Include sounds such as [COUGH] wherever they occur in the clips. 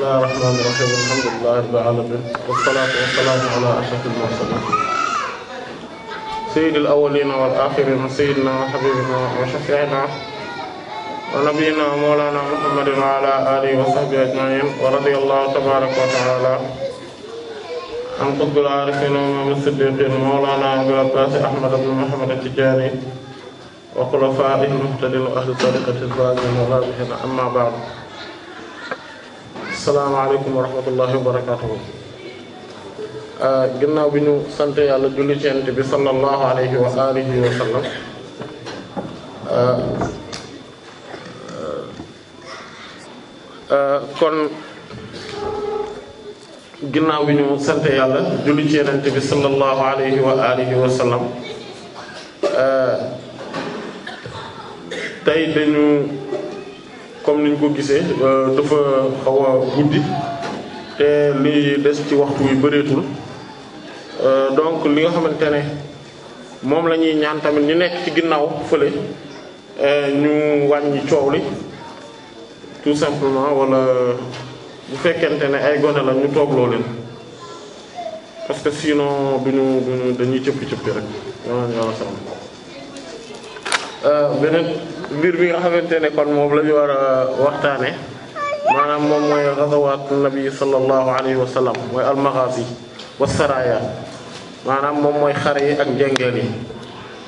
bismillah rahmaan rahim alhamdulilah rabbil alamin wassalaatu wassalaamu ala ashrafil mursalin sayyidil awwalina wal axirin sayyidina wa habibina wa shafiina wa nabiyina mawlana muhammadin wa ala alihi wa sahbihi ajmain wa radiyallahu tabaraka wa taala an qutbil aarifin wa imaam as-siddiqin mawlana abil abbaas ahmad ibn muhammad at-tijaani wa xulafaa'ihi al-muhtadiin wa ahli tariiqatihi az-zaahiriin wa raabihiin amma ba'd salaamaaleykum wa wa barakatuhu bi sant yàlla julli bi sallallahu alayhi wa alihi ginnaaw bi ñu sant yàlla julli ci yonent bi sallallahu alayhi wa alihi wa sallam ah, ah, ah, tey dañu comme niñ ko gisee euh, dafa xaw guddi te li des ci waxtu wi bëreetul euh, donc li nga xamante ne moom la ñuy ñaan tamit ñu nekk ci ginnaaw fële euh, ñu wàññi coow li tout simplement wala bu fekkente ne ay gone la ñu toogloo leen parce que sinon duñu ñu dañuy cëppi cëppi rek yàlla na yàlla sàmm beneen mbir bi nga xamante ne kon moom la war a waxtaane maanaam moom mooy ghazawat nabi sallallahu alayhi wa salaam mooy almaghazi wa saraya maanaam moom mooy xare yi ak njengeel yi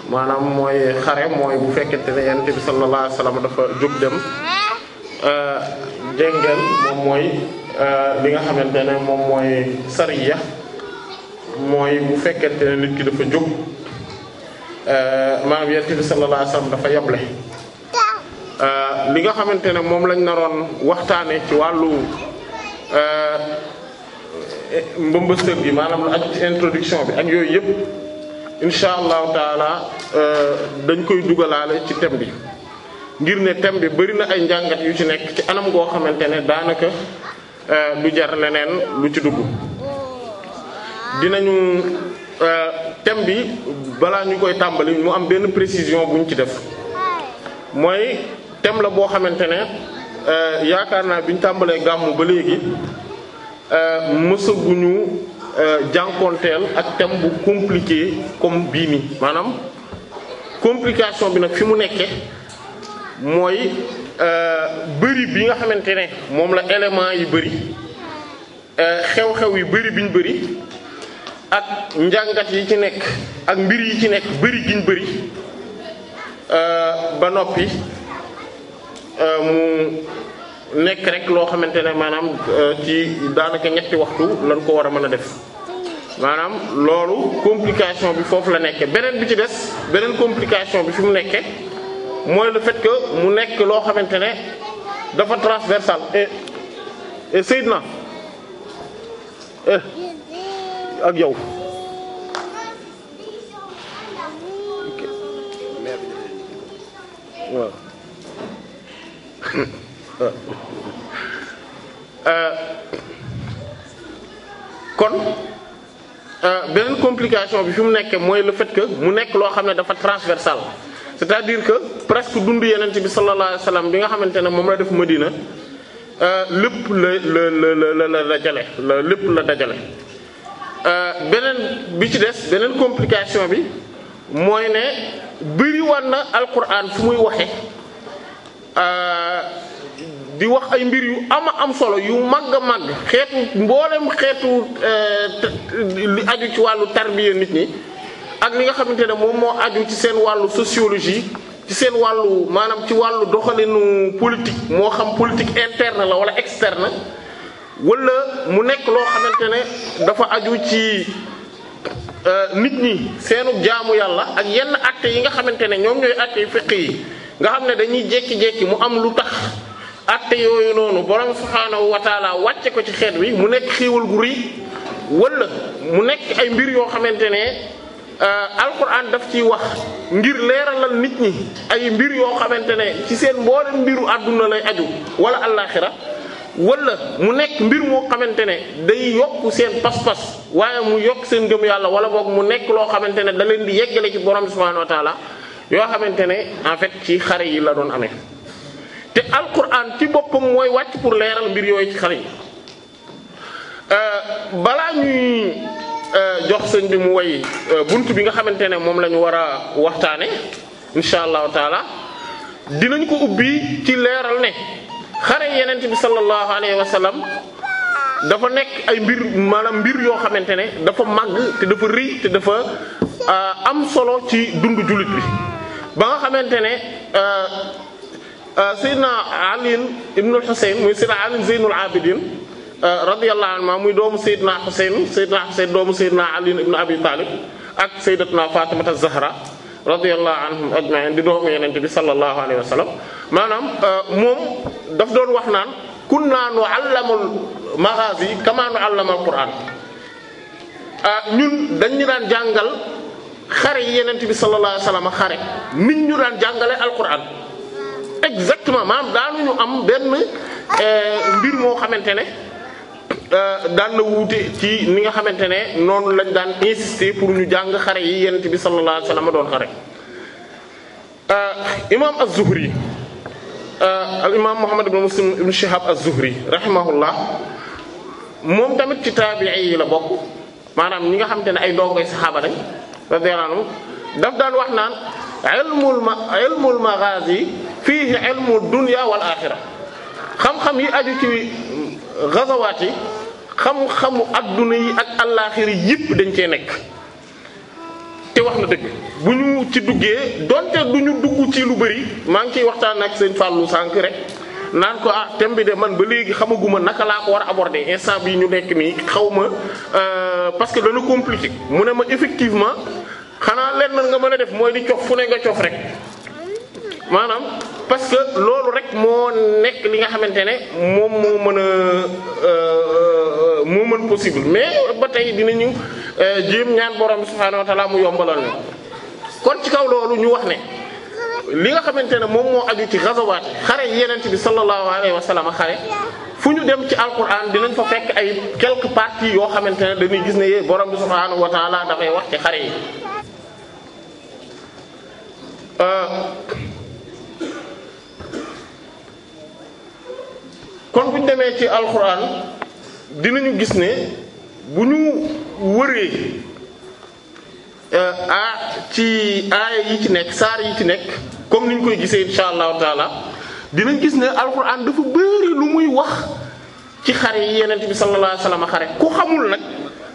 maanaam mooy xare mooy bu fekkente ne yonent bi sallallahu alayhi wa dafa jóg dem moom mooy li nga xamante ne moom mooy sariya mooy bu fekkente ne nit ki dafa jóg maanaam yonent bi sallallahu alayhi wa dafa yable Euh, li nga xamante ne moom lañ naroon waxtaane ci wàllu euh, mbëmbësëg bi maanaam lu aju introduction bi ak yooyu yëpp incha allahu taala euh, dañ koy dugalaale ci thème bi ngir ne thème bi bari na ay njàngat yu ci nekk ci anam goo xamante ne daanaka du jar leneen lu ci dugg dinañu thème bi balaa ñu koy tàmbali mu am benn précision buñ ci def mooy thème la boo xamante ne euh, yaakaar naa bi ñu tàmbalee gàmmu ba léegi euh, mësaguñu euh, jànkoonteel ak thème bu compliqué comme bii nii maanaam complication bi nag fi mu nekke mooy bëri bi nga xamante ne moom la élément yi bëri xew-xew yi bëri biñ bëri ak njàngat yi ci nekk ak mbir yi ci nekk bëri giñ bëri ba noppi Euh, mu nekk rek loo xamante ne maanaam euh, ci daanaka ñetti waxtu lan ko war a mën a def maanaam loolu complication bi foofu la nekke beneen bi ci des beneen complication bi fi mu nekke mooy le fait mu nekk loo xamante ne dafa transversal et et Seydina eh, ak yow. Euh, kon euh, beneen complication bi fi mu nekkee mooy le fait que mu nekk loo xam ne dafa transversal c'est-à-dire que presque dund yenent bi sallallahu alayhi salaam bi nga xamante ne moom la def Madina euh, lépp la la la la la jale la dajale beneen bi ci des beneen complication bi mooy ne bëri war na alquran fu muy waxe Euh, di wax ay mbir yu ama am solo yu màgg a màgg xeetu mboolem xeetu euh, li aju ci wàllu tarbiya nit ñi ak li nga xamante ne moom moo aju ci seen wàllu sociologie ci seen wàllu maanaam ci wàllu doxalinu politique moo xam politique interne la wala externe wala mu nekk loo xamante ne dafa aju ci euh, nit ñi seenu jaamu yàlla ak yenn actes yi nga xamante ne ñoom ñooy actes yi féq yi nga xam ne dañuy jékki-jékki mu am lu tax atte yooyu noonu borom subhaanahu wàcce ko ci xeet wi mu nekk xiiwal gu rëy wala mu nekk ay mbir yoo xamante ne euh, alquran daf ciy wax ngir leeralal nit ñi ay mbir yoo xamante ne ci seen mboolem mbiru àdduna lay aju wala àllaaxira wala mu nekk mbir moo xamante ne day yokk seen pas-pas waaye mu yokk seen gëm yàlla wala boog mu nekk loo xamante ne da leen di yeggale ci borom subhaanahu yoo xamante ne en fait ci xare yi la doon amee te alquran ci boppam mooy wàcc pour leeral mbir yooyu ci xare yi euh, balaa ñuy euh, jox sëñ bi mu way euh, bunt bi nga xamante ne moom la ñu war a waxtaane insha allahu taala dinañ ko ubbi ci leeral ne xare yenent bi sallallahu alayhi wa dafa nekk ay mbir maanaam mbir yoo xamante ne dafa màgg te dafa rëy te dafa euh, am solo ci dund jullit bi ba nga xamante ne euh, euh, Seydina na ibn Husayn muy Seydina Ali Zeynul Abidin radiyallahu anhu muy doomu Seydina Husayn Seydina Husayn doomu Seydina Ali ibn Abi Talib ak Sayyidatuna Fatimata Zahra radiyallahu anhum ajma'in di doomu Yonent bi sallallahu alayhi wa maanaam moom daf doon wax naan. kunna nu'allamul maghazi kama nu'allamal qur'an ah, ñun dañ ñu daan jàngal xare yi yenent bi sallallahu alayhi wasallam xare nit ñu daan jàngale alquran exactement maanaam daanuñu am benn eh, mbir moo xamante ne eh, daan na wuute ci ni nga xamante ne noonu lañ daan insister pour ñu jàng xare yi yenent bi sallallahu alayhi wasallam doon xare ah, imam az Euh, al imaam Muhammad ibn Muslim ibn Shihab az-Zuhri rahimahullah moom tamit ci taabi'i yi la bokk maanaam ñi nga xam te ne ay dongoy saxaaba lañ radiyallahu anhu daf daan wax naan ilmul ma ilmul maghazi xam-xam yi aju ci gazawaat xam-xamu adduna yi ak allaaxira yëpp dañ cee nekk. te wax na dëgg bu ñu ci duggee donte du ñu dugg ci lu bari maa ngi ciy waxtaan ak sëñ Fallou sànq rek naan ko ah thème bi man ba léegi xamaguma naka laa ko war a aborder instant bii ñu nekk nii xaw ma euh, parce que dana compliqué mu ne ma effectivement xanaa lenn nga mën a def mooy di cof fu ne nga rek maanaam parce que loolu rek moo nekk li nga xamante ne moom moo mën a euh, euh, moo mën possible mais ba tey dinañu. Eh, jéem ñaan borom subhaanahu wa mu yombalal ne kon ci kaw loolu ñu wax ne li nga xamante ne moom moo aju ci gazawaat xare yeneen bi sallallahu alayhi wa xare fu ñu dem ci alquran dinañ fa fekk ay quelques yoo xamante ne dañuy gis ne yéen borom bi dafay wax ci xare yi. Eh, kon bu ñu demee ci alquran dinañu gis ne. bu ñu wëree ah ci aaya yi ci nekk saar yi ci nekk comme ni ñu koy gisee insha allahu taala dinañ gis ne alxuraan dafa bëri lu muy wax ci xare yi yenent bi sallallahu alayhi wasallam xare ku xamul nag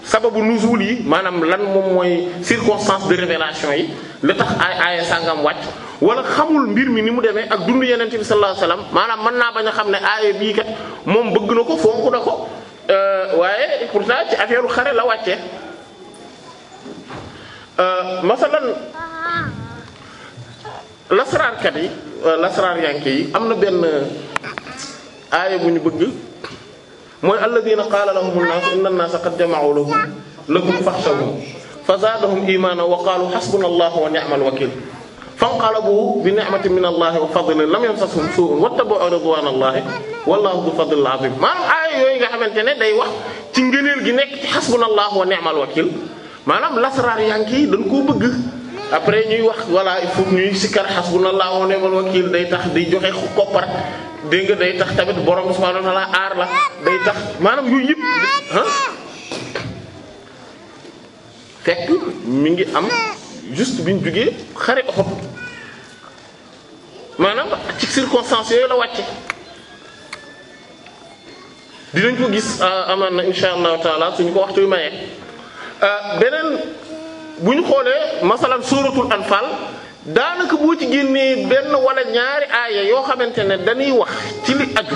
sababu nuzul yi maanaam lan moom mooy circonstance de révélation yi la tax ay aaya sàngam wàcc wala xamul mbir mi ni mu demee ak dund yenent bi sallallahu alayhi maanaam mën naa bañ a xam ne aaya bii kat moom bëgg na ko fonk na ko Euh, waaye pourtant ci affaire xare la wàccee euh, masalan lasraarkat yi euh, lasraar yanke yi am na benn aaya bu ñu bëgg mooy alladina qaala lahum nnaasu inna nnaasa qad jama'u lahum lakum faxshawhum fa zaadahum imaana wa qaalu xasbuna allahu wa ni'mal wakiil fanqalabu bi ni'matin min allahi wa fadlin lam yamsashum su'un wattaba'u ridwanallahi wallahu dhu fadlin azim maanaam aaya yooyu nga xamante ne day wax ci ngëneel gi nekk ci xasbunallahu wa ni'mal wakil maanaam lasaraar yanki dañ koo bëgg après ñuy wax voilà il faut ñuy sikkar xasbunallahu wa ni'mal wakil day tax di joxe koppar day tax tamit borom subhanahu wa ta'ala aar la day tax maanaam yooyu yëpp ah fekk mi ngi am juste bi ñu jugee xare Uhud maanaam ci circonstances yooyu la wàcce dinañ ko gis euh, amaan na insha allahu taala suñu ko waxtu mayee euh, beneen bu ñu xoolee masalan suratul anfal daanaka boo ci génnee benn walla ñaari aaya yoo xamante ne dañuy wax ci li aju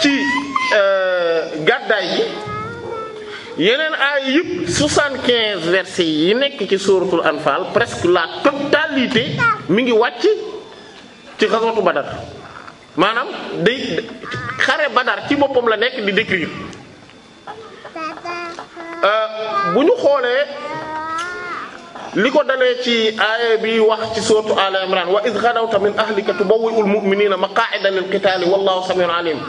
ci euh, gàddaay gi yeneen aay yëpp soixante-quinze versets yi nekk ci suuratul anfaal presque la totalité mi ngi wàcc ci xaswatu badar maanaam day xare badar ci boppam la nekk di décrire euh, bu ñu xoolee li ko dalee ci aaya bi wax ci suuratu Al Imran wa iz ghadawta min ahlika tubawwi'ul mu'minina maqa'ida lil qitaali wallahu samii'un aliim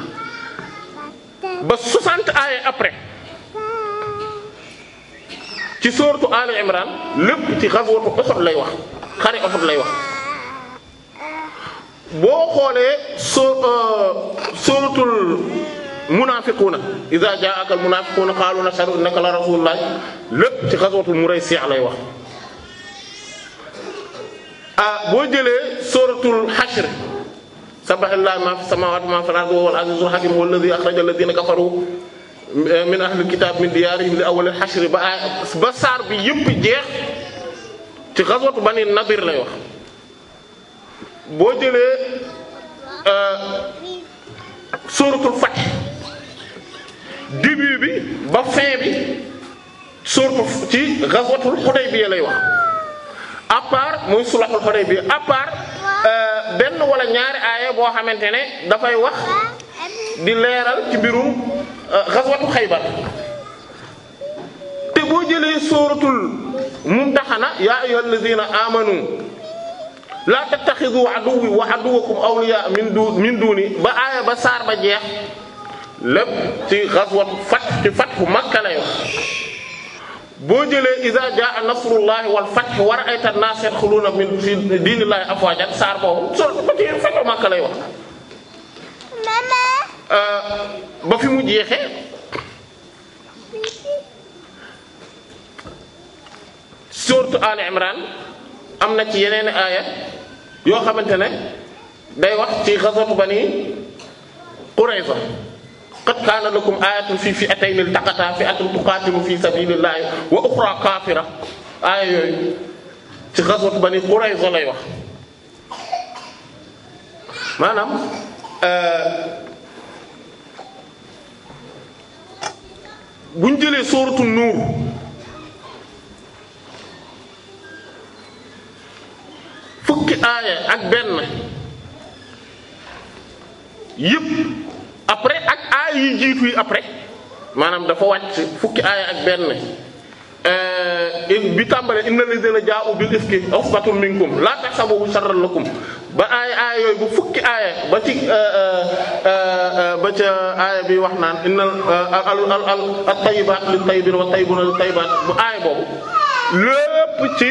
ba soixante aaya après ci sooratu Ali Imran lépp ci ghazwatu Uhud lay wax xare Uhud lay wax boo xoolee soo euh, sooratul munaafiquuna iza jaa'aka al-munaafiquuna qaaluu nashhadu innaka la rasuulullaah lépp ci ghazwatul Muraysi' lay wax. ah boo jëlee sooratul Hashr sabbaha lillaahi maa fi samaawaati wa maa fi al-ardi wa huwa al-'aziizul hakiim huwa allazii akhraja allaziina kafaruu min ahlil kitaab min diyaarihim li awwalil hashr ba ba saar bi yëpp jeex ci ghazwat bani nadir lay wax boo jëlee euh, sóoratul Fath début bi ba fin bi sóoratul ci ghazwatul Hudaybiya lay wax à part muy sulhul Hudaybiya à part euh, benn wala ñaari aaya boo xamante ne dafay wax. di leeral ci mbirum xaswatu euh, xaybar te boo jëlee sóoratul mumtaxana yaa ayyuhal ladina amanu laa tattaxidu aduwwi wa aduwwakum awliya min du min duni ba aaya ba saar ba jeex lépp ci xaswatu fat ci fatxu makka la yo boo jëlee iza jaa nasrullahi wal fath wa ra'ayta an-naasa yadxuluuna min fi diinillaahi afwaajan saar boobu sol ko ci fatxu makka lay wax Euh, ba fi mu jeexee sourate Al Imran am na ci yeneen aaya yoo xamante ne day wax ci xasatu bani Qurayza qad kaana lakum aayatun fii fi'atayni iltaqataa fi'atun tuqaatilu fii sabiilillaahi wa uxraa kaafira aaya yooyu ci xasatu bani Qurayza lay wax maanaam Euh, bu ñu jëlee sooratu nuur fukki aaya ak benn yëpp après ak aaya yi jiitu yi après maanaam dafa wàcc fukki aaya ak benn Euh, bi tàmbale inna lazina jaa'u bil ifki usbatun minkum la tahsabuhu sharran lakum ba aaya aaya yooyu bu fukki aaya ba ci euh, euh, ba ca aaya bi wax naan inna al al al at-tayyibaat lit-tayyibina wat-tayyibuna lit-tayyibaat bu aaya boobu lépp ci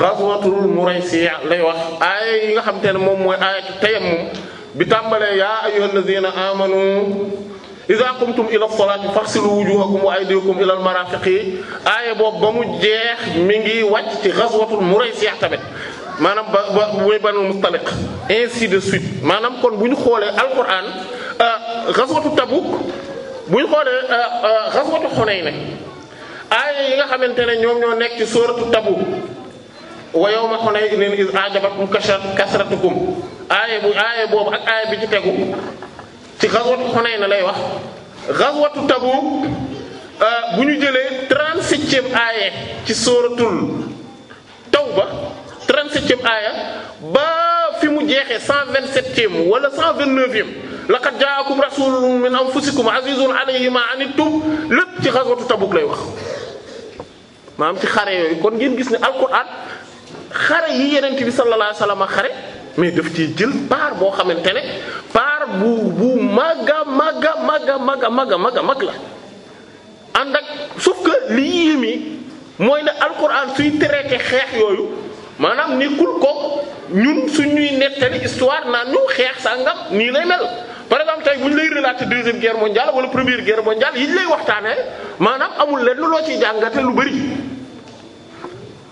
ghazwatul muraysi' lay wax aaya yi nga xam te ne moom mooy aaya ci tayammum bi tàmbalee yaa ayyuhallazina amanu iza qumtum ila salaati faghsilu wujuhakum wa aydiyakum ila al marafiqi aaya boobu ba mu jeex mi ngi wàcc ci ghazwatul muraysi' tamit maanaam ba ba muy banu mustaliq ainsi de suite maanaam kon bu ñu xoolee alquran euh, ghazwatu tabuk bu ñu xoolee euh, euh, ghazwatu hunayn aaya yi nga xamante ne ñoom ñoo nekk ci sooratu tabuk wa yawma hunaynin iz a'jabatkum kasratukum aaya bu aaya boobu ak aaya bi ci tegu ci ghazwatu Hunayn lay wax ghazwatu Tabuk euh, bu ñu jëlee trente-septième aaya ci sóoratul Tawba trente-septième aaya ba fi mu jeexee cent vingt-septième wala cent vingt-neuvième laqad jaakum rasulun min anfusikum azizun alayhi ma anittum lépp ci ghazwatu Tabuk lay wax maanaam ci xare yooyu kon ngeen gis ne alquran xare yi yenent bi sallallahu alayhi wasallam xare mais daf ci jël part boo xamante ne part bu bu mag a mag a mag a mag a mag a mag a mag la ànd ak sauf que li yéeme mooy ne alquran suy traité xeex yooyu maanaam nekkul ko ñun suñuy nettali histoire naan ñu xeex sàngam nii lay mel par exemple tey bu ñu lay relater deuxième guerre mondiale wala première guerre mondiale yi ñu lay waxtaanee maanaam amul lenn loo ciy jàngate lu bari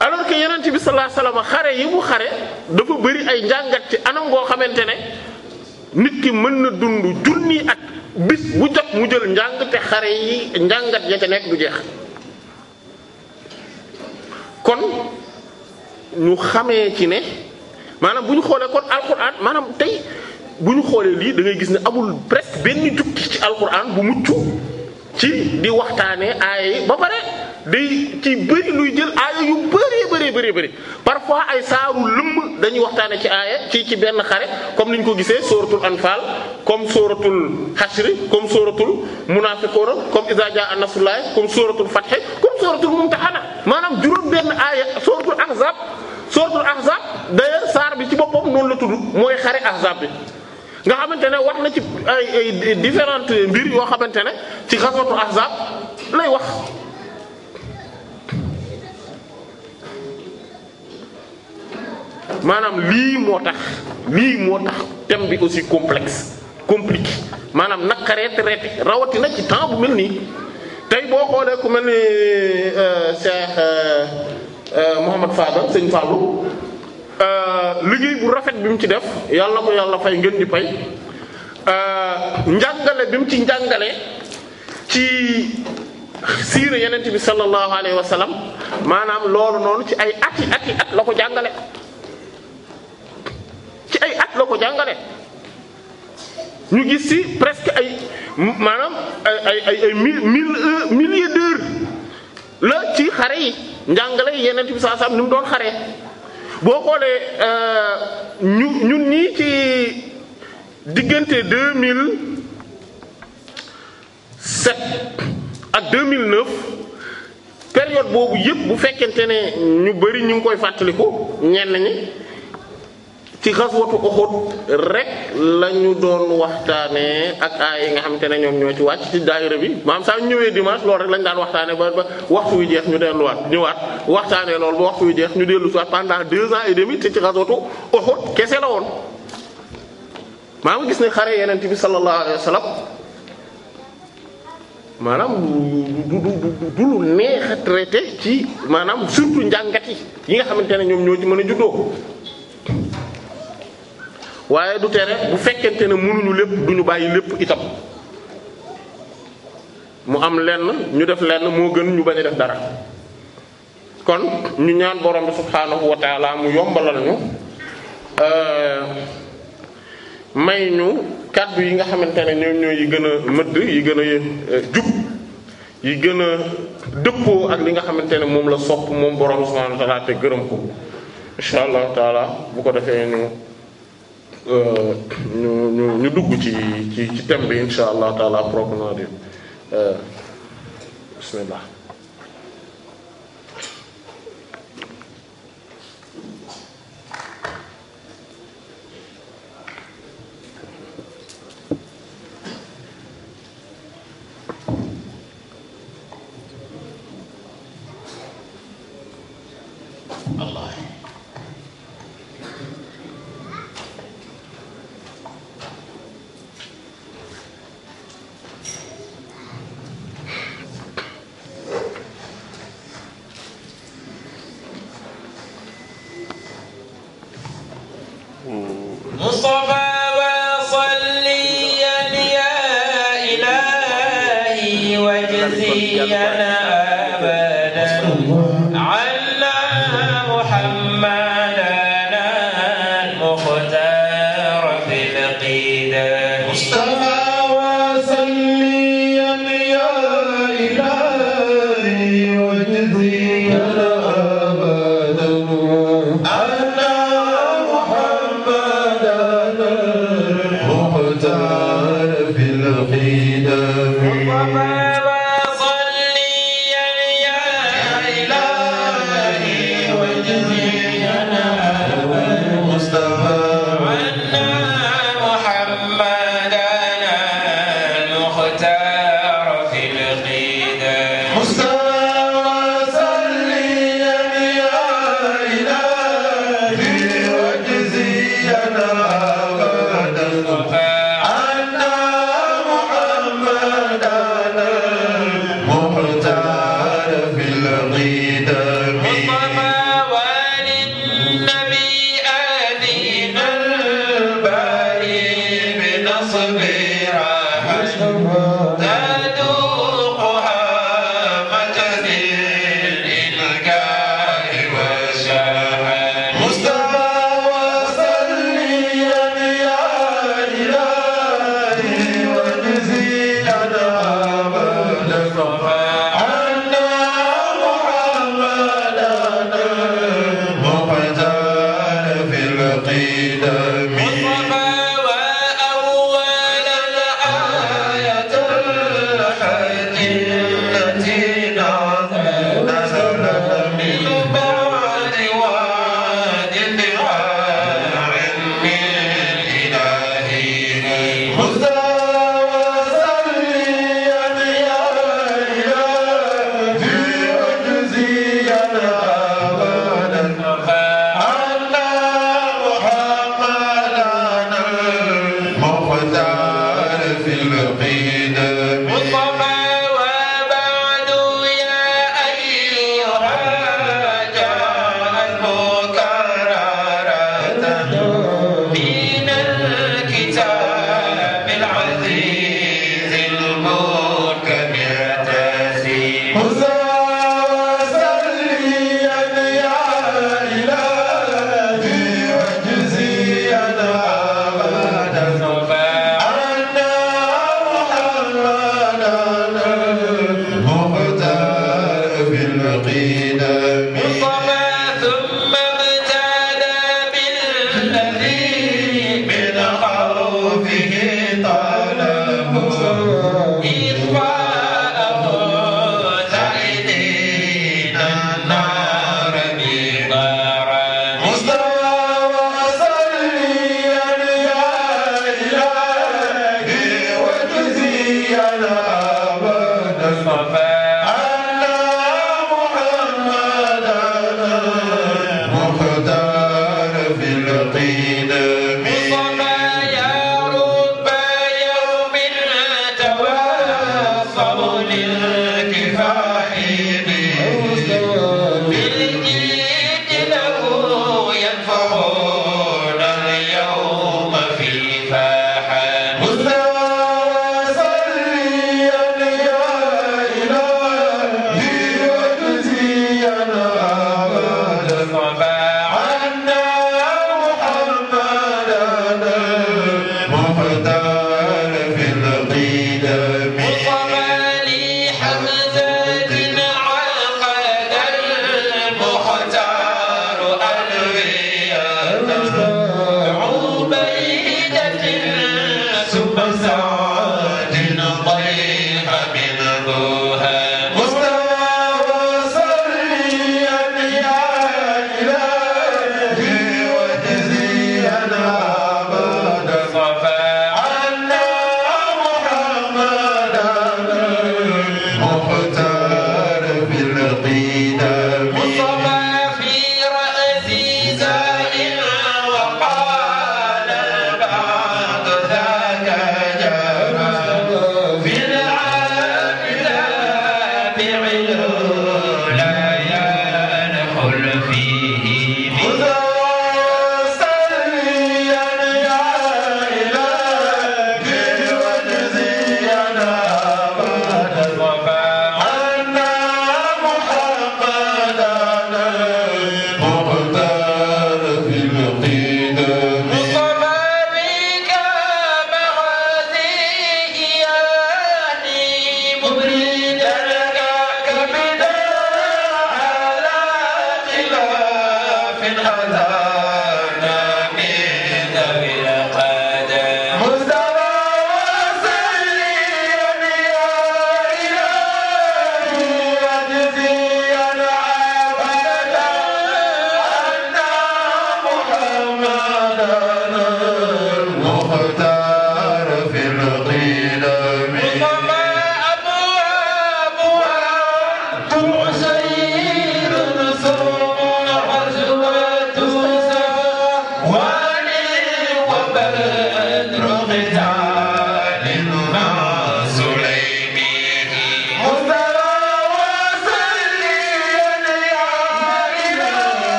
alors que yonent bi sallallahu alayhi wasallam xare yi mu xare dafa bari ay njàngat ci anam goo xamante ne. nit ki mën na dund junni ak bis bu jot mu jël njàngate te xare yi njàngat ya ca nekk du jeex kon ñu xamee ci ne maanaam bu ñu xoolee kon alxuraan maanaam tey bu ñu xoolee lii da gis ni amul presque benn jukki ci alxuraan bu mucc ci di waxtaanee aaya yi ba pare day ci bëri luy jël aaya yu bëree bëri bëri parfois ay saaru lëmm dañuy waxtaane ci aaya ci ci benn xare comme ni ñu ko gisee sóoratul anfal comme sóoratul xashri comme sóoratul munafiquna comme iza anna nasrullahi comme sóoratul fath comme sóoratul mumtahana maanaam juróom benn aaya sóoratul ahzab sóoratul ahzab d'ailleurs saar bi ci boppam noonu la tudd mooy xare ahzab bi nga xamante ne wax na ci ay ay différentes mbir yoo xamante ne ci xaswatu ahzab lay wax maanaam lii moo tax lii moo tax thème bi aussi complexe compliqué maanaam naqaree traité rawatina ci temps bu mel nii tey boo xoolee ku mel ni euh, Cheikh euh, euh, Mouhamad Fadal sëñ Fallou Euh, liggéey bu rafet bi mu ci def yàlla ko yàlla fay ngeen di pay fay euh, njàngale bi ci njàngale ci siira yenent bi sallallahu alayhi wa sallam maanaam loolu noonu ci ay ati ati at la ko jàngale ci ay at la ko jàngale ñu gis ci presque ay maanaam ay ay ay ay mille euh, la ci xare yi njàngale yenent bi sallallahu alayhi wa sallam mu doon xare boo xoolee euh, ñu ñun ñii ci diggante deux mille sept ak deux mille neuf période boobu yëpp bu fekkente ne ñu bari ñu ngi koy fàttaliku ñenn ñi. ci xaswatu Uhud rek la ñu doon waxtaanee ak ay yi nga xamante ne ñoom ñoo ci wàcc ci daayira bi maam saa ñëwee dimanche lool rek lañu daan waxtaanee ba ba waxtu wi jeex ñu delluwaat ñëwaat waxtaanee loolu ba waxtu wi jeex ñu dellu siwaat pendant deux ans et demi te ci xaswatu Uhud kese la woon. maa ngi gis ne xare yeneen bi sallallahu alayhi wa maanaam du du du lu neex traité ci maanaam surtout njàngat yi yi nga xamante ne ñoom ñoo ci mën a juddoo. waaye du tere bu fekkente ne mënuñu lépp duñu bàyyi lépp itam mu am lenn ñu def lenn moo gën ñu bañ a def dara kon ñu ñaan borom bi subhaanahu wa mu yombalal ñu euh, may ñu kàddu yi nga xamante ne ñoom ñoo yi gën a mëdd yi gën a euh, jub yi gën a dëppoo ak li nga xamante ne moom la sopp moom borom bi subhaanahu wa te gërëm ko incha allah taala bu ko defee ñu ñu ñu ñu dugg ci ci ci thème bi incha allah taala proprement dit euh, bismillah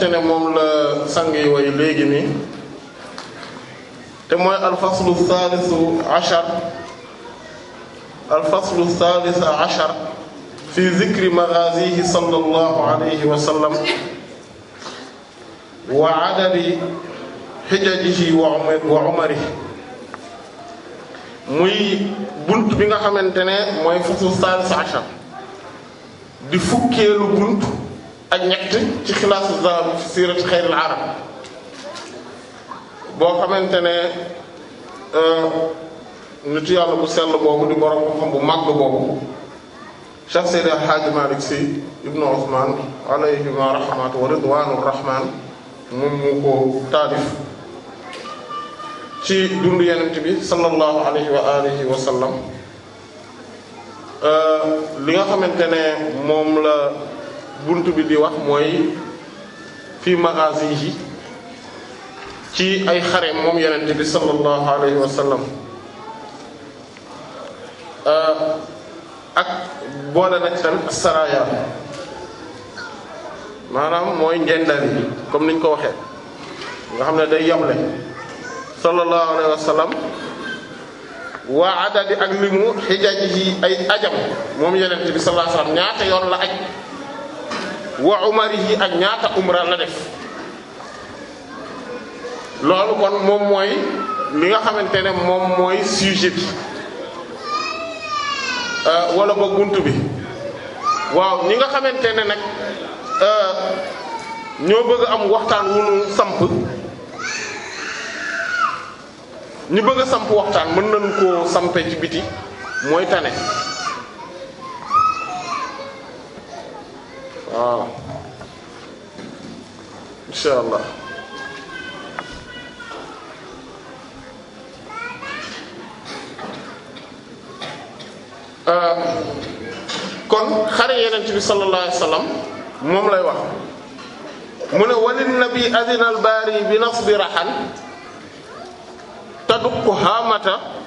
xamante ne moom la sang yi way léegi nii te mooy alfaslu thalithu ashar alfaslu thalith ashar fi zikri maghazihi sallallahu alayhi wa sallam wa adadi xijajihi wa umarihi muy bunt bi nga xamante ne mooy faslu thalith ashar di fukkeelu bunt ak ñett ci xilaasu zahab fi siirati xayril arab boo xamante ne euh, nitu yàlla bu sell boobu di borom xam-xam bu màgg boobu Cheikh Seydi Hadji Malick Sy ibnu Usmaan alayhima rahmatu wa ridwaanu rahmaan moom mu ko taalif ci dundu yenent bi sallallahu alayhi wa alihi euh, li nga xamante ne moom la bunt bi bi wax mooy fi magasin yi ci ay xare moom yenente bi sallallahu alayhi wa sallam euh, ak boole na ci tamit saraya maanaam mooy njendal yi comme niñ ko waxee nga xam ne day yamle sallallahu alayhi wa sallam waa adadi ak limu xijaaji yi ay ajam moom yenente bi sallallahu alayhi wa sallam ñaata la aj wa umarihi ak ñaata umra la def loolu kon moom mooy li nga xamante ne moom mooy sujet bi euh, wala ba bunt bi waaw ñi nga xamante ne nag euh, ñoo bëgg am waxtaan wu ñu samp ñu bëgg samp waxtaan mën nañu koo sampe ci biti mooy tane waaw ah. incha allah ah. kon xare yenent bi sallallahu alayhi moom lay wax mu ne walin nabi adina al bi nasbi raxan taduk hamata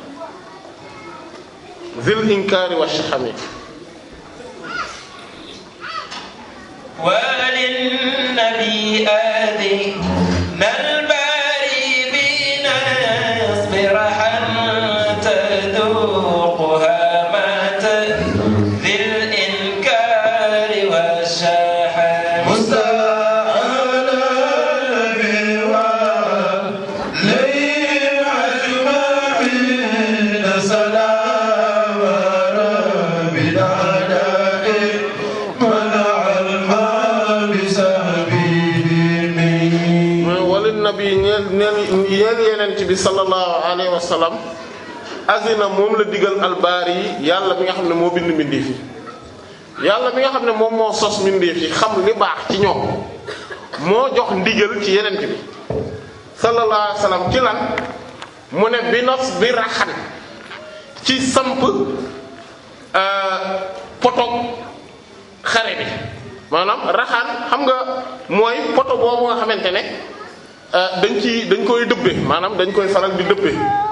zil inkaari wa shahami وللنبي آذي ما الباب azina moom la digal albaari yi yàlla bi nga xam ne moo bind mbindeef yi yàlla bi nga xam ne moom moo sos mbindeef yi xam li baax ci ñoom moo jox ndigal ci yenent bi sallallahu alayhi wasallam ci lan mu ne bi nos bi raxan ci samp euh, poto xare bi maanaam raxaan xam nga mooy poto boobu nga xamante ne euh, dañ ci dañ koy dëbbe maanaam dañ koy faral di dëbbe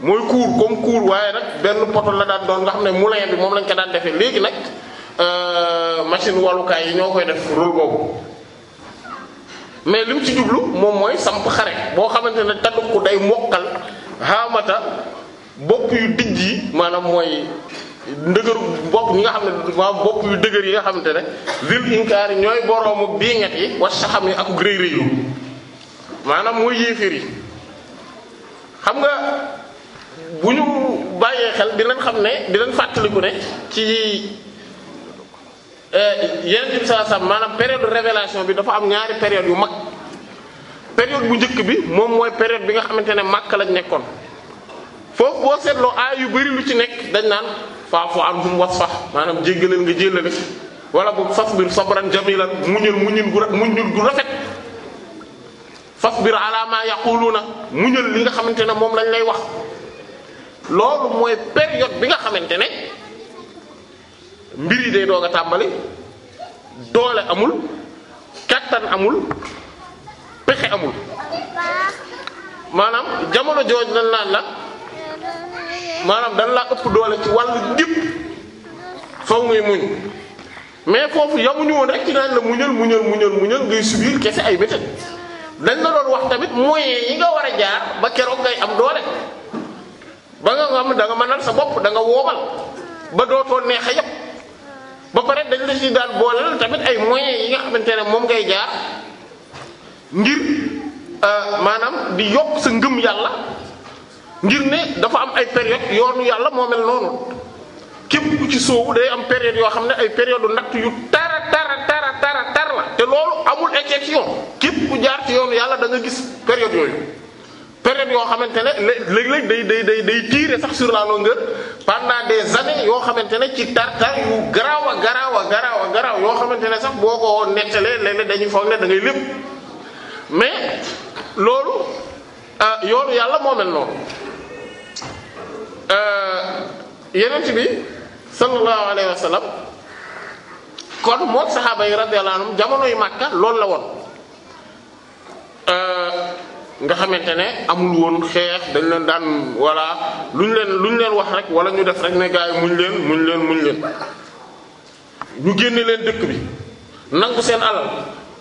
mooy kuur comme kuur waaye nag benn poto la daan doon nga xam ne moulin bi moom lañ ko daan defee léegi nag euh, machine wallukaay yi ñoo koy def rôle boobu mais li mu ci jublu moom mooy samp xare boo xamante ne taddu ko day mokkal xaamata bopp yu dijj yi maanaam mooy dëgëru bopp ñi nga xam ne maanaam bopp yu dëgër yi nga xamante ne zil inkaar yi ñooy boroomu biinget yi wa saxam yi ak rëy rëylu maanaam mooy yéeféer yi xam nga bu ñu bàyyee xel dinañ xam ne dinañ fàttaliku ne ci euh, yeneen bi saa sam maanaam période révélation bi dafa am ñaari période yu mag période bu njëkk bi moom mooy période bi nga xamante ne Makka lañ nekkoon foofu boo seetloo aay yu bari lu ci nekk dañ naan faafu am anhum wasfah maanaam jéggaleel nga jéllale wala boog fasbir sabran jamilan muñul muñul gu muñul gu rafet fasbir ala na yaquluna muñul li nga xamante ne moom lañ lay wax loolu mooy période bi nga xamante ne mbir yi day doog a tàmbali doole amul kàttan amul pexe amul maanaam jamono jooj dañ laa la maanaam dañ laa ëpp doole ci wàll gépp faw ngay muñ mais foofu yamuñu woon rek ci naan la muñal muñal muñal muñal ngay subir kese ay méthodes dañ la wax tamit moyens yi nga war a jaar ba keroog ngay am doole. ba nga xam da nga mënal sa bopp danga nga woobal ba dootoo neex a yëpp ba pare dañ la ci daal booleel tamit ay moyen yi nga xamante ne moom ngay jaar ngir euh, maanaam di yokk sa ngëm yàlla ngir ne dafa am ay période yoonu yàlla moo mel noonu képp ku ci soobu day am période yoo xam ne ay période natt yu tara tara tara tara tar la te loolu amul exception képp ku jaar ci yoonu yàlla danga gis période yooyu période yoo xamante ne léeg-léeg day day day day tirer sax sur la longueur pendant des années yoo xamante ne ci tartar yu garaaw a garaaw yoo xamante ne sax boo ko nettalee léeg-léeg dañuy foog ne da ngay lépp mais loolu euh, yoonu yàlla moo mel noonu euh, yenent bi sallallahu alayhi wa sallam kon moom saxaaba yi radiyallahu Makka loolu la woon euh, nga xamante ne amul woon xeex dañ leen daan lu ñu leen lu ñu leen wax rek wala ñu def rek ne gars yi muñ leen muñ leen muñ leen ñu génne leen dëkk bi nangu seen alal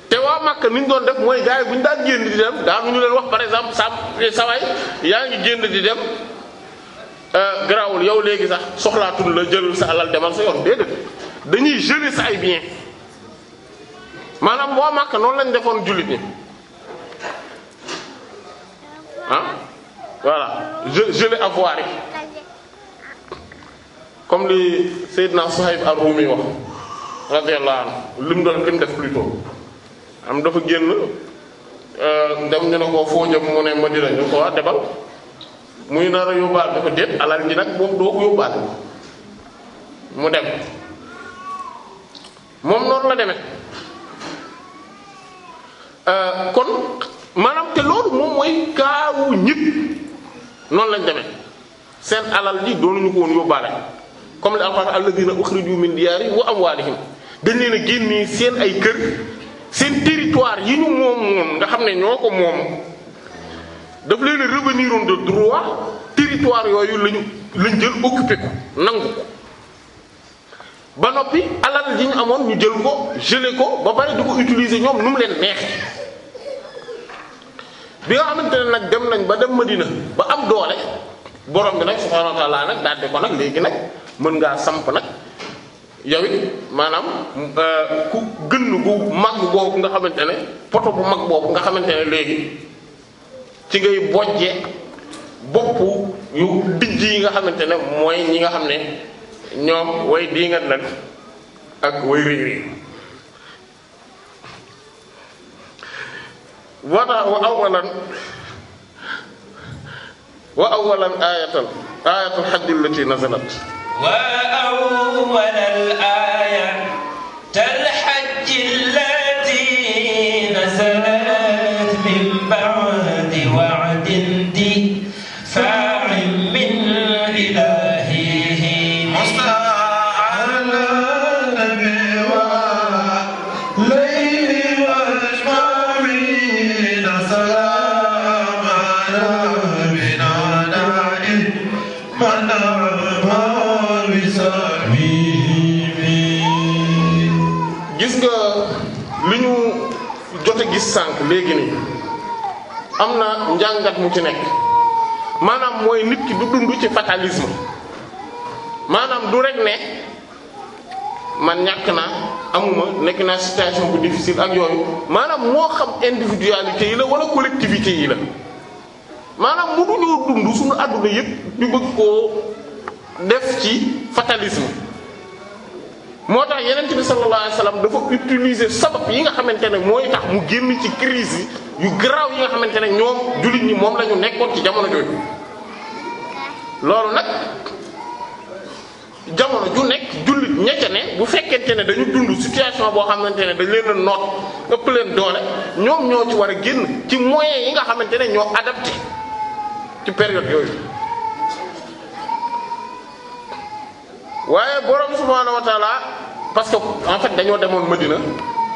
te waa Makka ni ñu doon def mooy gars bu ñu daan génn di dem daa am leen wax par exemple sa eh, sawaay yaa génn di dem euh, garaawul yow léegi sax soxlaatu la jëlal sa alal demal sa yoon déedéet dañuy geler sa ay bien maanaam waa Makka noonu lañ defoon jullit yi ah voilà je je l'ai avoué comme li Seydina Suhayb ar-Rumi wax radiyallahu anhu li mu doon li mu def plutôt am dafa génn euh, dem ñu ne ko foo jëm mu ne Madina ñu ko waa debal muy nar a yóbbaale dafa déet alal ji nag moom doo ko yóbbaale mu dem moom noonu la demee euh, kon. maanaam te loolu moom mooy kaawu ñëpp noonu lañ demee seen alal ji doonuñu ko woon yóbbaale comme li alquran alladina ukhriju min am wa amwalihim dañ leen a génnee seen ay kër seen territoire yi ñu moom moom nga xam ne ñoo ko moom daf leen a revenir on de droit territoire yooyu lañu lañ jël occupé ko nangu ba noppi alal ji ñu amoon ñu jël ko jële ko ba pare di ko utiliser ñoom nu mu leen neex bi nga xamante ne nag dem nañ ba dem Madina ba am doole borom bi nag subhaanahu wa ta'aala nag daal di ko nag léegi nag mën ngaa samp nag yow maanaam euh, ku gën gu mag boobu nga xamante ne poto bu mag boobu nga xamante ne léegi ci ngay bojjee bopp yu dijj yi nga xamante ne mooy ñi nga xam ne ñoom way diingat nag ak way réer yi moo tax wa awalan wa awalan ayatan ayatul xajji lati nazalat wa awalan aya léegi nii am na njàngat mu ci nekk maanaam mooy nit ki du dund ci fatalisme maanaam du rek ne man ñàkk na amuma nekk naa situation bu difficile ak yooyu maanaam moo xam individualité yi la wala collectivité yi la maanaam mu duñoo dund suñu àdduna yëpp ñu bëgg koo def ci fatalisme moo tax yeneen bi sallallahu alayhi wasallam dafa utiliser sabab yi nga xamante ne mooy tax mu génn ci crise yi yu garaaw yi nga xamante ne ñoom jullit ñi moom lañu nekkoon ci jamono jooju loolu nag jamono ju nekk jullit ñecca ne bu fekkente ne dañu dund situation boo xamante ne dañ leen a noot ëpp leen doole ñoom ñoo ci war a génn ci moyens yi nga xamante ne ñoo adapté ci période yooyu waaye borom subhaanahu wa taala parce que en fait dañoo demoon Medina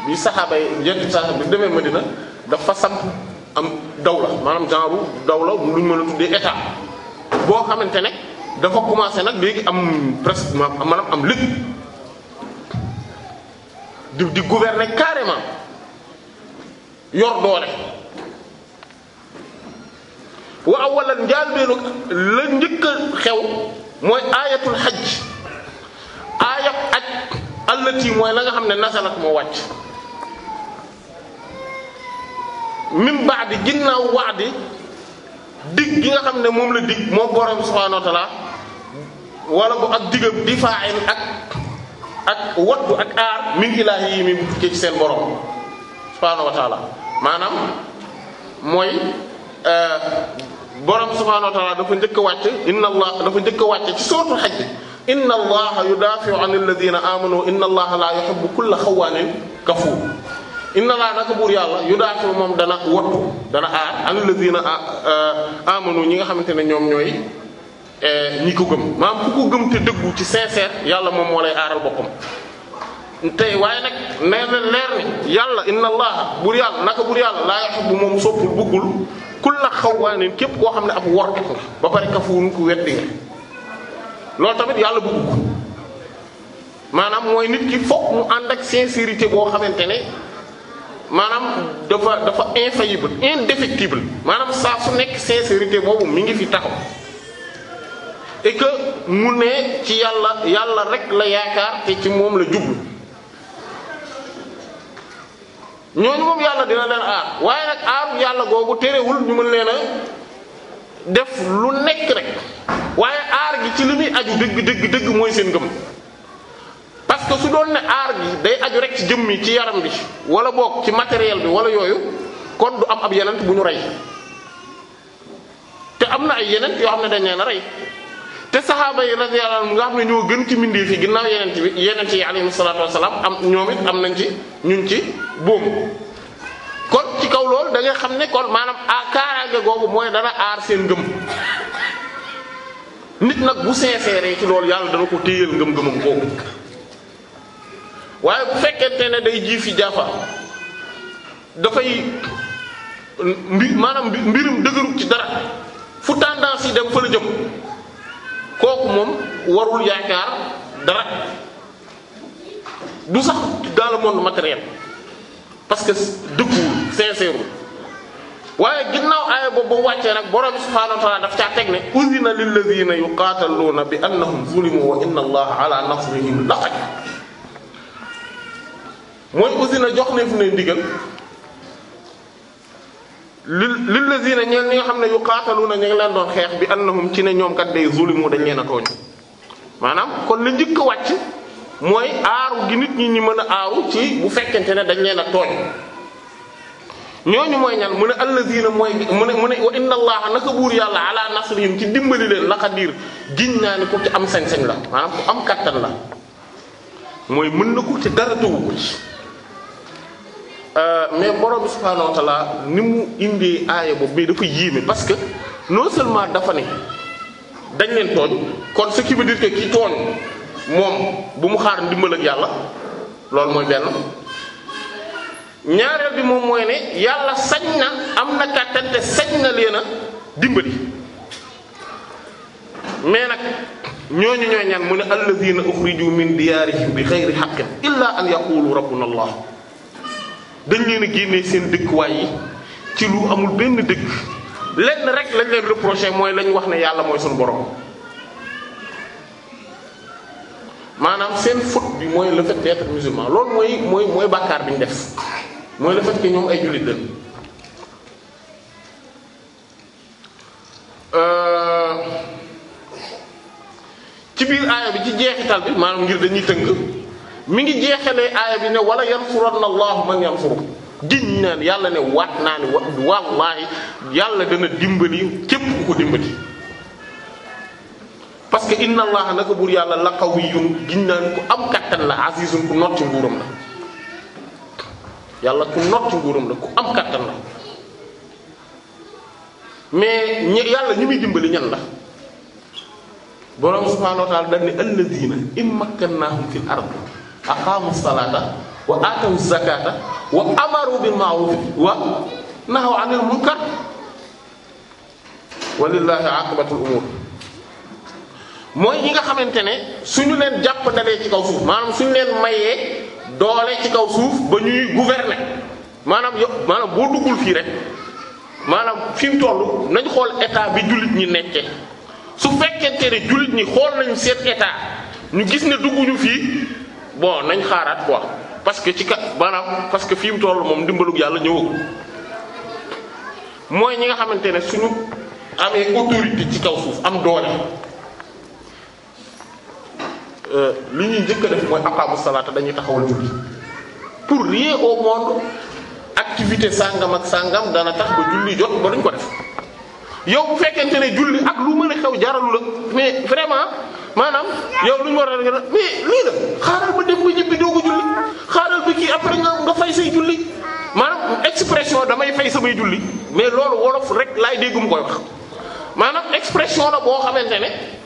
bi saxaaba yi yéen it saxaaba bi demee Medina dafa samp am dawla maanaam genre dawla lu ñu mën a tuddee état boo xamante ne dafa commencé nag léegi am presque maanaam am lépp di di gouverner carrément yor doole. wa awalan njaalbeenu la njëkk a xew mooy aayatul xaj. aayab aj allati mooy la nga xam ne nasalat moo wàcc min ba'di ginnaaw wa'di dig gi nga xam ne moom la dig moom borom subhaanahu wa ta'ala wala bu ak digam difaa'in ak ak waddu ak aar min ilaahi yi mi bu seen borom subhaanahu wa maanaam mooy euh, borom subhaanahu wa ta'ala dafa njëkk a wàcc inna allah dafa njëkk a wàcc ci soo xaj bi in inna allaha yudaafi'u an alladina amanu inna allaha la yuhibbu kulla xawaanin kafuur inna laa naka buur yàlla yudaafi'u moom dana wattu dana aar an alladina ah, ah, ñi nga xamante ne ñoom ñooy eh, ñi ko gëm maanaam ku ko gëm te dëggu ci sincère yàlla moom moo lay aaral boppam tey waaye nag nee leer ni yàlla in allaha buur yàlla naka buur yàlla laa yuhibbu moom soppul bëggul kulla xawaanin képp koo xam ne ab warkat la ba pare kafuurun ku weddi nga loolu tamit yàlla bëgg maanaam mooy nit ki fokk mu ànd ak sincérité boo xamante ne maanaam dafa dafa infaillible indéfectible maanaam saa su nekk sincérité boobu mu ngi fi taxaw et que mu ne ci yàlla yàlla rek la yaakaar te ci moom la jublu ñooñu moom yàlla dina leen aar waaye nag aaru yàlla googu terewul ñu mën leen a def lu nekk rek waaye aar gi ci li muy aju dëgg dëgg dëgg mooy seen gëm parce que su doon ne aar gi day aju rek ci jëmm yi ci yaram bi wala boog ci matériel bi wala yooyu kon du am ab yenent bu ñu rey te am na ay yenent yoo xam ne dañ leen na rey te saxaaba yi radiyallahu anhum nga xam ne ñoo gën ci mbindee fi ginnaaw yenent bi yenent yi alayhi salaatu wasalaam am ñoom it am nañ ci ñu ci boobu kon ci kaw lool da xam ne kon maanaam a kaaraange googu mooy dana aar seen ngëm nit nag bu sincère ci loolu yàlla dama ko téyal ngëm-ngëmam googu waaye bu fekkente ne day ji fi jaafa dafay mbir maanaam mbirum dëgëru ci dara fu tendance yi dem fa jëm kooku moom warul yaakaar dara du sax dans le monde matériel parce que dëgguwul sincère waaye ginnaaw aaya boobu ba wàccee nag borom bi subhaanahu wa ta'aala daf caa teg ne udina lillaziina yuqaataluuna bi annahum zulimu wa inna allaha ala nasrihim laqadir mooy udina jox nañu ne ndigal li lillaziina ñeen ñi nga xam ne yuqaataluuna ñu ngi leen doon xeex bi annahum ci ne ñoom kat day zulimu dañ leen a tooñ maanaam kon li njëkk wàcc mooy aaru gi nit ñi ñi mën a aaw ci bu fekkente ne dañ leen a tooñ ñooñu mooy ñan mu ne allazina mooy mu ne mu ne wa inna allaha naka buur yàlla ala nasrihim ci dimbali leen la xadir giñ naa ne ko ci am sañ-sañ la maanaam ku am kàttan la mooy mën na ko ci dara tëwu ko ci euh, mais borom bi subhaanahu ni mu indee aaya boobu mais dafa yéeme parce que non seulement dafa ne dañ leen tooñ kon ce qui veut ki tooñ moom bu mu xaar ndimbal yàlla loolu mooy benn ñaareel bi moom mooy ne yàlla sañ na am na kàttan sañ na leen dimbali mais nag ñooñu ñooy ñan mu ne alladhina ukhriju min diyaarihim bi ghayri haqqin illa an yaqulu rabbuna allah dañ leen a génnee seen dëkkuwaay yi ci lu amul benn dëkk lenn rek lañ leen reproché mooy lañ wax ne yàlla mooy suñu borom maanaam seen faute bi mooy le fait musulman loolu mooy mooy mooy bàkkaar bi ñu def mooy le fait ñoom ay jullit lañ euh, ci biir aaya bi ci jeexital bi maanaam ngir dañuy tënk mu ngi jeexalee aaya bi ne wala yansuranna allahu man yansuru giñ naan yàlla ne waat naa ne wa wallaahi yàlla dana dimbali képp ku ko dimbali. parce que inna allaha naka buur yàlla la qawiyyun giñ ku am kattan la azizun ku not nguuram la yàlla ku not nguuram la ku am kattan la mais ñi yàlla ñi muy dimbali ñan la borom subhaanahu wa ta'ala dañ ne in makkannahum fil ardi aqamu salata wa atawu zakata wa amaru bil ma'ruf wa nahaw anil munkar walillahi aqibatul umur mooy ñi nga xamante ne su ñu leen jàpp dalee ci kaw suuf maanaam suñu leen mayee doole ci kaw suuf ba ñuy gouverner maanaam yo maanaam boo duggul fii rek maanaam fi mu toll nañ xool état bi jullit ñi nekke su fekkente ne jullit ñi xool nañ seen ñu gis ne dugguñu fii bon nañ xaaraat quoi parce que ci ka maanaam parce que fi mu toll moom ndimbalug yàlla ñëwagul mooy ñi nga xamante ne suñu amee autorité ci kaw suuf am doole Euh, lu ñuy njëkk def mooy aqaamu salaata dañuy taxawal julli pour rien au monde activité sangam ak sangam dana tax ba julli jot ba duñ ko def yow bu fekkente ne julli ak lu mën a xew jaralu la mais vraiment maanaam yow lu ñu war a def mais lii la xaaral ba dem ba ñibbi doo ko fay say julli maanaam expression damay fay samay julli mais loolu rek laay dégg mu koy wax maanaam expression la boo xamante ne.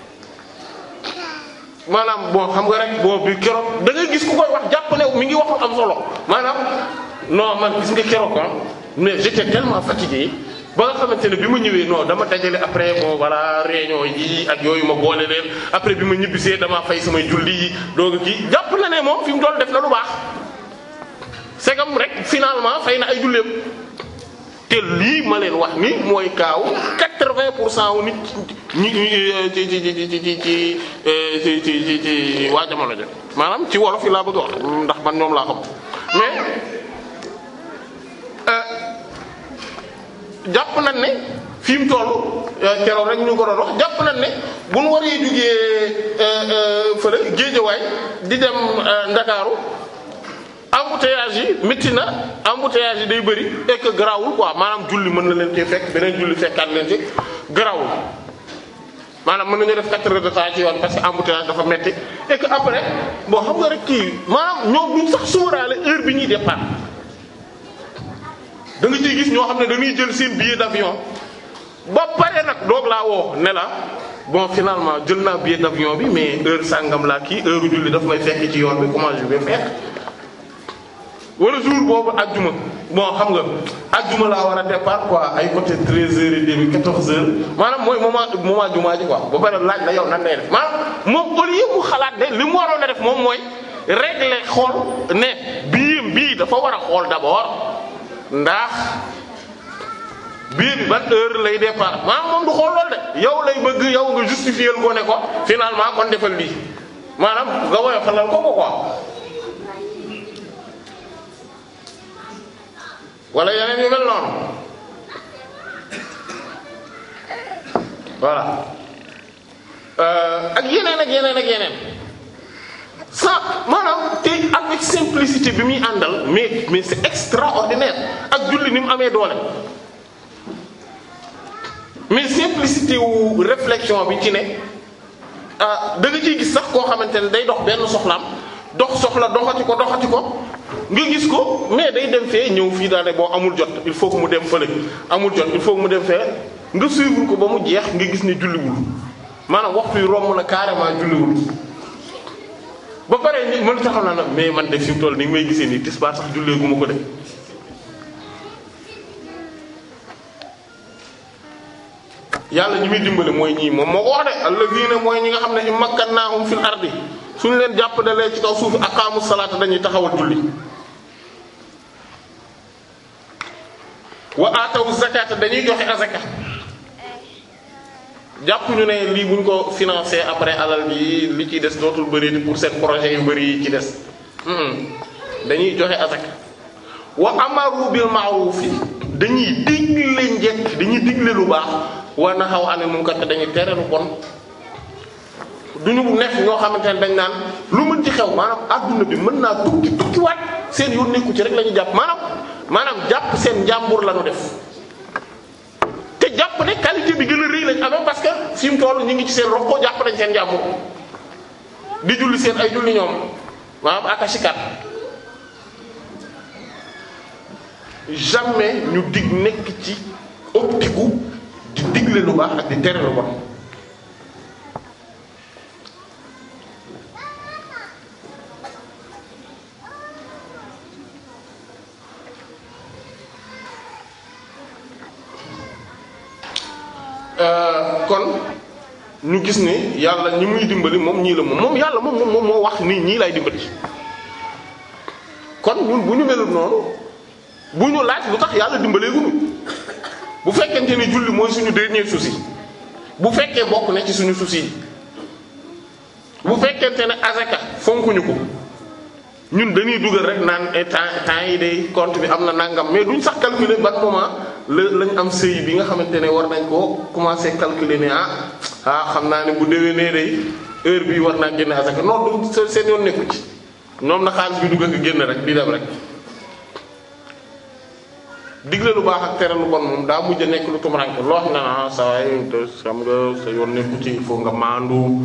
maanaam bon xam nga rek bon bi keroog da ngay gis ko koy wax jàpp ne mi ngi wax am solo maanaam non ma gis nga keroog ah mais j'étais tellement fatigué ba nga xamante ne bi ma ñëwee non dama dajale après bon voilà réunion yi ak yooyu ma boole leen après bi ma ñibbisee damaa fay samay julli yi doog kii jàpp na ne moom fi mu doon def na lu baax segam rek finalement fay na ay julleem te lii ma leen wax ni mooy kaawu quatre-vingt pour cent wu nit ñi ci ci ci ci ci ci ci ci waa jamono ja maanaam ci wolof yi laa bëgg wax ndax man ñoom laa xam mais jàpp nañ ne fi mu toll keroog rek ñu ko doon wax jàpp nañ ne bu nu waree jugee fële géejawaay di dem Ndakaaru embouteillage yi métti na embouteillage yi day bëri et que garaawul quoi maanaam julli mën na leen ci fekk beneen julli fekkaat leen ci garaawul maanaam mën nañu def quatre heures de temps ci yoon parce que dafa metti et que après boo xam nga rek kii maanaam ñoom duñ sax suuraale heure bi ñuy départ da nga gis ñoo xam ne dañuy jël seen billet d'avion ba pare nag doog laa woo ne la bon finalement jël naa billet d'avion bi mais heure sàngam laa kii heure julli daf may fekk ci yoon bi comment je wala jour boobu ajjuma moo xam nga ajjuma laa war a départ quoi ay côté 13 heures et demi 14 heures maanaam mooy moment moment jumaa ji quoi ba pare laaj la yow nan lay def maanaam moom xalaat ne li mu waroon a moom mooy régler xool bii dafa war a xool d'abord ndax bii bi lay départ maanaam moom du xool lool de yow lay bëgg yow nga justifier ko ne ko kon defal bi maanaam nga woyofalal ko ko quoi. wala yeneen yu mel noonu voilà euh, ak yeneen ak yeneen ak yeneen sa maanaam te avec simplicité bi muy àndal mais mais c'est extraordinaire ak julli ni mu amee doole mais simplicité wu réflexion bi ci ne ah da nga ciy sax koo xamante ne day dox benn soxlaam dox soxla doxati ko doxati ko nga gis ko mais day dem fee ñëw fii daal boo amul jot il faut que mu dem fële amul jot il faut que mu dem fee nga suivre ko ba mu jeex nga gis ne julliwul maanaam waxtu yi romb na carrément julliwul ba pare mën taxaw naa la mais man de si mu toll nii may gisee nii tisbaar sax julleegu ma ko de yàlla ñi muy dimbali mooy ñii moom moo ko wax de allazina mooy ñi nga xam ne ñu naa makkannaahum fi ardi suñ leen jàppandalee ci kaw suuf aqaamu salaat dañuy taxawal julli wa aatawu zakata dañuy joxe azaka jàpp ñu ne lii buñ ko financé après alal bi li ciy des dootul bëri pour seen projet yu bari yi ci des hmm. dañuy joxe azaka wa amaru bil ma'ruf yi dañuy digle njekk dañuy digle lu baax wa nahaw anil munkar dañuy tere lu bon du duñu nekk ñoo xamante ne dañ naan lu mën ci xew maanaam adduna bi mën naa tukki tukkiwaat seen yoon nekku ci rek la jàpp maanaam maanaam jàpp seen njàmbur la def te jàpp ne qualité bi gën a rëy lañ amee parce que fi mu toll ñu ngi ci seen rokkoo jàpp nañ seen njàmbur di julli seen ay julli ñoom maanaam akashikat jamais ñu dig nekk ci optique di digle lu baax ak di tere lu bon Euh, kon ñu gis ni yàlla ñi muy dimbali moom ñii la moom moom yàlla moom moom moo wax nii ñii lay dimbali kon ñun bu ñu melul noonu bu ñu laaj lu tax yàlla dimbalee gunu bu fekkente ni julli mooy suñu dernier souci bu fekkee bokk na ci suñu souci yi bu fekkente ne azaka fonkuñu ko ñun dañuy dugal rek naan eh, temps temps yi day compte bi am na nangam mais duñ sax calculer ba moment la lañ am sëy bi nga xamante ne war nañ ko commencer calculer ne ah ah xam naa ne bu déwénee day heure bi war naa génne asaka non du seen yoon nekku ci ñoom na xaalis bi dugg ak génn rek di dem rek digle lu baax ak tere lu bon moom daa mujj a nekk lu tumuranke loo xam ne ah nga sa yoon nekku ci il nga maandu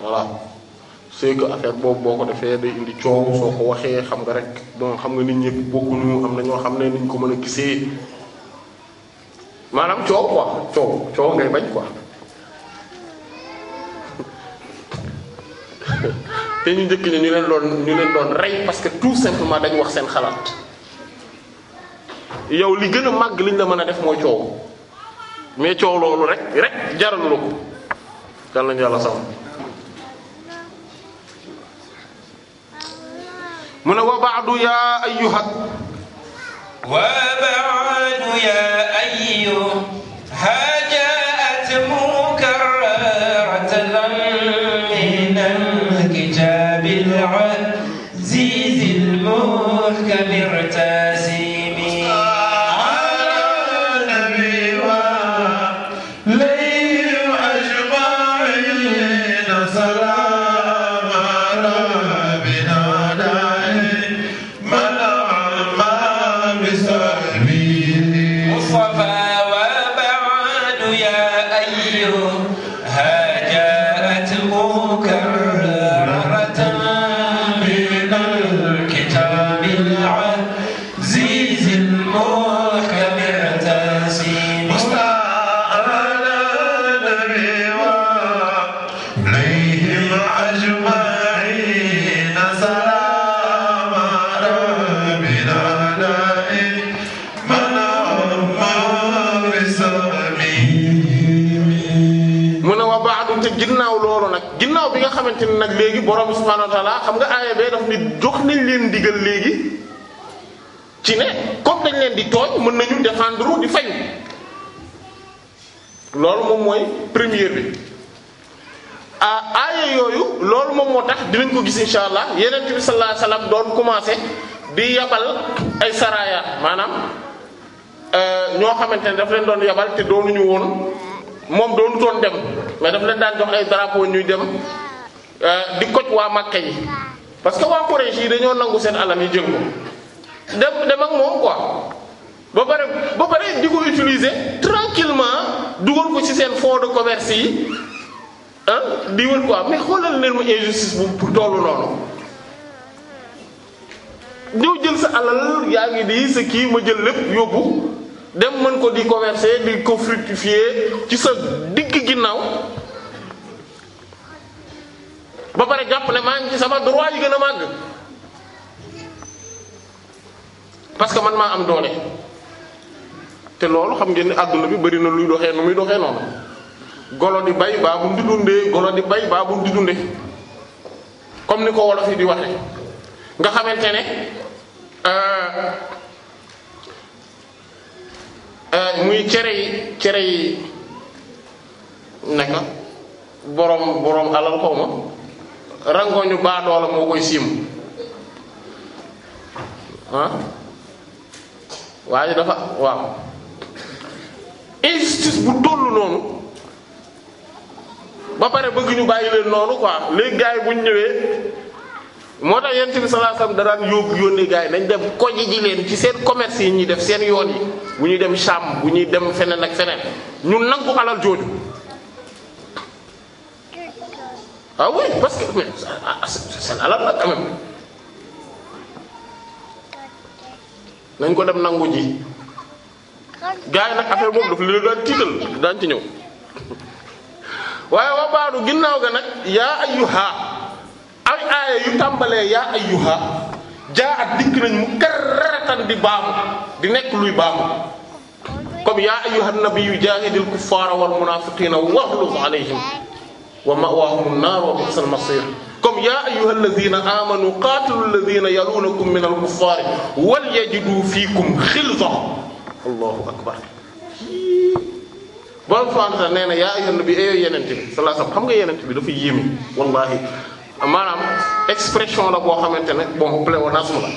voilà c'est que affaire boobu boo ko defee day indi coow soo ko waxee xam nga rek donc xam nga nit ñi bokkuñu am na ñoo xam ne niñ ko mën a gisee maanaam coow quoi coow coow ngay bañ ko [LAUGHS] te ñu njëkk ñu leen doon ñu leen doon rey parce que tout simplement dañ wax seen xalaat yow li gën a màgg liñ la mën a def mooy coow mais coow loolu rek rek jaral la ko yàlla ñu yàlla sax mu ne wa baadu yaa ayyuha wa baadu yaa ayyuha jaat mukarratan min alkitaabil subhaanahu wa ta'ala xam nga aaya bee dox ni jox nañ leen digal léegi ci ne comme dañ leen di tooñ mën nañu défendre di fayu loolu moom mooy première bi ah aaya yooyu loolu moom moo tax dinañ ko gis insha allah yeneen bi sallallahu alayhi doon commencé di yabal ay saraya maanaam euh, ñoo xamante ne daf leen doon yabal te doonuñu woon moom doonu doon dem mais daf leen daan jox ay drapeau ñuy dem Euh, di koj waa Makka yi parce que waa Quraysh yi dañoo nangu seen alal yi jël ko dem dem ak moom quoi ba pare ba pare di ko utiliser tranquillement dugal ko ci seen fonds de commerce yi ah di wër quoi mais xoolal leen ma injustice bu tollu noonu ñoo jël sa alal yaa ngi di sa kii ma jël lépp yóbbu dem mën ko di commercer di ko fructifier ci sa dikk ginnaaw ba pare jàpp ne maa ngi ci sama droit yi gën a màgg parce que man maa am doole te loolu xam ngeen ni àdduna bi bari na luy doxee nu muy doxee noonu golo di bay baa bu di dundee golo di bay baa bu di dundee comme ni ko wolof yi di waxe nga xamante ne euh, euh, muy cere yi cere yi naka boroom boroom alal xaw rangoñu baadoola moo koy siim waaye dafa waaw injustice bu tollu noonu ba pare bëgg ñu bàyyi leen noonu quoi léegi gars yi bu ñu ñëwee moo tax yent bi sallallahu alayhi wasallam daraan yóbbu yónnee gars yi nañ dem koji ji leen ci seen commerce yi ñuy def seen yoon yi bu ñuy dem Sham bu ñuy dem feneen ak feneen ñu nangu alal jooju ah oui parce que mais seen alal nag nañ ko dem nangu ji gars yi nag affaire boobu daf li daan tiital daan ci ñëw waaye wabaadu ginnaaw ga nag yaa ayyuha ay aaya yu tàmbalee yaa ayyuha jaa ak dikk nañ mu karratan di baamu di nekk luy baamu comme yaa ayyuhan nabiyyu jaahidil kuffaara wal munaafiqiina waxluz alayhim wa ma'waahum naar wa bi'sal masiir comme yaa ayyuhal lazina amanu qaatilul lazina yaluunakum minal kuffaari wal yajidu fiikum xilza allahu akbar borom subhanahu wa ta'ala nee na yaa ayyuhan nabi ay bi sallallahu xam nga yeneen bi dafa yéeme wallahi maanaam expression la boo xamante ne bon pléonasme la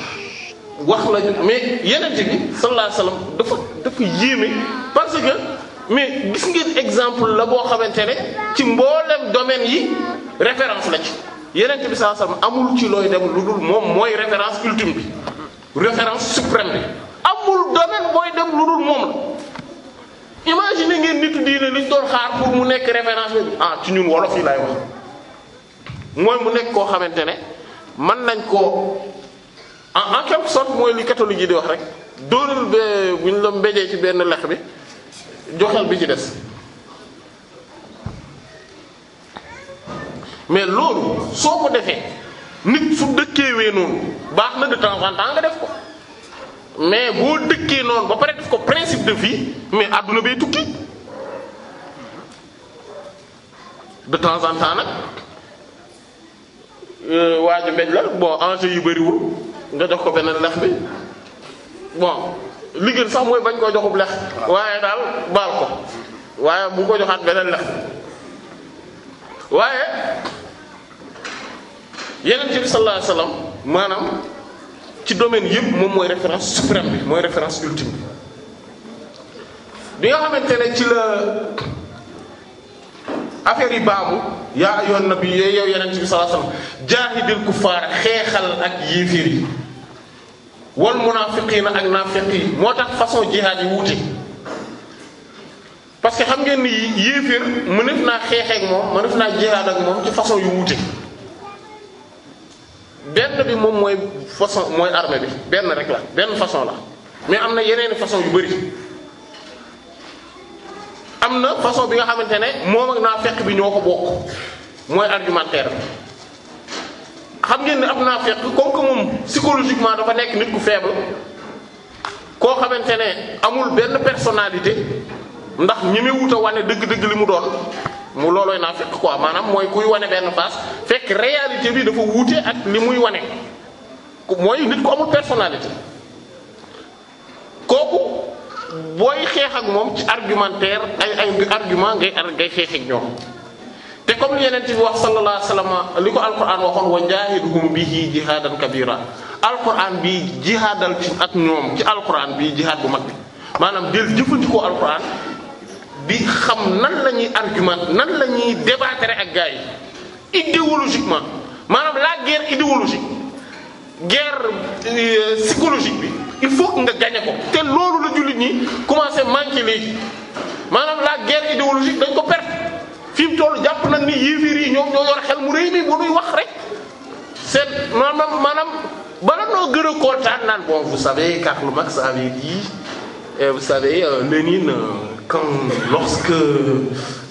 wax la mais yeneen bi sallallahu alayhi dafa dafa yéeme parce que. mais gis ngeen exemple la boo xamante ne ci mboolem domaine yi référence la ci yeneen bi saa sallam amul ci looy dem lu dul moom mooy référence ultime bi référence suprême bi amul domaine booy dem lu dul moom la imagine ngeen nitu diine liñ doon xaar pour mu nekk référence bi ah ci ñun wolof yi laay mooy mu nekk koo xamante ne mën nañ ko en en quelque sorte mooy li catholique yi di wax rek dóorul bu ñu la mbéjee ci benn lex bi joxeel bi ci des mais loolu soo ko defee nit fu su we noonu baax na de temps en temps nga def ko mais boo dëkkee noonu ba pare def ko principe de vie mais àdduna bay tukki de temps en temps nag euh, waaju mbéj la bon enjeu yu bariwul nga jox ko beneen lex bi bon li gën sax mooy bañ koo bu lex ah. waaye daal baal ko waaye bu ko joxaat beneen lex waaye yeneen ci bi sallallahu alayhi maanaam ci domaine yëpp moom mooy référence suprême bi mooy référence ultime bi nga xamante ne ci la affaire yi baabu yaa yoon na bi yow yeneen ci bi sallallahu alayhi wasallam jaahidil kuffaar xeexal ak yéeféer yi wal munaafiqiina ak naafiq yi moo tax façon jihaad yi wuute parce que xam ngeen ni yéeféer mënef naa xeexee ak moom ci façon yu wuute benn bi moom mooy façon mooy armée bi benn rek la benn façon la mais am na yeneeni façon yu bari am na façon bi nga xamante ne moom ak naafiq bi ñoo ko mooy argumentaire bi xam ngeen ne am naa fekk comme que moom psychologiquement dafa nekk nit ku faible koo xamante ne amul benn personnalité ndax ñi muy wut a wane dëgg-dëgg li mu doon mu loolooy naa fekk quoi maanaam mooy kuy wane benn face fekk réalité bi dafa wuute ak li muy wane mooy nit ku amul personnalité kooku booy xeexak ak moom ci argumentaire ay ay argument ngay ngay xeex ñoom. te comme li yeneen ci wax sallallahu alayhi wasallam li ko alquran waxoon wa jaahiduhum bihi jihaadan kabira alquran bi jihaadal ci ak ñoom ci alquran bi jihaad bu mag bi maanaam del jëfandikoo alquran di xam nan la ñuy nan la ñuy débattre ak gars yi idéologiquement maanaam la guerre idéologique guerre euh, psychologique bi il faut nga gagner ko te loolu la jullit ñi commencé manqué léegi maanaam la guerre idéologique dañ ko perdre fi mu toll jàpp nag ni yéefar yi ñoom ñoo yor xel mu rëy mi bu nuy wax rek seen maanaam maanaam bala noo gën a kontaan naan bon vous savez Karl Marx avait dit et vous savez euh, Lénine euh, quand lorsque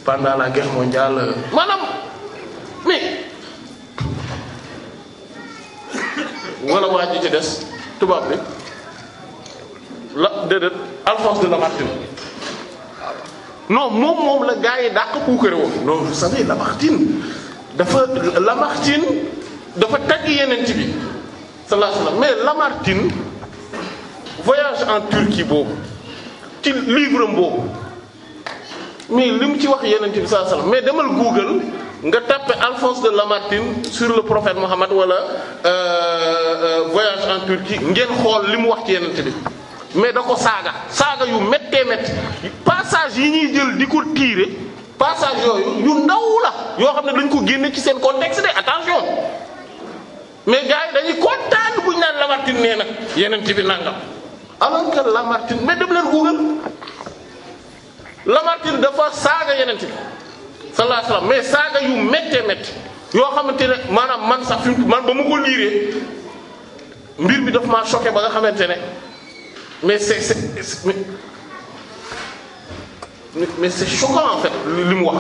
pendant la guerre mondiale euh, maanaam mais wala waa ci des tubaab bi la déedéet Alphonse de Lamartine non moom moom la gars yi dàq puukare woon non vous savez Lamartine dafa Lamartine dafa tagg yenent bi sallallahu alayhi wasallam mais Lamartine voyage en Turquie boobu ci libre am boobu mais li mu ci wax yenent bi sallallahu alayhi wasallam mais demal Google nga tappe Alphonse de Lamartine sur le prophète Mohammed wala euh, euh, voyage en Turquie ngeen xool li mu wax ci yenent bi mais da ko saaga saaga yu méttee métti passage yi ñuy jël di ko tiire passage yooyu yu ndaw la yoo xam ne dañ ko génne ci seen contexte de attention mais gars yi dañuy kontaan buñ naan Lamartine nee na yeneen ci bi nangam alors que Lamartine mais dem leen Google Lamartine dafa saaga yeneen ci bi sallallahu mais saaga yu méttee métti yoo xamante ne maanaam man sax fi man ba mu ko liiree mbir bi daf maa choqué ba nga xamante ne. mais c'est c'est mais mais c'est choquant en fait li mu wax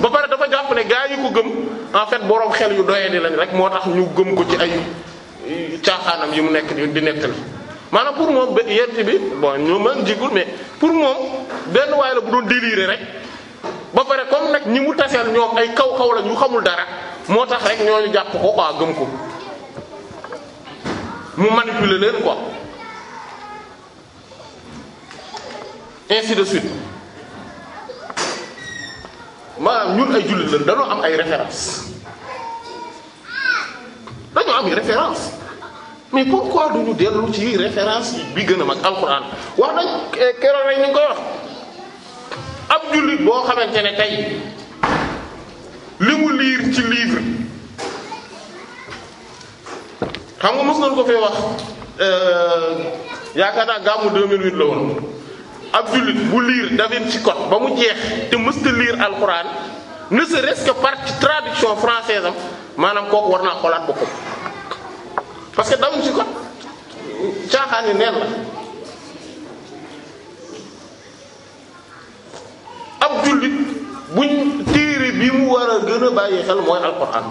ba pare dafa jàpp ne gaa yi ko gëm en fait boroom xel yu doyee di lañ rek moo tax ñu gëm ko ci ay caaxaanam yi mu nekk di nettali maanaam pour moom ba bi bon ñoo mën jigul mais pour moom benn waay la bu doon délirer rek ba pare comme nag ñi mu taseel ñoom ay kaw xaw la ñu xamul dara moo tax rek ñooñu jàpp ko quoi ah, gëm ko. mu manipuler leen quoi ainsi de suite maanaam ay jullit lañ am ay références dañoo am ay références mais pourquoi duñu dellu ci référence bi gën a mag alxuraan wax nañ eh, keroog rek ñu koy ab jullit boo xamante ne tey li mu liir ci livre. xam nga mos nañ ko fee wax euh, yaakaar naa gàmmu 2008 la woon ab jullit bu liir Da Vinci Code ba mu jeex te mësta liir alxuraan ne serait-ce am maanaam kooku war naa xoolaat boppam parce que Da Vinci Code caaxaan yi neen la ab jullit buñ téere bi mu war a gën a bàyyi xel mooy alxuraan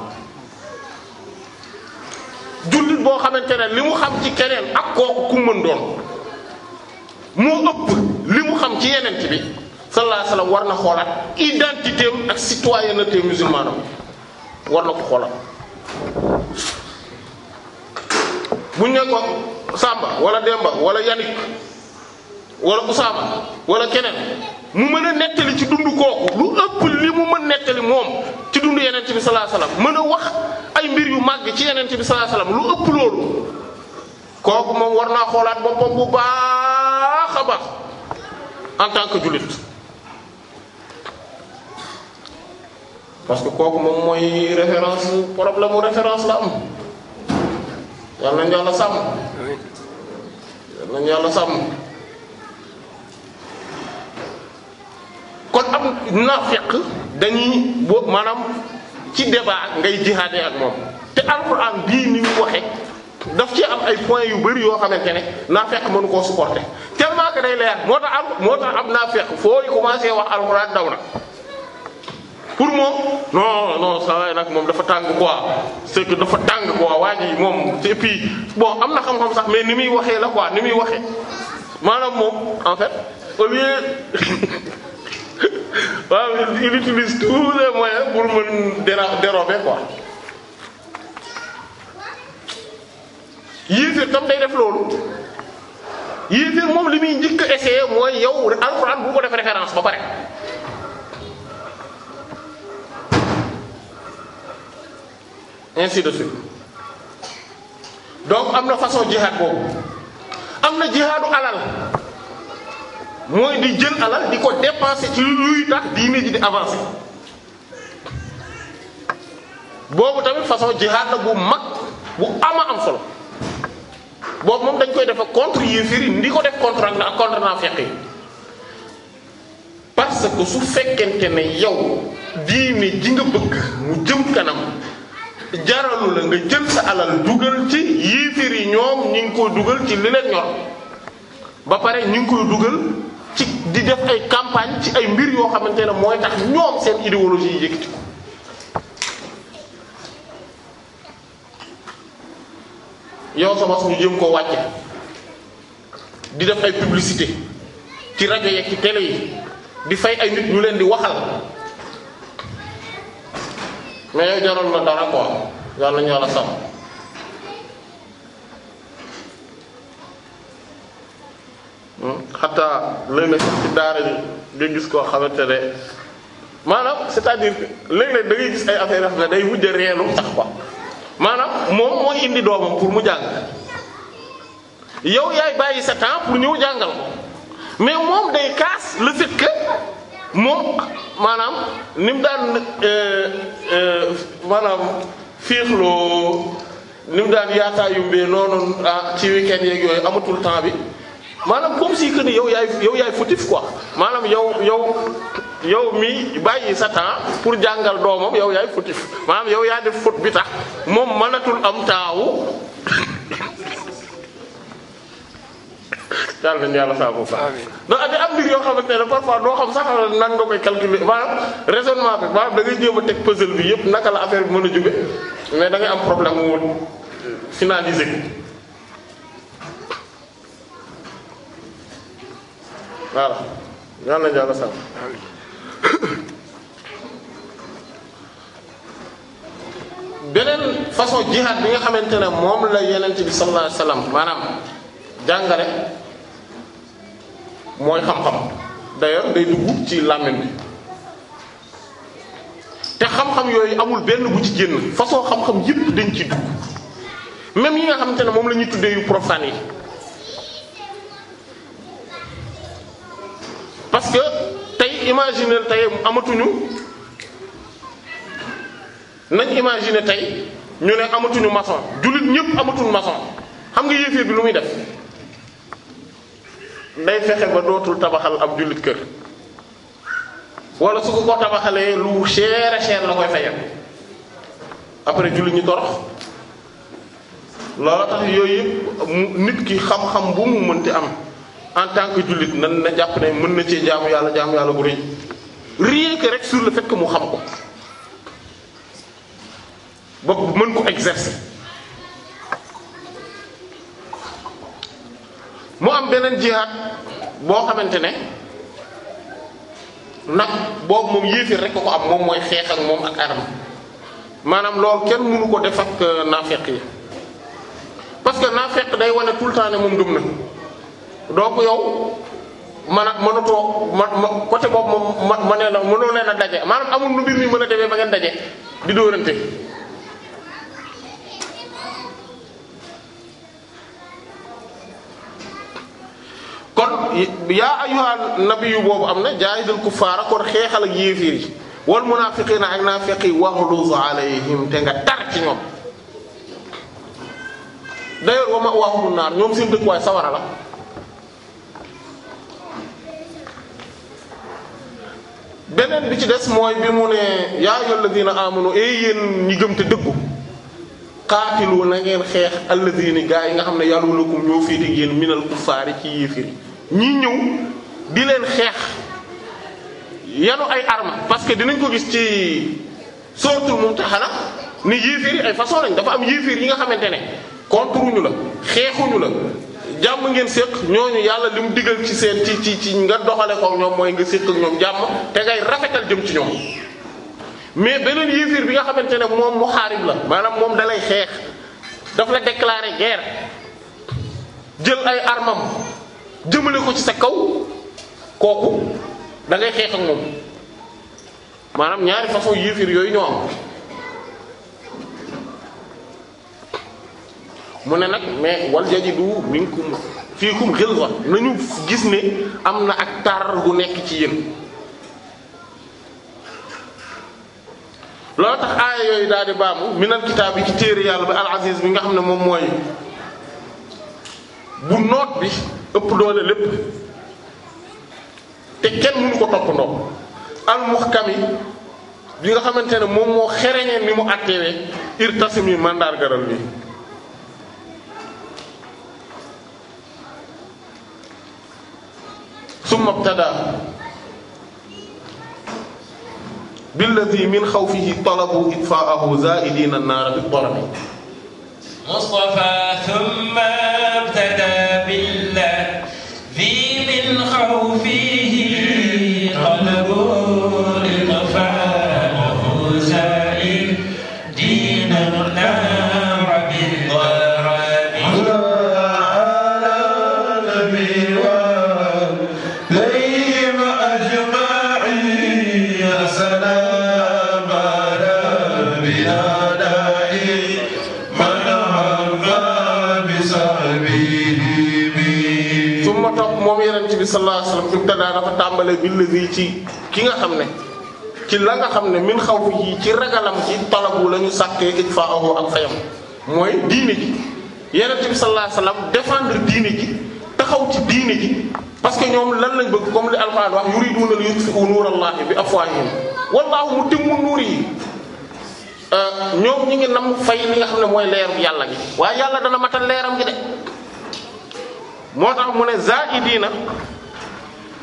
jullit boo xamante ne li mu xam ci keneen ak kooku ku doon moo ëpp li mu xam ci yeneen bi sallallahu alayhi war na xoolaat identité am ak citoyenneté musulmane am war na ko xoolaat buñ ne ko Samba wala Demba wala Yannick wala Usaama wala keneen mu mën a nettali ci dund kooku lu ëpp li mu mën nettali moom ci dund yenent tibi sallallahu mën a wax ay mbir yu màgg ci yeneen tibi sallallahu alayhi wasallam lu ëpp loolu kooku moom war naa xoolaat boppam bu baax a baax en tant que jullit parce que kooku moom mooy référence problème mu référence la am yal nañu yàlla sàmm yal nañu yàlla sàmm am naafeq dañuy boo maanaam ci débat ngay jihaade ak moom te alxuraan bii ni mu waxe daf ci am ay points yu bari yoo xamante ne naafeq mënu koo supporter tellement que day leer moo tax am moo tax am naafeq fooy commencé wax alxuraan daw na pour moom non non saa nag moom dafa tàng quoi c'est que dafa tàng quoi waa ji moom et boo bon am na xam-xam sax mais ni muy waxee la quoi ni muy waxee maanaam moom en fait au lieu [LAUGHS] [LAUGHS] waaw il utilise tous les moyens pour mën dérober quoi yéeféer tam day def loolu yéeféer moom li muy njëkk a essayé mooy yow alxuraan bu ko def référence ba pare ainsi de suite donc am na façon jihaad boobu am na jihaadu alal mooy di jël alal di ko dépenser ci luy tax diine ji di avancer boobu tamit façon jihaad la bu mag bu ama am solo boobu moom dañ koy defa contre yéefar yi ko def contre ak na contre naafiq yi parce que su fekkente ne yow diine ji nga bëgg mu jëm kanam jaralu la nga jël sa alal dugal ci yéefar yi ñoom ñu ngi koy dugal ci li leen ñor ba pare ñu ngi koy dugal ci di def ay campagne ci ay mbir yoo xamante ne mooy tax ñoom seen idéologie yi yëkkati yow sa bos jëm koo wàcce di def ay publicité ci rajo yeeg ci télé yi di fay ay nit ñu leen di waxal mais yow jaroon la dara quoi yàlla ñu yàlla sax xataa hmm? léeg-léeg sax ci daara ji nga gis koo xamante ne maanaam c'est-à-dire que léeg-léeg da ngay gis ay affaire yoo xam ne day mujj a reelu sax quoi maanaam moom mooy indi doomam pour mu jàng yow yaay bàyyi sa temps pour ñëw jàngal mais moom day kaas le fait que moom maanaam ni daan euh, euh, maanaam fiixloo ni mu daan yaataayu mbee noonu ah, ci week-end yeeg yooyu amatul temps bi. maanaam comme si que ni yow yaay yow yaay fautif quoi maanaam yow yow yow mi bàyyi sa temps pour jàngal doomam yow yaay fautif maanaam yow yaa def faute bi tax moom manatul am taawu daal [LAUGHS] nañu yàlla na da am mbir yoo xam ne parfois doo xam sax nan nga koy calculer maanaam raisonnement bi maanaam da ngay jéem a teg puzzle bi yépp naka la affaire bi mën a jube mais da ngay am problème mu voilà yal nañu yàlla sàmm beneen façon jihaad bi nga xamante ne moom la yenent bi sallallahu alayhi wasallam maanaam jàngale mooy xam-xam d'ailleurs day dugg ci làmmiñ bi te xam-xam yooyu amul benn bu ci génn façon xam-xam yépp dañ ci dugg même yi nga xamante ne moom la ñuy tuddee yu profane yi parce que tey imaginer tey amatuñu nañ imaginer tey ñu ne amatuñu maçon jullit ñëpp amatuñu maçon xam nga yéeféer bi lu muy def day fexe ba dootul tabaxal ab jullit kër wala su ko ko tabaxalee lu cher a la koy fayal après jullit ñi torox loola tax yooyu yëpp nit ki xam-xam bu mu mënti am en tant que jullit nan na jàpp ne mën na cee jaamu yàlla jaamu yàlla bu rëy rien que rek sur la fait que mu xam ko ba mën ko exercer mu am beneen jihaad boo xamante ne nag boobu moom yéeféer rek ko ko am moom mooy xeex ak moom ak arme maanaam loolu kenn mënu ko def ak euh, naafeq yi parce que naafeq day wane tout le temps ne moom gëm na donc yow man a mënatoo ma ma côté boobu moom ma ma nee na mënoo leen a daje maanaam amul lu mbir mi mën a demee ba ngeen daje di dóorante kon yaa ayyuhan nabiyyu boobu am na jaahidul kuffaara kon xeexal ak yéeféer yi wal munaafiqiina ak naafiq yi waxluz alayhim te nga tar ci ñoom d'ailleurs wa ma'waahum naar ñoom seen dëkkuwaay sawara la beneen bi ci des mooy bi mu ne yaa ayyuhal ladina amanu ee yéen ñi gëm te dëggu qaatilu na ngeen xeex alladina gaa yi nga xam ne yalulukum ñoo féete ak yéen minal kuffaari ci yéefir ñi ñëw di leen xeex yanu ay arma parce que dinañ ko gis ci suratul mumtahana ni yéefir yi ay façon lañ dafa am yéefir yi nga xamante ne contre ñu la xeexuñu la jàmm ngeen séq ñooñu yàlla li mu digal ci seen ci ci ci nga doxale ko ñoom mooy nga séq ak ñoom jàmm te ngay rafetal jëm ci ñoom mais beneen yéefir bi nga xamante ne moom mu xaarib la maanaam moom dalay xeex dafa la déclarer guerre jël ay armam jëmale ko ci sa kaw kooku dangay xeex ak moom maanaam ñaari façon yéefir yooyu ñoo am mu ne nag mais wal yajidu minkum fiikum ghilza nañu gis ni am na ak tar gu nekk ci yéen loolu tax aaya yooyu daal di baamu minal kitaab yi ci téere yàlla bi al aziz bi nga xam ne moom mooy bu noot bi ëpp doole lépp te kenn mënu ko toppandoo al muhkam yi bi nga xamante ne moom moo xereñeen ni mu àtteewee irtasim yi mandargaral bi summa btadaa billadi min xawfihi talabu itfaahu zaa'idina annaara bi tarabi mustafa summa btadaa yàlla billazi ci ki nga xam ne ci la nga xam ne min xawfu yi ci ragalam ci talabu la ñu sàkkee ikfaahu ak fayam mooy diine ji yenent bi sallallahu alayhi wasallam défendre diine ji xaw ci diine ji parce que ñoom lan lañ bëgg comme li alquran wax yuriduna li yutfi'u nuurallahi bi afwahihim wallahu mutimmu yi euh, ñoom ñi ngi nam fay li nga xam ne mooy leer bi yàlla gi waaye yàlla dana matal leeram gi de moo tax mu ne zaidina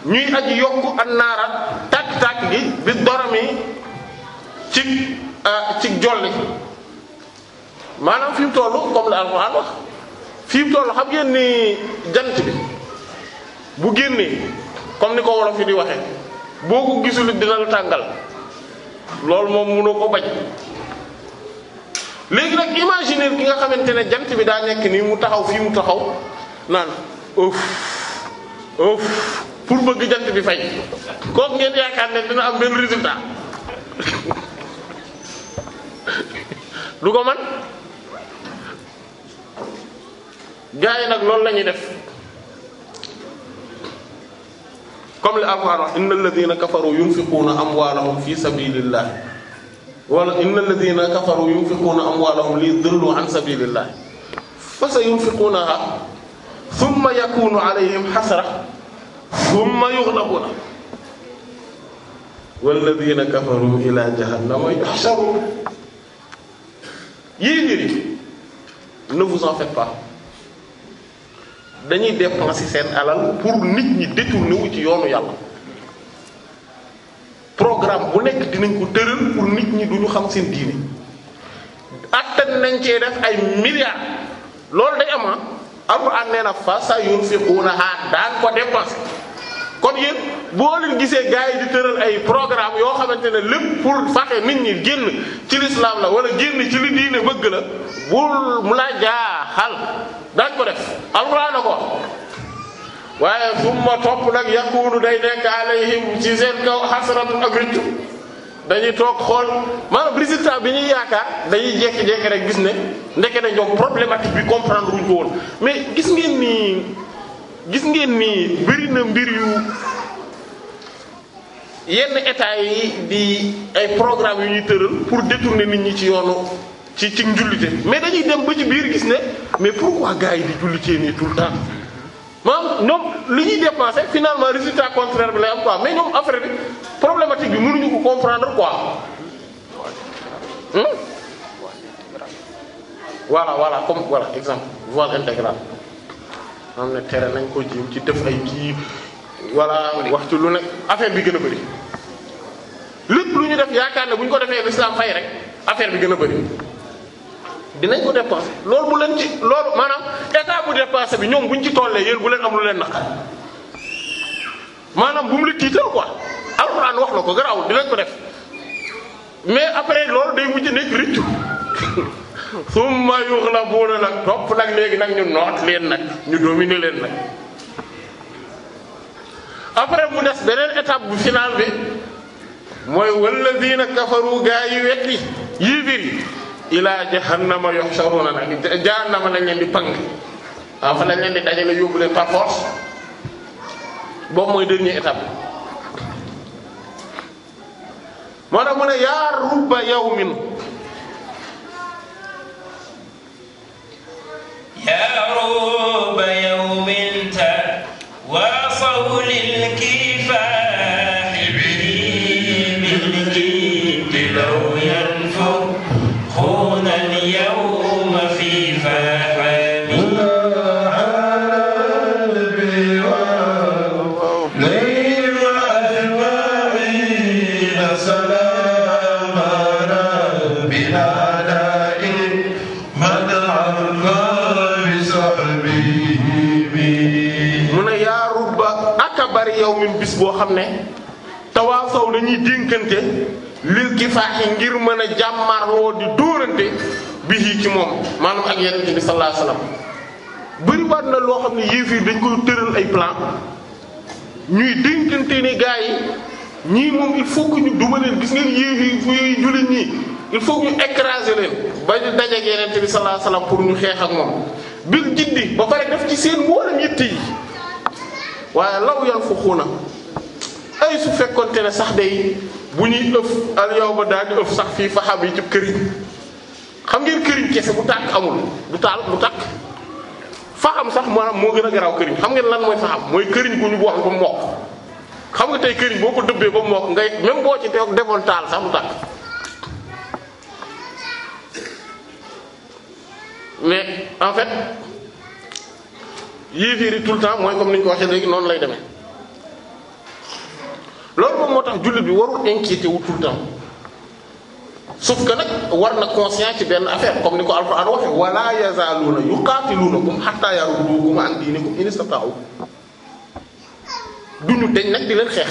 ñuy aji yokku ak naara tàkk-tàkk gi bi dorami ci euh, ci jolli maanaam fi mu toll comme la Alxuraan wax fi xam ngeen ni jant bi bu génnee comme ni ko wolof yi di waxee boo ko gisul dina la tàngal loolu moom mënoo ko bañ léegi nag imaginer ki nga xamante ne jant bi daa nekk nii mu taxaw fii mu taxaw naan oof oof pour bëgg jant bi fay kooku ngeen yaakaar ne dina am benn résultat du ko man gars nag loolu lañuy def comme li alquran wax inna alladina kafaru yunfiquuna amwaalahum fi sabilillah wala inna alladina kafaru yunfiquuna amwaalahum li dillu an sabilillah fa sa yunfiquunaha thumma yakunu alayhim hasra summa yughlabuuna walladiina kafaru ilaa jahannama yuhsharuun yéeféeri ne vous en faites pas dañuy dépenser seen alal pour nit ñi détourné wu ci yoonu yàlla programme bu nekk dinañ ko tëral pour nit ñi duñu xam seen diini attan nañ cee def ay milliards loolu day ama ah. alquran nee na fa sa yunfiquunaha daan ko dépenser kon yéen boo leen gisee gars yi di tëral ay programme yoo xamante ne lépp pour fexe nit ñi génn ci lislaam la wala génn ci li diine bëgg la bul mu la jaaxal daañ ko def am alxuraan ko waaye summa topp nag yakunu day nekk alayhim ci seen kaw xasratun ak rëccu dañuy toog xool maanaam résultat bi ñuy yaakaar dañuy jekki-jekki rek gis ne ndeke na jox problématique bi comprendre wuñ ko mais gis ngeen ni. gis ngeen ni bëri na mbir yu yenn état yi di ay programme yu ñuy tëral pour détourner nit ñi ci yoonu ci ci njullite mais dañuy dem ba ci biir gis ne mais pourquoi gars yi di jullitee nii tout le temps maanaam ñoom li ñuy dépensé finalement résultat contraire bi lay am quoi mais ñoom affaire bi problématique bi mënuñu ko comprendre quoi. Hmm? voilà voilà comme voilà exemple voile intégrale. xam ne tere nañ koo jiw ci def ay kii wax ci lu ne affaire bi gën a bëri lépp lu ñu def yaakaar ne bu ñu ko defee l'islam fay rek affaire bi gën a bëri dinañ ko dépensé loolu bu leen ci loolu maanaam état bu dépensé bi ñoom bu ci tollee yéen bu leen leen naq maanaam bu la tiital quoi alxuraan wax na ko garaawul dinañ ko def mais après loolu day mujj nekk rëccu summa yuxlabuuna nag topp nag léegi nag ñu noot leen nag ñu dominer leen nag après mu des beneen étape bu final bi mooy walladina kafaru gaa yi weddi yii biir ilaa jahannama yuhsharuna nag jahannama lañ leen di pang waaw fa lañ leen di dajale boobu mooy dernier étape bi moo tax ne yaa rubba yawmin يوم تواصوا للكفاية xam ne tawaasaw dañuy dénkante lil ki faaxi ngir mën a jàmmarloo di dóorante bi ci moom maanaam ak yeneen bi sallallahu alayhi na loo xam ne yéefir dañ koy tëral ay plan ñuy dénkante ni gaa yi ñii moom il faut ñu duma leen gis ngeen yéefir fu yooyu jullit ñii il faut ñu écraser leen ba ñu dajeeg yeneen bi sallallahu alayhi pour ñu xeex ak moom bil jiddi ba pare def ci seen mboolem yitt yi waaye law yal fuxuuna ay su fekkonte ne sax de bu ñuy ëf al yow daal di ëf sax fii faxam yi ci këriñ xam ngeen këriñ kese bu tàkk amul du taal bu tàkk faxam sax maanaam moo gën a garaaw këriñ xam ngeen lan mooy faxam mooy këriñ ku ñu wax ba mokk xam nga tey këriñ boo ko dëbbee ba mokk ngay même boo ci teew defoon taal sax du tàkk mais en fait yii fiiri tout le temps mooy comme ni ko waxee léegi noonu lay demee loolu moom moo tax jullit bi warul inquiété wu tout le temps sauf que nag war na conscient ci benn affaire comme ni ko alquran waxe wala yazaluuna yuqaatiluunakum hatta yaruddukum an diinikum duñu deñ nag di leen xeex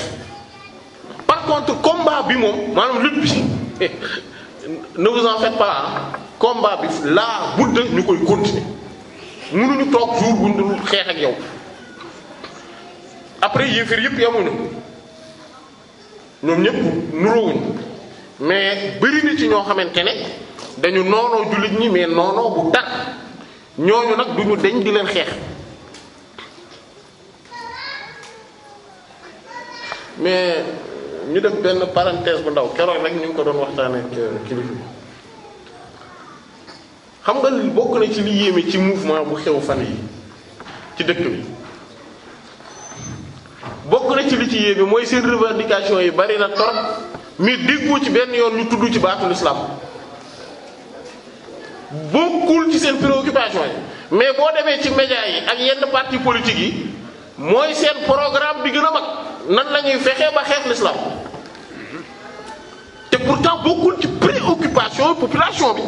par contre combat bi moom maanaam lutte bi [LAUGHS] ne vous en faites pas bi laa budda ñu koy continuer mënuñu toog jour bu ñu xeex ak yow après yéefir yëpp yamuñu ñoom ñëpp nuróowuñ mais bëri na ci ñoo xamante ne dañu noonoo jullit ñi mais noonoo bu tar ñooñu nag duñu dañ di leen xeex mais ñu def benn parenthèse bu ndaw keroog rek ñu ngi ko doon waxtaane euh, kilifa xam nga bokk na ci li yéeme ci mouvement bu xew fan yi ci dëkk bi bokk na ci li ci yéeme mooy seen revendication yi bari na torop mais déggu ci benn yoon ñu tudd ci baatu l'islam bokkul ci seen préoccupation yi mais boo demee ci médias yi ak yenn parti politique yi mooy seen programme bi gën a mag nan la ñuy fexee ba xeex l'islam te pourtant bokkul ci préoccupation population bi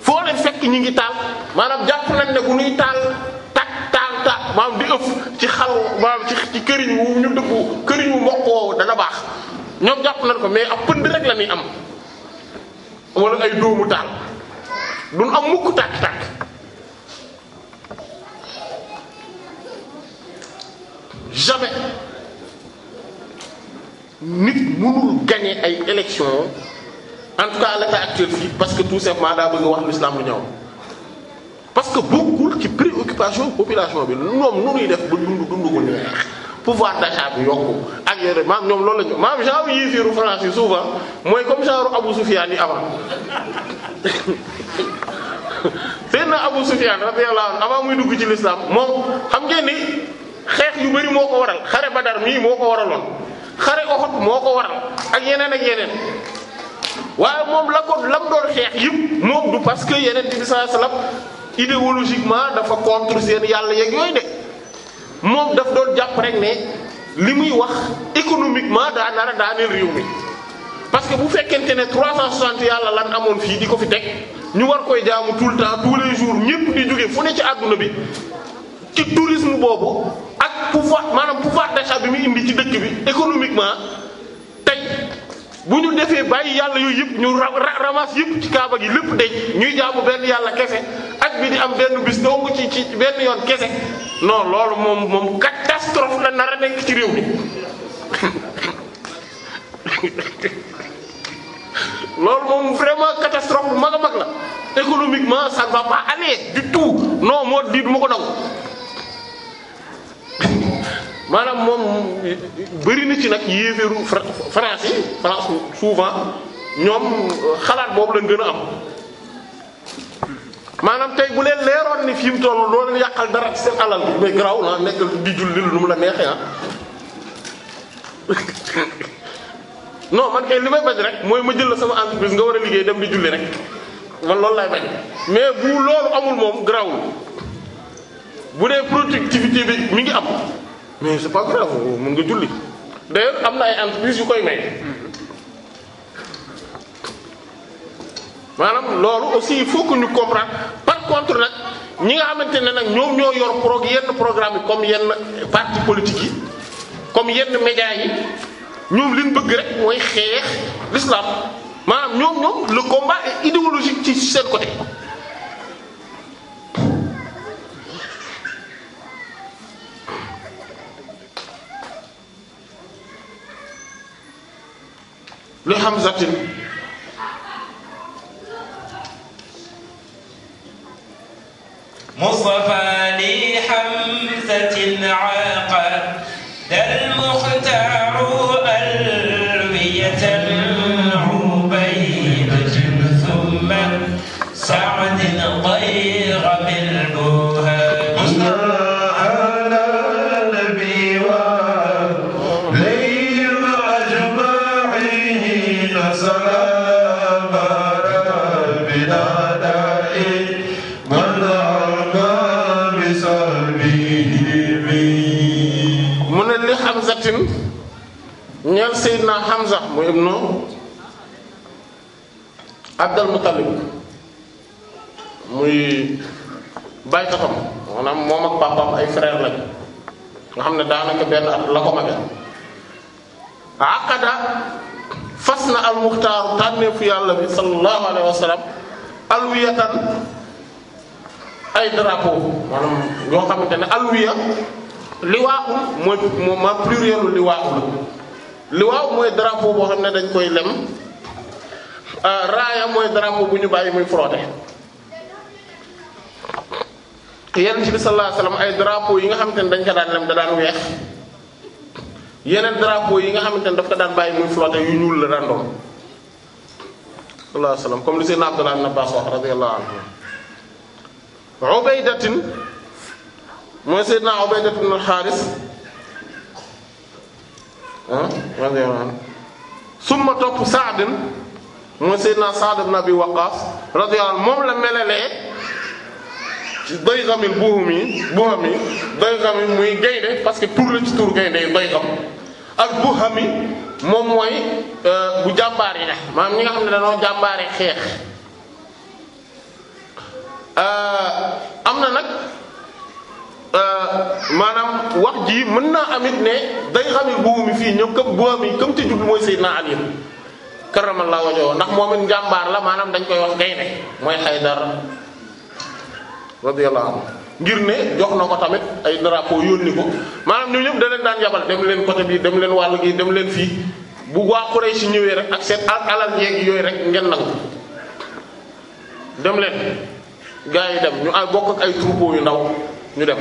foo leen fekk ñi ngi taal maanaam jàpp nañ ne bu ñuy taal. ak tànta maam di ëf ci xal maam ci ci këriñ wu ñu dëkku këriñ wu mboq woowu dana baax ñoom jàpp nañ ko mais ab pënd rek la ñuy am wala ay dóomu taal duñ am mukk tàkk-tàkk jamais nit mënul gagner ay élections en tout a à actuel fii parce que tout simplement daa bëgg wax l'islam lu ñëw parce que bokkul ci préoccupation population bi ñoom nu ñuy def ba dund dund ko neex pouvoir d'achat yokku ak yore maam ñoom loolu la ñu maam genre yii fiiru France yi souvent mooy comme genre Abou Soufiane yi avant [LAUGHS] seen na Abou Soufiane radiyallahu anhu avant muy dugg ci l'islam moom xam ngeen ni xeex yu bari moo ko waral xare Badar mii moo ko waraloon xare Uhud moo ko waral ak yeneen ak yeneen waaye moom la ko lam doon xeex yëpp moom du parce que yeneen idéologiquement dafa contre seen yàlla yeeg yooyu de moom daf doon jàpp rek ne li muy wax économiquement daa nar a daaneel réew mi parce que bu fekkente ne 360 yàlla lan amoon fii di ko fi teg ñu war koy jaamu tout le temps tous les ñëpp di jóge fu ne ci àdduna bi ci tourisme boobu ak pouvoir maanaam pouvoir d'achat bi mu indi ci dëkk bi économiquement bu ñu defee bàyyi yàlla yooyu yëpp ñu ramas yëpp ci kaaba gi lépp day ñuy jaamu benn yàlla kese ak bi di am benn bis dong ci ci benn yoon kese non loolu moom moom catastrophe nekk ci réew mi [LAUGHS] vraiment catastrophe bu mag a mag la économiquement ça ne va pas aller du tout non moo ko daw [LAUGHS] maanaam moom bëri na ci nag yéeféeru France yi France souvent ñoom xalaat boobu lañ gën a am maanaam tey bu leen leeroon ni fi mu toll loo leen yàqal dara ci seen alal mais garaaw la nekkal di julli lu mu la neexee ah [LAUGHS] non man kay li may bañ rek mooy ma jël la sama entreprise nga war a liggéey dem di julli rek man loolu lay bañ mais bu loolu amul moom garawul bu dee productivité bi mi ngi am mais c'est pas grave mën nga julli d'ailleurs am na ay entreprises yu koy may maanaam loolu aussi il faut ñu comprendre par contre nag ñi nga xamante ne nag ñoom ñoo yor pro yenn programme yi comme yenn parti politique yi comme yenn média yi ñoom liñ bëgg rek mooy xeex l'islam maanaam ñoom ñoom le combat est idéologique ci seen côté li hamzatin mustafa li hamzatin aaqa dal muxtaaru alwiyatan ubaybatin thumma saadi Hamza mu ibnu Abdal Muttalib muy baykatam maanaam moom ak papaam ay frère lañ nga xam ne daanaka benn at la ko mage aqada fas na almuxtaaru tànneefu yàlla bi sallallahu alayhi wa alwiyatan ay drapeau maanaam yoo xamante ne alwiya liwaaxul mooy ma plurielu liwaaxul li waaw mooy drapeau boo xam ne dañ koy lem euh, raaya mooy drapeau bu ñu bàyyi muy frotté yeneen bi sallallahu alayhi wasallam ay drapeau yi nga xamante ne dañ ko daan lem da daan weex yeneen drapeau yi nga xamante ne daf ko daan bàyyi muy flotté yu ñuul la daan doon sallallahu alayhi wasallam comme li Seydina Abdullah ibn Abbas wax radiyallahu anhu Ubaydatin mooy Seydina Ubaydatin al-Haris ah radiyallahu anhu summa topp Saad mooy Seydina Saad ibn Abi Waqqas radiyallahu anhu moom la melalee ci Daygamil Buhami Buhami Daygami muy gaynde parce que tur la ci tur gaynde Daygam ak Buhami moom mooy euh, bu jàmbaar yi nag maanaam ñi nga xam ne dañoo jàmbaare xeex euh, am na nag. Euh, maanaam wax jii mën naa amit ne day xamil buubu mi fii ñëw këm buubu mi këm ci jublu mooy Seydina Ali karramallahu wajhahu ndax moom it njàmbaar la maanaam dañ koy wax gaynde mooy Haydar radiyallahu anhu ngir ne jox na ko tamit ay drapeau yónni ko maanaam ñu ñëpp da leen daan yabal dem leen côté bi dem leen wàll gi dem leen fii bu waa si ñëwee rek ak seen alal yeeg yooyu rek ngeen nangu dem leen gars yi dem ñu ay bokk ak ay troupeau yu ndaw ñu dem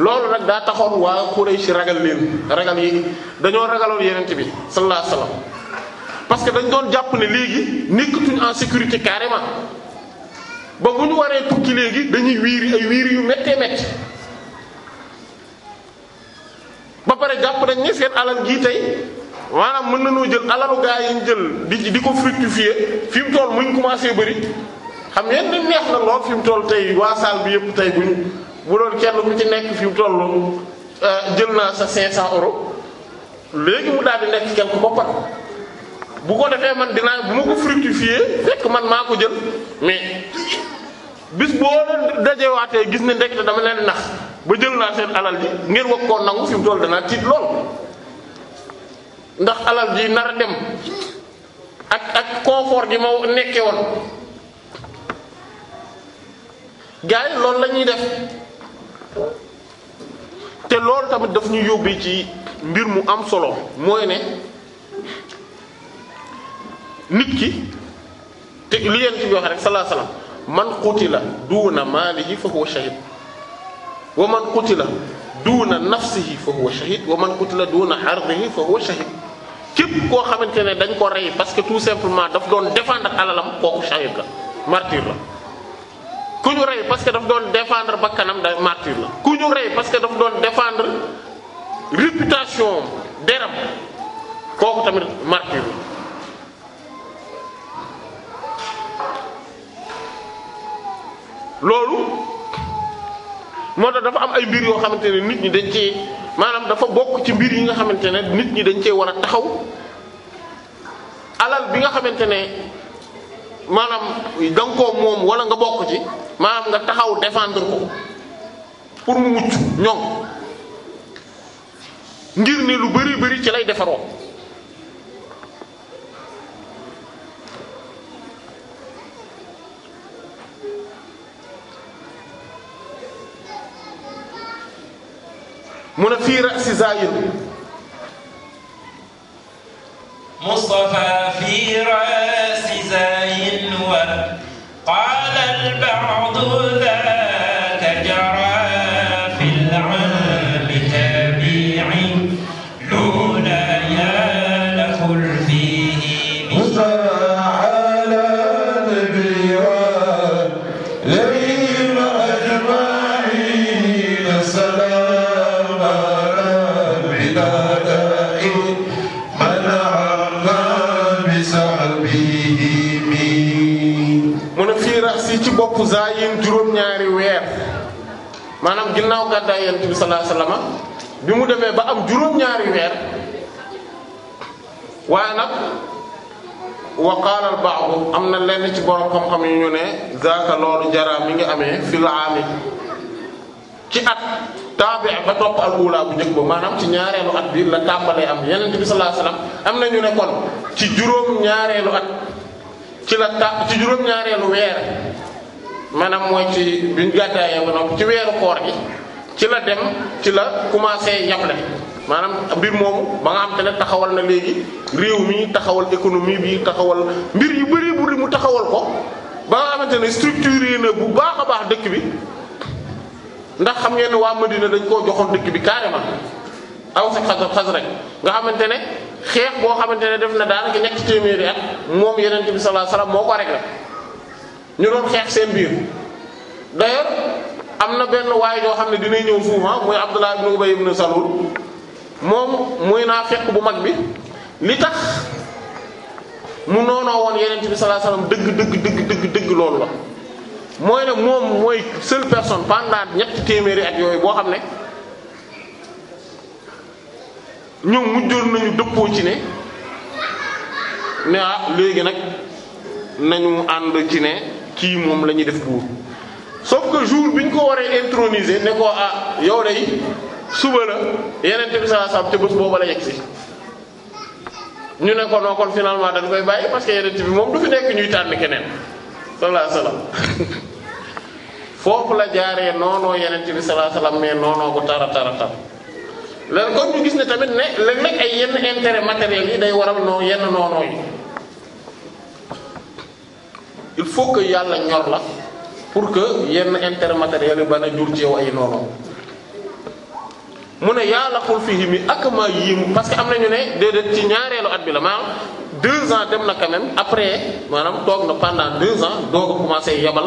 loolu nag daa taxoon waa Quraysh ragal leen ragal yi dañoo ragaloon yenent bi sallallahu alayhi wasallam que dañ doon jàpp ne léegi nekkatuñ en sécurité carrément ba bu ñu waree tukki léegi dañuy wiiri ay wiiri yu méttee métti ba pare jàpp nañ ne seen alal gii tey maanaam mën nañoo jël alalu gaa yi ñu jël di di ko fructifier fi mu tool muñ commencé bëri xam ngeen ni neex na lool fi mu toll tey waa salle bi yëpp tey bu ñu bu doon kenn ku ci nekk fi mu euh, jël naa sa 500 euros léegi mu daal di nekk quelque boppam bu ko defee man dina bu ma ko fructifier fekk man maa ko jël mais bis boo leen dajewaatee gis ne ndekete dama leen nax ba jël naa seen alal ji ngir wax koo nangu fi tool danaa tiit lool ndax alal ji nar a dem ak ak confort gi ma nekkee woon. gars yi loolu lañuy def te loolu tamit daf ñu yóbbee ci mbir mu am solo mooy ne nit ki te li yéen ci wax rek sallallahu alayhi wasallam man qutila duuna maalihi fa huwa shahid wa man qutila duuna nafsihi fa huwa shahid wa man qutila duuna ardihi fa huwa shahid képp koo xamante ne dañ ko rey parce que tout simplement daf doon défendre alalam kooku shahid la martyr la ku ñu rey parce que daf doon défendre bakkanam da martyr la ku ñu rey parce que daf doon défendre réputation deram kooku tamit martyr la loolu moo tax dafa am ay mbir yoo xamante ne nit ñi dañ ci maanaam dafa bokk ci mbir yi nga xamante ne nit ñi dañ cee war a taxaw alal bi nga xamante ne maanaam da nga moom wala nga bokk ci maanaam nga taxaw défendre ko pour mu mucc ñoŋ ngir ne lu bari bari ci lay defaroo mun a fii ra si zaayir مصطفى في راس زين وقال البعض ذا topp zayin juróom-ñaari weer maanaam ginnaaw gàddaay yonent bi sallallahu alayhi bi mu demee ba am juróom-ñaari weer waaye nag wa qaala al am na lenn ci borom xam-xam yu ñu ne zaaka loolu jaraa mi ngi amee fil aami ci at taabi' ba topp al ula bu njëkk ba maanaam ci ñaareelu at bi la tàmbalee am yenn bi sallallahu alayhi am na ñu ne kon ci juróom-ñaareelu at ci la ta ci juróom-ñaareelu weer maanaam mooy ci biñ gàddaayee ba ci weeru koor gi ci la dem ci la commencé yàble maanaam mbir moomu ba nga xam te ne taxawal na léegi réew mi taxawal économie bi taxawal mbir yu bari buri mu taxawal ko ba nga xamante ne structure na bu baax a baax dëkk bi ndax xam ngeen ne waa Madina dañ koo joxoon dëkk bi carrément aw sa xas xas rek nga xamante ne xeex boo xamante ne def na daanaka ñetti téeméeri at moom yeneen bi sallallahu alayhi moo ko rek la ñu doon xeex seen biir d'ailleurs am na benn waay yoo xam ne dinay ñëw souvent muy Abdullah ibn Ubay na Salul moom muy naa fekk bu mag bi li tax mu noonoo woon yeneen bi sallallahu dëgg dëgg dëgg dëgg dëgg loolu la mooy ne moom mooy seule personne pendant ñetti téeméeri at yooyu boo xam ne ñoom mujjoon nañu dëppoo ci ne ne ah léegi nag nañu ànd ci ne kii moom la def buur sauf que jour bi ñu ko waree introniser ne ko ah yow day suba la yeneen bi sallallahu alayhi wasallam te bés booba la yegg si ñu ne ko kon finalement dañ koy parce que yeneen bi moom du fi nekk ñuy tànn keneen sallallahu alayhi wasallam [LAUGHS] foofu la jaaree noonoo yeneen bi sallallahu alayhi wasallam mais noonoo ko tara tara tar léegi ñu gis ne tamit ne léeg-léeg ay yenn intérêt matériel yi day waral noo yenn noonoo il faut que yàlla ñor la pour que yenn intérêt matériel yi bana jur ci yow ay noonu mu ne yàlla xul fii mi ak maa yéemu parce que am na ñu ne déedéet ci ñaareelu at bi la maanaam deux ans dem na quand même après maanaam toog na pendant deux ans doog a commencé yebal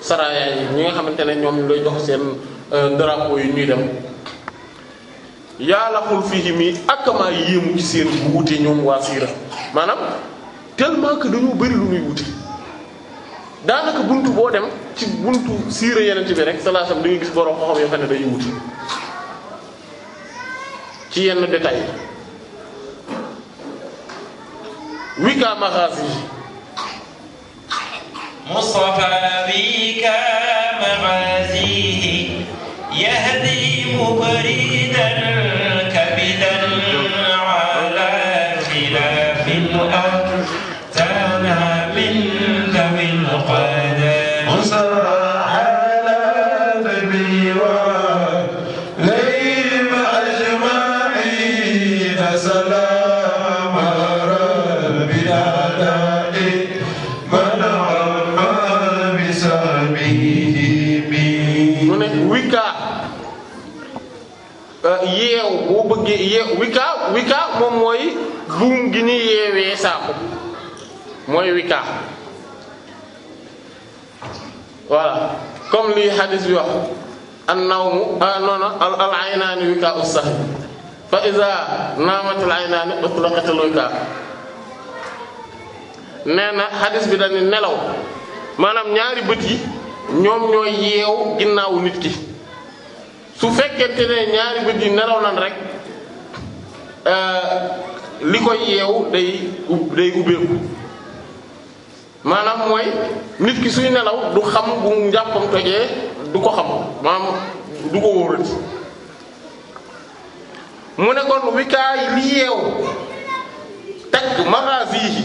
saraya yi ñi nga xamante ne ñoom ñu lay jox seen euh, drapeau yi ñuy dem yàlla xul fii mi ak maa yéemu ci seen bu wute ñoom waa siira maanaam tellement que dañoo bari lu ñuy wute. daanaka bunt boo dem ci buntu siira yeneen bi rek salaasam da gis borom xam-xam yoo xam ne dañuy wuti ci yenn détails yi. wika magazi. Mustafa wika magazi yahdi mu ne wika euh, yeew boo bëggee yeew wika moom mooy buum gi ni yeewee saako mooy wika voilà comme lii hadis bi wax an nawmu euh, noona al aynaani wika u sax fa iza naamatil aynaani utlaqatil wika nee na hadis bi dañu nelaw maanaam ñaari bët yi ñoom ñooy yeew ginnaaw nit ki su fekkente ne ñaari bët yi nelaw lan rek euh, li koy yeew day day ubbeeku maanaam mooy nit ki suy nelaw du xam bu njàppam tojee du ko xam maanaam du ko wóorati mu ne kon wikaay li yeew takk magaasi yi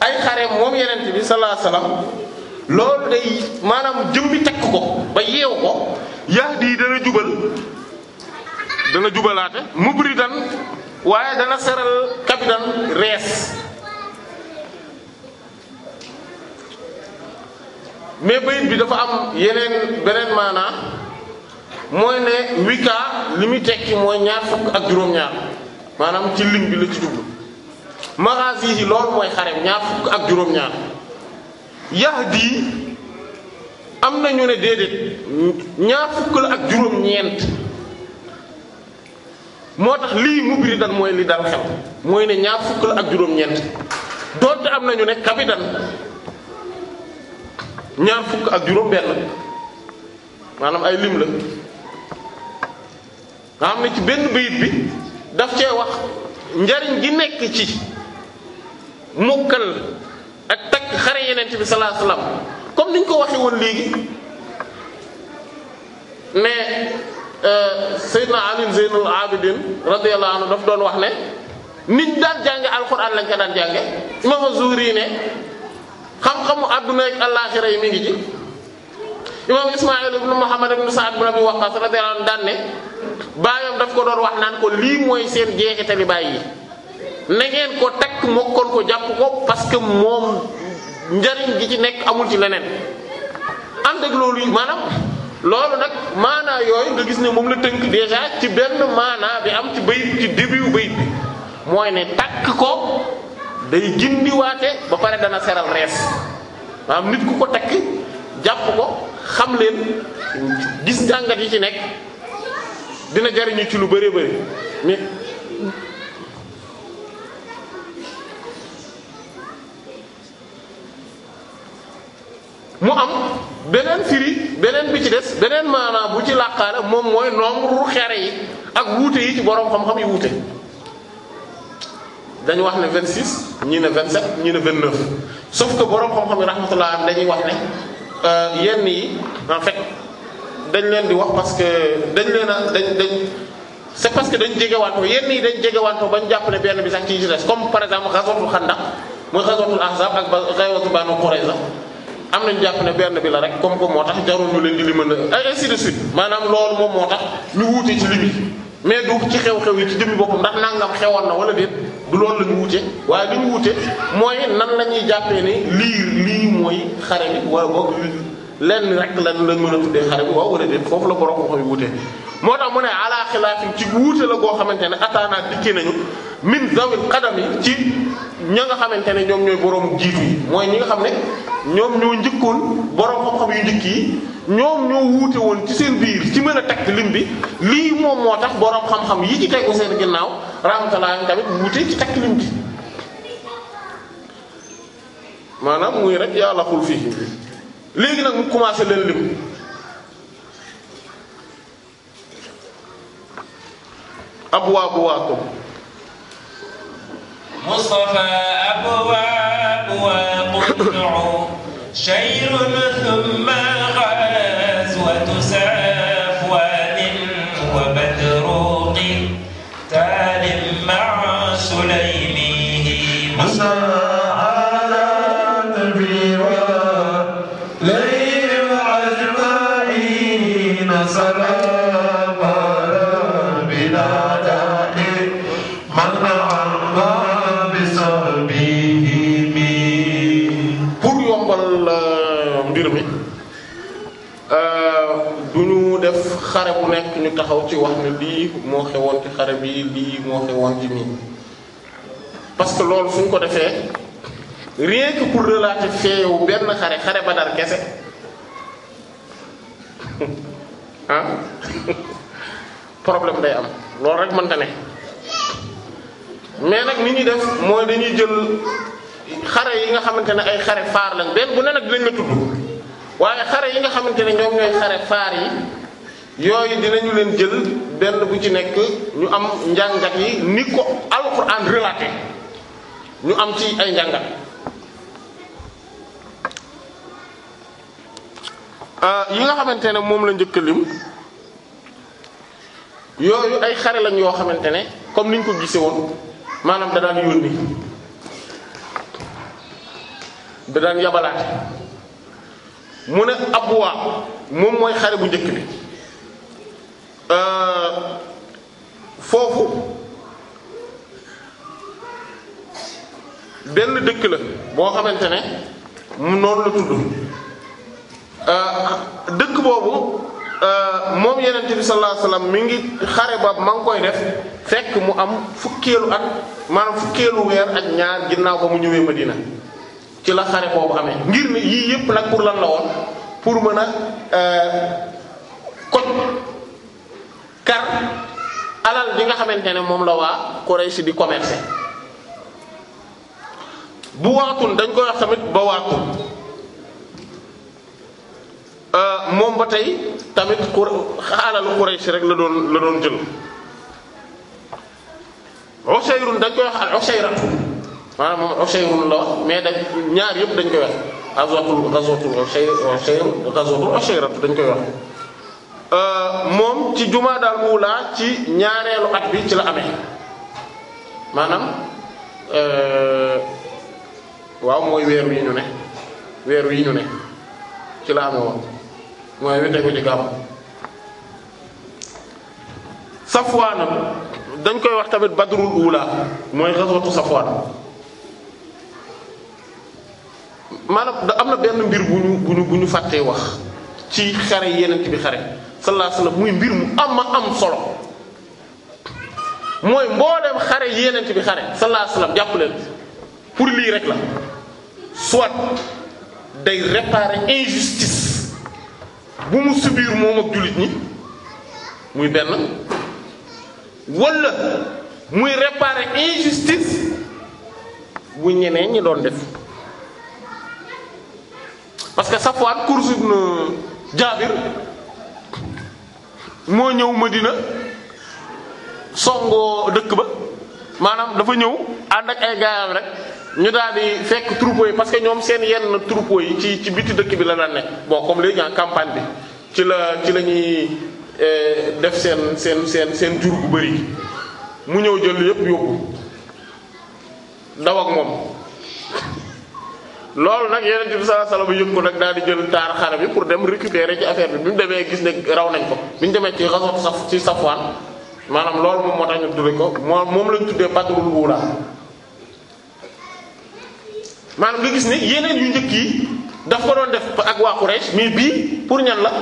ay xare moom yeneen bi sallallahu loolu day maanaam bi takk ko ba yeew ko di dana jubal dana jubalaate mubridan waaye dana seral kabidan rees mais bayit bi dafa am yeneen beneen maanaa mooy ne wika li muy tekki mooy ñaar fukk ak juróom-ñaar maanaam ci lim bi la ci jublu magazi yi loolu mooy xarem ñaar fukk ak juróom-ñaar yahdi am na ñu ne déedéet ñaar fukk la ak juróom-ñeent moo tax lii mubridan mooy li dal xel mooy ne ñaar fukk la ak juróom-ñeent doonte am na ñu ne kabidan ñaar fukk ak juróom-benn maanaam ay lim la nga xam ne ci benn bayit bi daf cee wax njariñ gi nekk ci mokkal. ak takk xare yenent bi sallallahu alayhi wasallam comme niñ ko waxee woon léegi ne euh, Seydina Ali Zeynul Abidin radiyallahu anhu daf doon wax ne nit daan jànge alxuraan lañ ko daan jànge imam Azuri ne xam-xamu àdduna ak àllaaxira yi mi ngi ci imam Ismaïl ibn Muhammad ibn Sa'd ibn Abi Waqqas radiyallahu anhu daan ne baayam daf ko doon wax naan ko lii mooy seen jeexitali baay yi na ko takk mokkoon ko jàpp ko parce que moom njariñ gi ci nekk amul ci leneen ànd ak loolu maanaam loolu nag maanaa yooyu nga gis ne moom la tënk déjà ci benn maanaa bi am ci bayit ci début bayit bi mooy ne takk ko day gindiwaate ba pare dana seral rees maanaam nit ku ko takk jàpp ko xam leen gis jàngat yi ci nekk dina jariñu ci lu bëree bëri mais mu am beneen firi beneen bi ci des beneen maanaam bu ci làqaale moom mooy nombre xere yi ak wuute yi ci boroom xam-xam yi wuute dañu wax ne 26 ñii ne 27 ñii ne 29 sauf que boroom xam-xam yi am dañuy wax ne euh, yenn yi en fait dañ leen di wax parce que dañ leen a dañ dañ c'est parce que dañ jegewaatoo yenn yi dañ jegewaatoo bañ jàpp ne benn bi sax ci ci des comme par exemple ghazwatul Khandaq mooy ghazwatul Ahzab ak ghazwatul Banu Qurayza am nañ jàpp ne benn bi la rek comme que moo tax jarul ñu leen di li mën a ay ainsi de suite maanaam loolu moom moo tax ñu wuute ci limi mais du ci xew-xew yi ci jëmmi boppam ndax nangam xewoon na wala déet du loolu la ñu wuute waaye li ñu wuute mooy nan la ñuy jàppee ni lii lii mooy xare bi wala boog lenn rek lan lañ mën a tuddee xare bi waaw wala déet foofu la borom xam yi wute moo tax mu ne ala ci wuute la goo xamante ne ataana dikki nañu min zawil qadam yi ci ña nga xamante ne ñoom ñooy borom jiitu yi mooy ñi nga xam ne ñoom ñoo njëkkoon borom xam-xam yu njëkk yi ñoom ñoo wuute woon ci seen biir ci mën a teg lim bi lii moom moo tax borom xam-xam yi ci tegu seen ginnaaw rahmatullah tamit wuute ci teg lim bi maanaam muy rek yàlla fii. léegi nag mu commencé leen lim abwaabuwaakum Mustafa abwaabuwaakum [COUGHS] shayrun thumma xare bu nekk ñu taxaw ci wax ne lii moo xewoon ci xare bi lii moo xewoon ci nii parce que loolu suñ ko defee rien que pour relater feewu benn xare xare Badar kese ah [LAUGHS] [LAUGHS] problème day am loolu rek mënta ne mais nag ni ñuy def mooy dañuy jël xare yi nga xamante ne ay xare faar lañ benn bu ne nag dinañ la tudd waaye xare yi nga xamante ne ñoom ñooy xare faar yi yooyu dinañu leen jël benn bu ci nekk ñu am njàngat yi ni ko alquran relaté ñu am ci ay njàngat euh, yi nga xamante ne moom la njëkk lim yooyu ay xare lañ yoo xamante ne comme niñ ko gise woon maanaam da daan yónni da daan yabalaate mu ne abwa moom mooy xare bu njëkk bi Euh, foofu benn dëkk la boo xamante ne mu noonu la tudd euh, dëkk boobu euh, moom yenente bi sallallahu alayhi wasallam mi ngi xare ba ma koy def fekk mu am fukkeelu at maanaam fukkeelu weer ak ñaar ginnaaw ba mu ñëwee Madina ci la xare boobu amee ngir ne yii yépp nag pour lan la woon pour mën a koj car alal bi nga xamante ne moom la waa Quraysh di commercer bu waatun dañ koy wax tamit ba waatun euh, moom ba tey tamit xur alalu Quraysh rek la doon la doon jël Usayrun dañ koy wax al Usayratu maanaam moom Usayrun la wax mais dañ ñaar yëpp dañ koy wax ghazwatul ghazwatul Usayr Usayr ghazwatul Usayratu dañ koy wax Euh, moom ci jumaa daal jumaadal uulaa ci ñaareelu at bi ci la amee maanaam euh, waaw mooy weer wi ñu ne weer wi ne ci la amee woon mooy wi tegu ci gàmm dañ koy wax tamit badrul uulaa mooy xaswatu Safwaan maanaam am na benn mbir bu ñu bu ñu fàttee wax ci xare yeneen bi xare sallallahu alayhi muy mbir mu am ma am solo mooy mboolem xare yenent bi xare sallallahu alayhi jàpp leen pour lii rek la soit day réparer injustice bu mu subir moom ak jullit ñi muy benn walla muy réparer injustice bu ñeneen ñi doon def parce que Safwan course ibn Jaabir moo ñëw ma dina songoo dëkk ba maanaam dafa ñëw ànd ak ay gaayam rek ñu daal di fekk troupeau yi parce que ñoom seen yenn troupeau yi ci ci biti dëkk bi la daan nekk bon comme léegi en campagne bi ci la ci lañuy ñuy eh, def seen seen seen seen jur bu bari mu ñëw jël yépp yóbbu daw ak moom loolu nag yeneen bi sallallahu alayhi wasallam yëg ko nag daal di jël taar xare bi pour dem récupérer ci affaire bi bi mu demee gis ne raw nañ ko bi ñu demee ci xasot saf ci safwaan maanaam loolu moom moo tax ñu tudde ko moom moom lañ tuddee badrul wula maanaam nga gis ne yeneen yu njëkk yi daf ko doon def ak waa Quraysh mii bii pour ñan la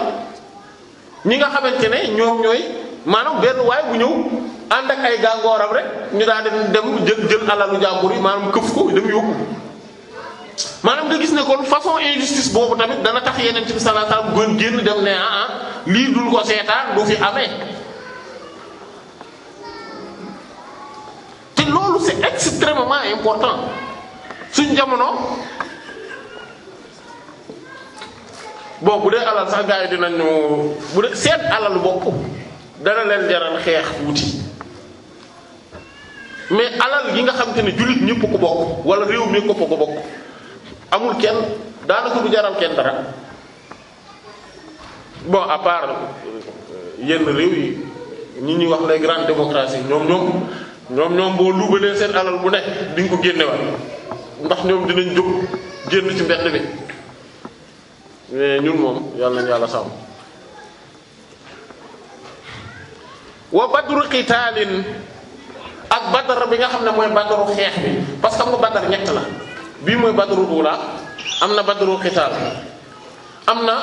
ñi nga xamante ne ñoom ñooy maanaam benn waay bu ñëw ànd ak ay gàngooram rek ñu daal di dem jël jël alal jàmbur yi maanaam këf ko dem yóbbu maanaam nga gis ne kon façon injustice boobu tamit dana tax yeneen ci bi sallallahu alayhi wasallam gën génn dem ne ah ah lii dul ko seetaan du fi amee te loolu si extrêmement important suñ jamono bon bu dee alal sax gars yi dinañu bu dee seet alal bokk dana leen jaral xeex tuuti mais alal yi nga xam te ne jullit ñëpp ko bokk wala réew mi ko ko bokk amul kenn daanaka du jaral kenn dara bon à part euh, yenn réew yi ñi ñuy wax les grandes démocraties ñoom ñoom ñoom ñoom boo luubalee seen alal bu nekk di ko génne waat ndax ñoom dinañ jóg génn ci mbedd bi mais ñun moom yàlla nañ yàlla sàmm wa badru qitaalin ak badar bi nga xam ne mooy badaru xeex bi parce que xam nga ñett la bii mooy badru ula am na badru xitaal am na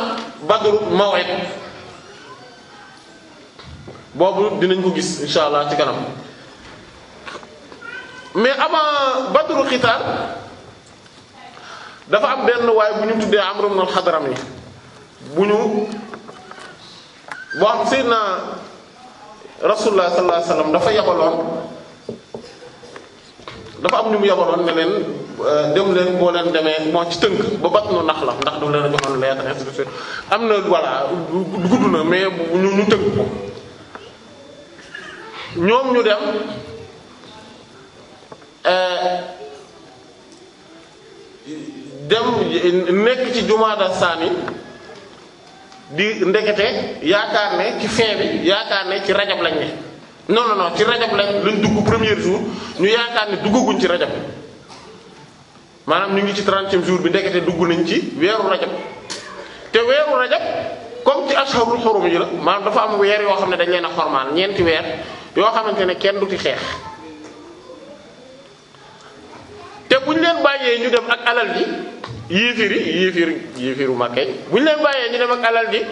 badru mawet boobu dinañ ko gis insha allah ci kanam mais avant badru xitaal dafa am benn waaye bu ñu tuddee Amr ibn al-Hadrami bu ñu boo am Seydina Rasulullah sallallahu alayhi wasallam dafa yabaloon dafa am ñu mu yabaloon ne leen Euh, dem leen boo leen demee moo ci tënk ba bat nu nax la ndax du leen a joxoon lettre ainsi de suite am na voilà gudd na mais ñu ñu tënk ko ñoom ñu dem euh, dem nekk ci jumaada saani di ndekete yaakaar ne ci fin bi yaakaar ne ci rajab lañ ne non non non ci rajab luñ dugg premier jour ñu yaakaar ne duggaguñ ci rajab maanaam ñu ngi ci trentième jour bi ndekete dugg nañ ci weeru rajab te weeru rajab comme ci asharul xurum yi la maanaam dafa am weer yoo xam ne dañ leen a xormaal ñeenti weer yoo xamante ne kenn du ci xeex te bu ñu leen bàyyee ñu dem ak alal ji yéefiri yéefiri yéefiru makkay bu ñu ñu dem alal ji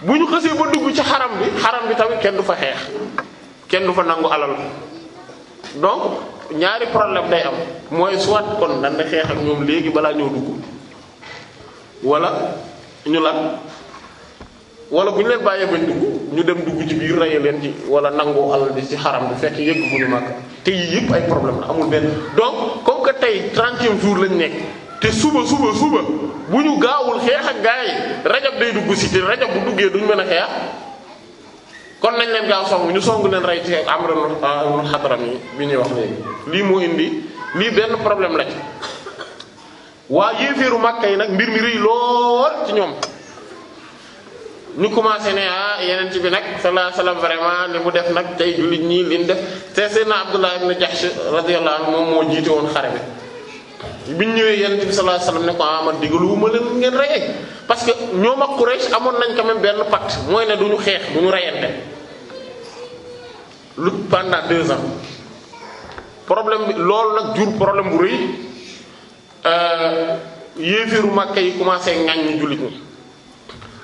bu ñu xësee ba dugg ci xaram bi xaram bi tamit kenn du fa xeex kenn du fa nangu alal donc ñaari problème day am mooy soit kon dañ di xeex ak ñoom léegi balaa ñoo dugg wala ñu lan wala bu ñu leen bàyyee bañ dugg ñu dem dugg ci biir rey leen ci wala nangoo alal di ci xaram bu fekk yëgg bu ñu màkk te yii yëpp ay problème la amul benn donc comme que tey trentième jour lañ nekk te suba suba suba bu ñu gaawul xeex ak gaa yi rajab day dugg si te rajab bu duggee duñ mën a xeex kon nañ leen gaaw song ñu song leen rey ci Amr ibn Hadram yi bi ñuy wax lii moo indi lii benn problème la ci waa yi nag mbir mi rëy lool ñoom ñu commencé ne ah yeneen bi nag sallallahu alayhi wasallam vraiment li mu def nag tey jullit ñii def te Seydina Abdullah ibn Jahsh radiyallahu moom moo jiite woon xare bi biñ ñëwee yeneen bi sallallahu alayhi wasallam ne ko ah man digaluwuma leen ngeen reyee parce que ñoom ak Quraysh amoon nañ quand même benn pacte mooy ne du ñu xeex du ñu reyante lu pendant deux ans problème bi loolu nag jur problème bu rëy euh, yéefiru Makka yi commencé ŋaññi jullit ñi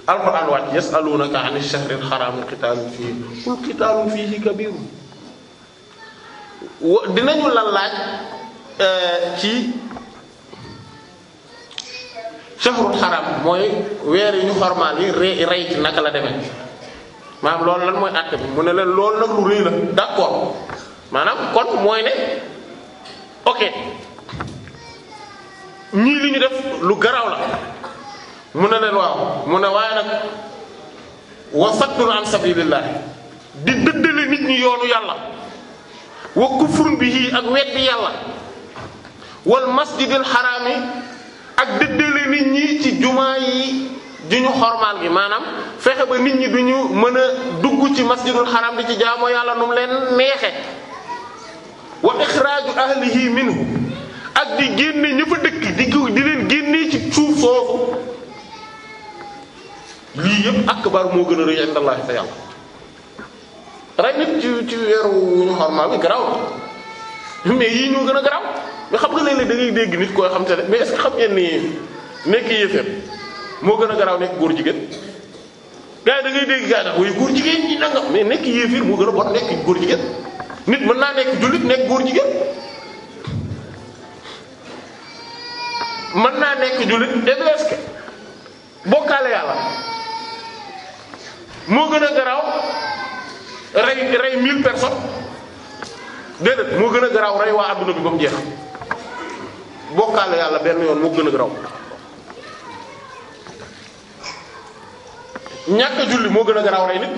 alquran wàcc yasalunaka ani shahril xaraam qitaalun fiihi qul qitaalun fiihi kabiirun wa dinañu la laaj euh, ci shahrul xaraam mooy weer yi ñu xormaal yi rey rey naka la demee maam lool lan mooy àtte bi mu ne leen loolu nag lu rëy la d'accord maanaam kon mooy ne ok ñii li ñu def lu garaaw la mu ne leen waaw mu ne waaye nag wa saddun an di dëddale nit ñi yoonu yàlla wa kufrun bihi ak weddi yàlla wal masjidil xaraami ak dëddale nit ñi ci jumaa yi ji ñu xormaal gi maanaam fexe ba nit ñi du ñu mën a dugg ci masjidul xaram di ci jaamoo yàlla nu mu leen neexe wa ixraaju ahlihi minhu ak di génne ña dëkk di génne ci suuf soofu lii yëpp akbar moo gën a rëy nit ci ci weeru wu ñu xormaal bi garaaw mais yii ñoo gën a garaaw mais xam nga léeg-léeg dégg nit koy xam te ne mais xam ngeen ni nekk yéeféer moo gën a garaaw nekk góor jigéen gars yi da ngay dégg gars yi daal góor jigéen ñi nangam mais nekk yéefir moo gën a bon nekk góor jigéen nit mën naa nekk jullit nekk góor jigéen mën naa nekk jullit boo bokkaale yàlla moo gën a garaaw rey rey mille personnes déedéet moo gën a garaaw rey waa adduna bi ba mu jeex bokkaale yàlla benn yoon moo gën a garaaw ñàkk a julli moo gën a garaaw rey nit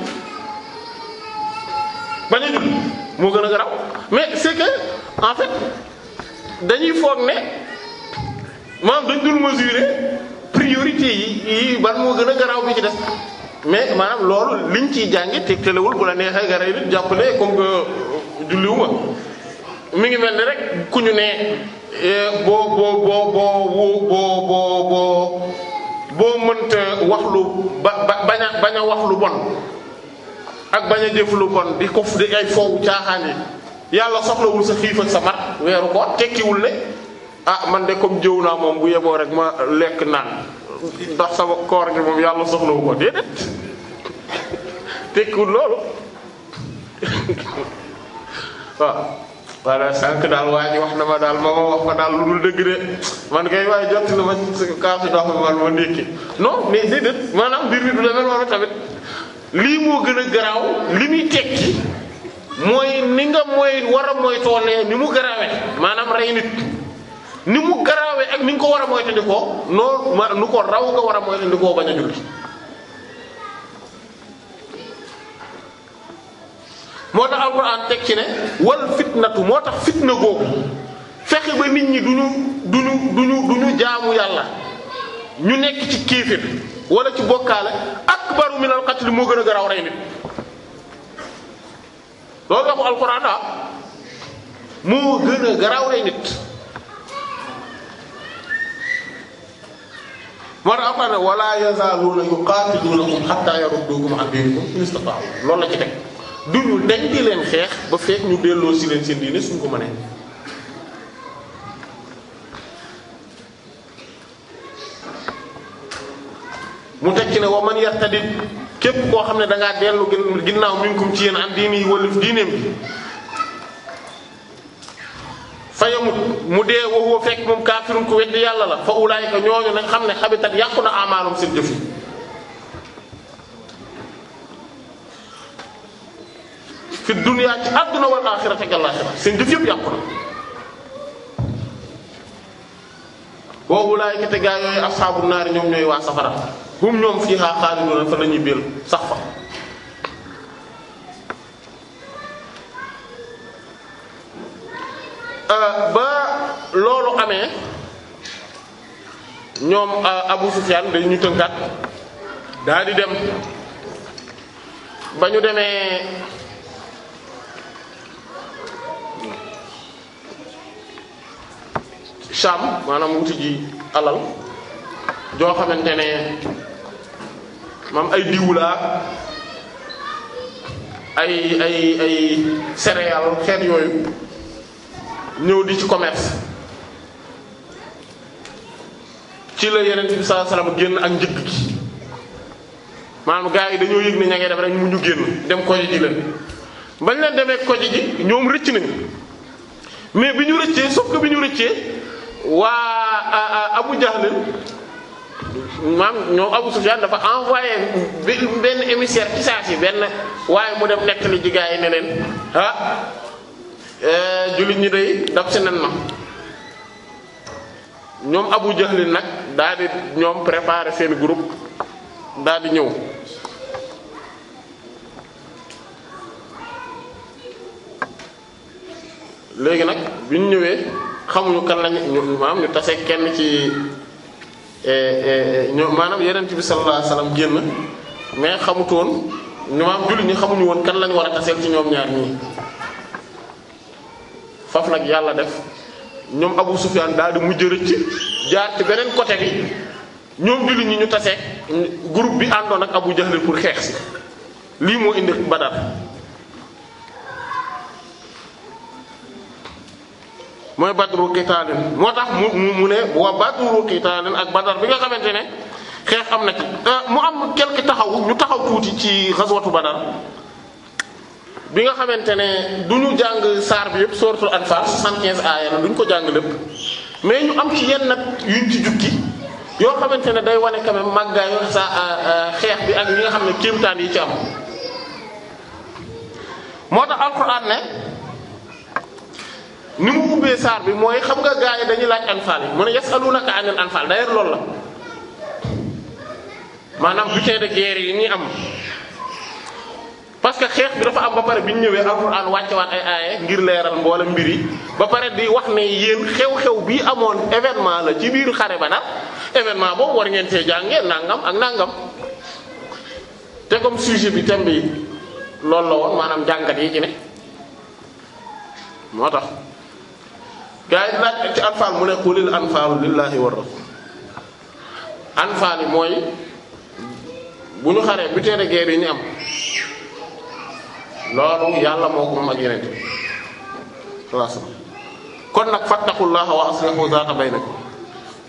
bañ a julli moo gën a garaaw mais c'est que en fait dañuy foog ne maanaam dañ dul mesurer priorité yi yi moo gën a garaaw bi ci des mais maanaam loolu liñ ciy jàngi tegtalewul bu la neexee nga rey nit jàpp ne comme euh, julliwuma mi ngi mel ni rek ku ñu ne euh, boo boo boo boo boo boo boo mënta wax lu ba ba bañ a bañ a wax lu bon ak bañ a jëf lu bon di ko di ay foowu caaxaan yi yàlla soxlawul sa xiif ak sa mat weeru ko tekkiwul ne ah man de comme jëw naa moom bu yeboo rek ma lekk naan ndax sa koor gi moom yàlla soxlawu ko déedéet tekkiwul loolu [LAUGHS] waaw voilà sànq daal waa wax na ma daal ma ma wax ko daal lu dul dëgg de man kay waaye jot na ma kaasu ndox mi man ma ndékki non mais déedéet maanaam biir mi du demee loolu tamit lii moo gën a garaaw li muy tekki mooy ni nga mooy war a moytoo ne ni mu garaawee maanaam rey nit ni mu garaawee ak ni nga ko war a moytandikoo noonu ma nu ko raw nga war a moytandikoo bañ a julli moo tax alquran teg ci ne wal fitnatu moo tax fitna googu fexe ba nit ñi duñu duñu duñu duñu jaamu yàlla ñu nekk ci kéefir wala ci bokkaale ak min al qatl moo gën ah, moo gën a garaaw rey nit moo tax alquran wala yazaaluuna yuqaatiluunakum hatta yaruddukum an la ci teg duñu dañ di leen xeex ba fekk ñu delloo si leen seen diine suñ ko mënee mu tekki ne wa man yartadit képp koo xam ne da ngaa dellu ginnaaw minkum ci yéen am diini yi diineem bi fa yamut mu dee wa huwa fekk moom kaafirun ko weddi yàlla la fa ulaayika ñooñu nag xam ne xabitat yàqu na amaalum seen jëf fi dunya ci àdduna wal axira ak àllaaxira seen jëf yëpp yàqu na wa ulaayika te gaa yooyu asxaabu naari ñoom ñooy waa safara hum ñoom fiihaa xaaliduuna fa la ñuy sax fa euh, ba loolu amee ñoom euh, Abu Sufyaan dañ tënkaat daal di dem ba ñu demee Sham maanaam wuti ji alal joo xamante ne maam ay diwu la ay ay ay céréales xeet yooyu ñëw di ci commerce ci la yeneen bi sallallahu alayhi wasallam génn ak njëg gi maanaam gars yi dañoo yëg ne ña ngee def rek mu ñu génn dem koji ji leen bañ leen demee koji ñoom rëcc nañ mais bi ñu rëccee sauf que bi ñu rëccee waa Abu Jahl maam ñoom Abu Sufyan dafa envoyé benn émissaire ci saa benn waaye mu def nekk li ci gaa yi ne leen ah jullit ñi day dab si nen ñoom Abu Jahl nag daal di ñoom préparer seen groupe daal di ñëw léegi nag bi ñëwee. xamuñu kan lañu ñu maanaam ñu tase kenn ci eh, eh, eh, ñoom maanaam yonent bi sallallahu génn mais xamutoon ñu maanaam jullit xamuñu woon kan lañu war a taseel ci ñoom ñaar ñii faf nag yàlla def ñoom Abu Sufyaan daal di mujj rëcc jaar ci beneen côté bi ñoom jullit ñi ñu tase groupe bi àndoon ak Abu Jahl pour xeex si lii moo indi Badar mooy badru qitaalin moo tax mu mu ne wa badru qitaalin ak badar bi nga xamante ne xeex am na ci euh, mu am quelque taxaw ñu taxaw tuuti ci xaswatu badar bi nga xamante ne du ñu jàng saar bi yëpp suratul anfal 75 aaya na du ñu ko jàng lépp mais ñu am ci yenn nag yuñ ci jukki yoo xamante ne day wane quand même màggaayu sa euh, euh, xeex bi ak ñi xam ne kéemtaan yi ci am moo tax alquran ne ni mu ubbee saar bi mooy xam nga gaa dañuy laaj anfaal yi mu ne yasalunaka anil anfaal d'ailleurs loolu la maanaam butin de guerre yi ñuy am parce que xeex bi dafa am ba pare bi ñu ñëwee alxuraan waan ay aaye ngir leeral mboolem mbir ba pare di wax ne yéen xew-xew bi amoon événement la ci biir xare ba nag événement boobu war ngeen see jàngee nangam ak nangam te comme sujet bi thème bi loolu la woon maanaam jàngat yi ci ne moo tax. gaa yi laaj ci anfaal mu ne qulil anfaalu lillaahi war rasul anfaal yi mooy bu ñu xaree bu teere guerre yi am loolu yàlla moo ko moom yeneen place kon nag fattaqullaha wa aslihu zaata baynakum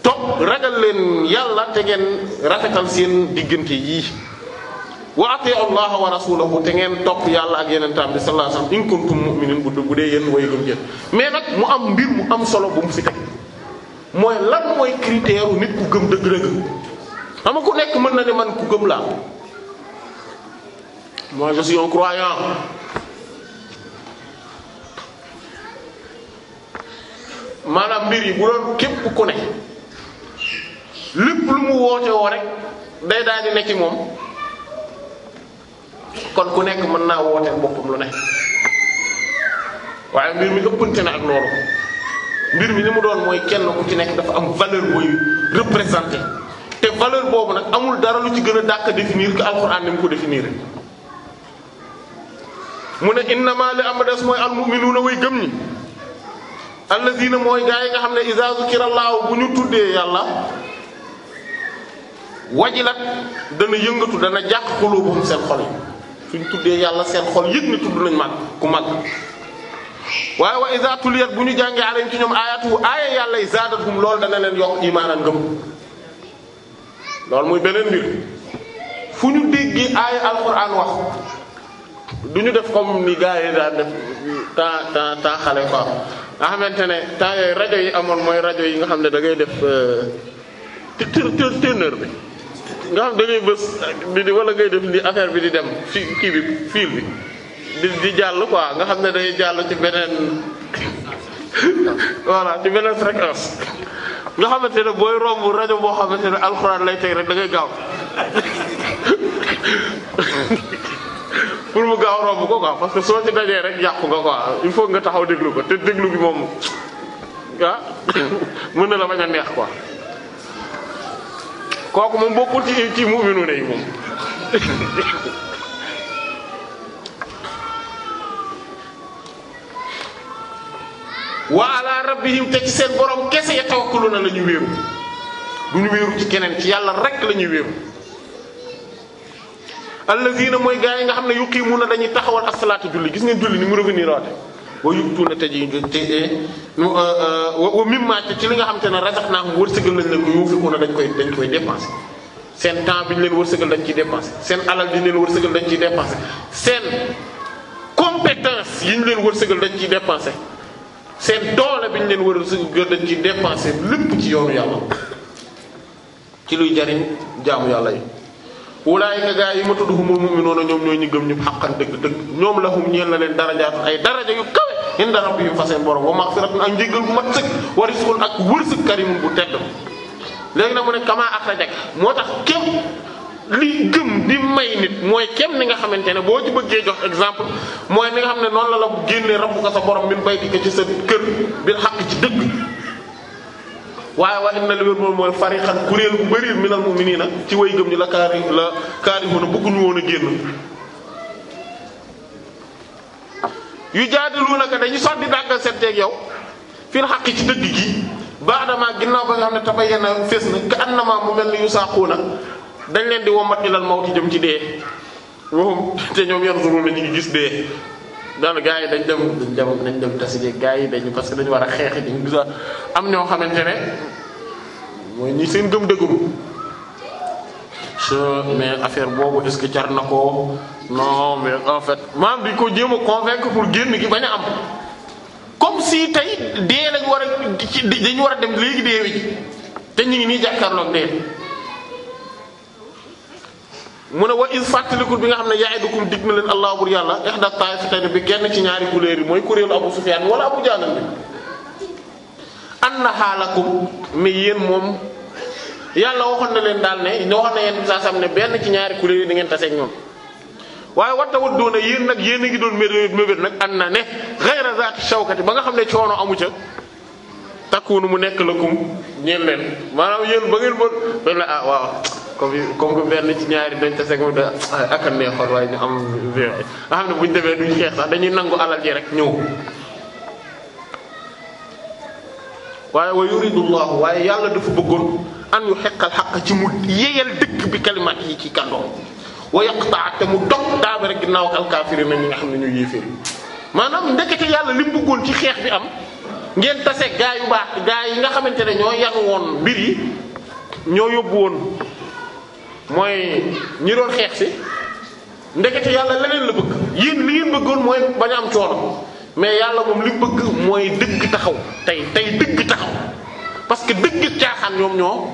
topp ragal leen yàlla te ngeen rafetal seen diggante yii wa atiu a wa rasulahu te ngeen topp yàlla ak yenentaam bi sallallahu alayhi wasallam in kuntum mu'minin bu bu dee yéen way gëm yéen mais nag mu am mbir mu am solo bu mu fi teg mooy lan mooy critère nit ku gëm dëgg-dëgg ama ku nekk mën na ne man ku gëm laa moi je suis un croyant maanaam mbir yi bu doon képp ku ko ne lépp lu mu woote woo rek day daal di ne moom kon ku nekk mën naa woote boppam lu ne waaye mbir mi ëppante na ak loolu mbir mi li mu doon mooy kenn ku ci nekk dafa am valeur booy représenté te valeur boobu nag amul dara lu ci gën a dàq définir que alxuraan ni mu ko définir mu ne innama li am des mooy almuminuuna way gëm ñi allazina mooy gaa yi nga xam ne iza zukirallahu bu ñu tuddee yàlla wajilat dana yëngatu dana jàq xulubuhum seen xol yi suñ tuddee yàlla seen xol yëg ni tudd nañ mag ku mag waaye wa iza tuliyat bu ñu jàngee alayhim ci ñoom ayatu aaya yàlla yi zaadatum loolu dana leen yokk imaanan ngëm loolu muy beneen mbir fu ñu déggee aaya alquran wax du ñu def comme ni gars yi def temps temps temps xale quoi nga xamante ne temps yooyu rajo yi amoon mooy rajo yi nga xam ne da def tër tër tënër bi nga xam da ngay bës di wala ngay dem di affaire bi di dem fi kii bi fiil bi di di jàll quoi nga xam ne day jàll ci beneen [LAUGHS] voilà ci beneen fréquence nga xamante ne booy romb rajo boo xamante ne alxuraan lay teg rek da ngay gaaw [LAUGHS] pour mu gaaw romb ko quoi parce que soo ci dajee rek yàqu nga quoi il faut nga taxaw déglu ko te déglu bi moom ah [COUGHS] mën na la bañ a neex quoi. kooku moom bokkul ci ci mu'minu ne yi moom wa ala rabbihim te ci seen borom kese ya tawakkaluna la ñu wéeru du ñu wéeru ci keneen ci yàlla rek la ñuy wéeru allazina mooy gaa yi nga xam ne yuqimuuna dañuy taxawal as-salaata julli gis ngeen julli ni mu revenir waate wa yubtuuna te ji euh, euh, wa mimmaa ci li nga xam te ne razaqnaahum wërsëgal lañ leen ko yunfiquuna dañ koy dañ koy dépensé seen temps bi ñu leen wërsëgal dañ ci dépensé seen alal bi ñu leen wërsëgal dañ ciy dépensé seen compétence yi ñu leen wërsëgal dañ ci dépensé seen doole bi ñu leen wërsëgal dañ ciy dépensé lépp ci yoonu yàlla ci luy jariñ jaamu yàlla yi wulaayika gaa yi ma tudd humul mu'minuuna ñoom ñooy ñi gëm ñu xaqan dëgg dëgg ñoom la hum ñeen la leen darajaatu ay daraja yu kawe inda rabbihim fa seen borom wa maghfiratun ak njéggal bu mat sëkk wa rizqun ak wërsëg karimun bu tedd léegi nag mu ne kamaa akhrajak moo tax képp li gëm di may nit mooy képp ni nga xamante ne boo ci bëggee jox exemple mooy ni nga xam ne noonu la la génnee rabbuka sa borom min baytika ci sa kër bil haqq ci dëgg waaye waaye na li wér moom mooy farixan kuréel bu mi mi nii nag ci way gëm ñi la kaari la kaari mën a bëgguñu woon a génn yu jaadilu naka dañu sotti dàggal setteeg yow fil xaq ci dëgg gi baadama ginnaaw ba nga xam ne tabayyana fees na ka annama mu mel ni yu saaquuna dañ leen di womat ilal mawti jëm ci dee waxum te ñoom yanzuruna ñu ngi gis dee daana gars yi dañ dem dañ dem dañ dem tasijeg gars yi dañu parce que dañu war a xeexi dañu gisa am ñoo xamante ne mooy ñi seen gëm dëggul mais affaire boobu est-ce que na ko non mais en fait maam di ko jéem a convaincre pour génn gi bañ a am comme si tey dee lañ war a dañu war a dem léegi deewi te ñu ngi nii jàkkaarloog dee mu ne wa is fàttalikul bi nga xam ne ya'idukum dig na leen allah bur yàlla ihda ta'ifatayni bi genn ci ñaari kuréel yi mooy kuréelu Abu Sufyan wala Abu Jahl bi na lakum mais yéen moom yàlla waxoon na leen daal ne ne waxoon na yéen saa sam ne benn ci ñaari kuréel yi di ngeen taseeg ñoom waaye watta wat doona yéen nag yéen a ngi doon mébét mébét nag an na ne ghayra zaati shawkati ba nga xam ne coono amu ca takkuunu mu nekk lakum ñeen leen maanaam yéen ba comme comme que ci ñaari dañ tase ko da ah, ak a waaye ñu am nga xam ne bu ñu demee duñ xeex sax dañuy nangu alal ji rek ñëw. waaye wa yuridu waaye yàlla dafa bëggoon an yu xeqal xaq ci mu yeyal dëkk bi kalimaat yi ci kàddoom wa yaqtaa te mu dog daaba rek ginnaaw alkaafiriina ñi nga xam ne ñu yéeféer maanaam ndekete yàlla li mu bëggoon ci xeex bi am ngeen tase gaa yu baax gaa yi nga xamante ne ñoo yan woon mbir yi ñoo yóbbu woon mooy ñi doon xeex si ndekete yàlla leneen la bëgg yéen li ngeen bëggoon mooy bañ a am coono mais yàlla moom li bëgg mooy dëgg taxaw tey tey dëgg taxaw parce que dëgg caaxaan ñoom ñoo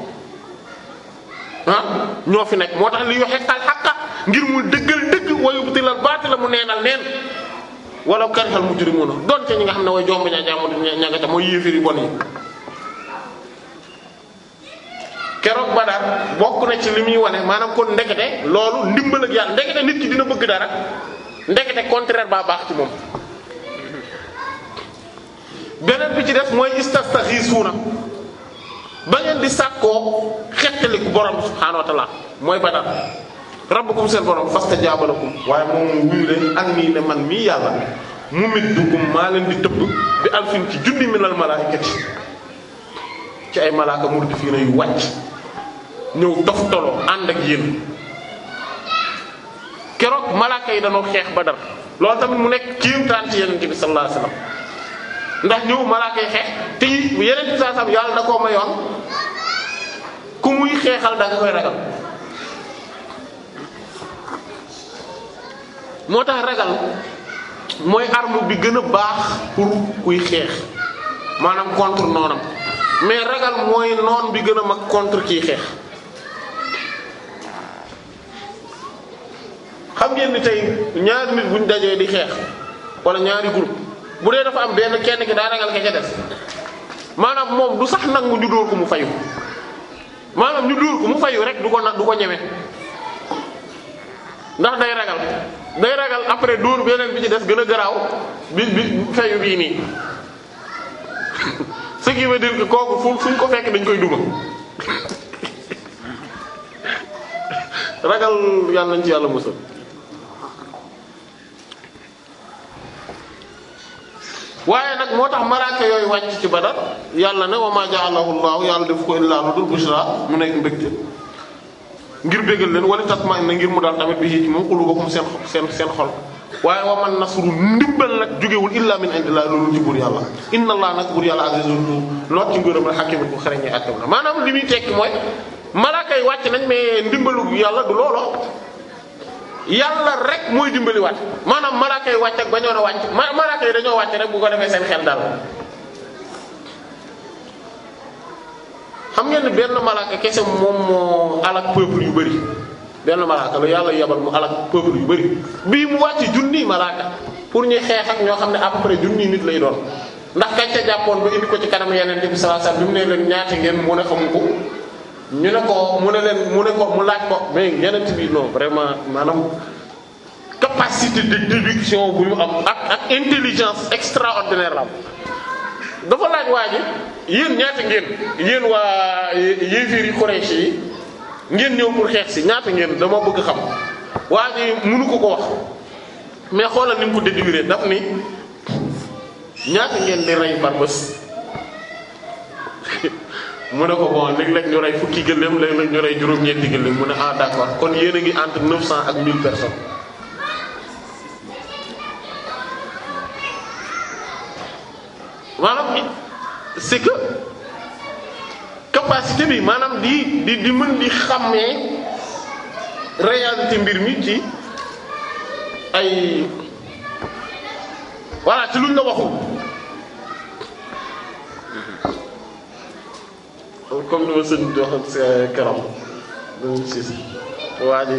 ah ñoo fi nekk moo tax li yoxe tal xaqa ngir mu dëggal dëgg wayu butilal baati la mu neenal neen wala karixal a doon ca ñi nga xam ne way jomb ñaa ña nga ca mooy yéefir yi bon yi keroog Badar bokk na ci li muy wane maanaam kon ndekete loolu ndimbal ak yàlla ndekete nit ki dina bëgg dara ndekete contraire baa baax ci moom beneen bi ci def mooy istastaxiisuuna ba ngeen di sàkkoo xettaliku borom subhaanahu wa ta'aala mooy Badar rabbukum seen borom fastajaaba lakum waaye moom wuyu leen ak ne man mii yàlla mumiddukum maa leen di tëbb bi alfin ci junni minal malaa'ikati ci ay malaaka murdifiina yu wàcc ñëw dof tolo ànd ak yéen keroog malaaka yi dañoo xeex ba Badar loolu tamit mu nekk kéemtaan ci Yonent bi sallallahu ndax ñëw malaaka yi bi sallallahu alayhi wasallam yàlla da koo mayoon ku muy xeexal da koy ragal moo tax ragal mooy arme bi gën a baax pour kuy xeex maanaam contre noonam mais ragal mooy noon bi gën a mag contre kii xeex xam ngeen ni tey ñaari nit buñ dajee di xeex walla ñaari groupe bu dee dafa am benn kenn ki daa ragal ka ca des maanaam moom du sax nangu ñu dóor ko mu fayu maanaam ñu dóor ko mu fayu rek du ko nag du ko ñeme ndax day ragal day ragal après dóor beneen bi ci def gën a garaaw bi bi fayu bii nii [LAUGHS] ce qui veut kooku foofu fu ñu ko fekk dañ koy duma ragal yàlla nañ ci yàlla musal waaye nag moo tax malaaka yooyu wàcc ci Badar yàlla ne wa maa ja'alahu Allahu yàlla def ko illaa lu dul mu nekk mbégte ngir bégal leen wala tatma'inna ngir mu daal tamit bi ci moom qulubukum seen seen seen xol. waaye wa man nasru ndimbal nag jógewul illa min indillah loolu ci buur yàlla inna nag buur yàlla azizul noot ci ngërëm la xakimu bu xarañee àttam maanaam li muy tekki mooy malaaka yi wàcc nañ mais yàlla du looloo yàlla rek mooy dimbali wàcc maanaam malaaka yi wàcc ak bañoon a wàcc malaaka dañoo wàcc rek bu ko defee seen xel dal xam ngeen benn malaaka kese moom moo alak peuple yu bari benn malaaka la yàlla yebal mu alak peuple yu bari bii mu wàcc junni malaaka pour ñu xeex ñoo xam ne à peu près junni nit lay doon ndax kañ ca jàppoon ba indi ko ci kanam yeneen bi sallallahu alayhi wasallam bi mu ne leen ñaata ngeen mu ne ko ne ko mu leen mu ne ko mu laaj ko mais yeneen bi non vraiment maanaam capacité de déduction bu ñu am ak ak intelligence extraordinaire la am dafa laaj waa ji yéen ñaata ngeen yéen waa yéeféeri Quraysh yi ngeen ñëw pour xeex si ñaata ngeen dama bëgg xam waa ji ko ko wax mais xoolal ni mu ko déduire daf ni ñaata ngeen di rey par bés [LAUGHS] mu ne ko bon léeg-léeg ñu rey fukki gëléem léeg-léeg ñu rey juróom-ñeenti mu ne ah d'accord kon yéen a ngi entre neuf cent ak mille personnes maanaam c'est que. capacité bi maanaam di di di mën di xàmmee réalité mbir mi ci ay voilà ci luñ la waxul comme ni ma sëñ di wax ak sa karam siis waa ji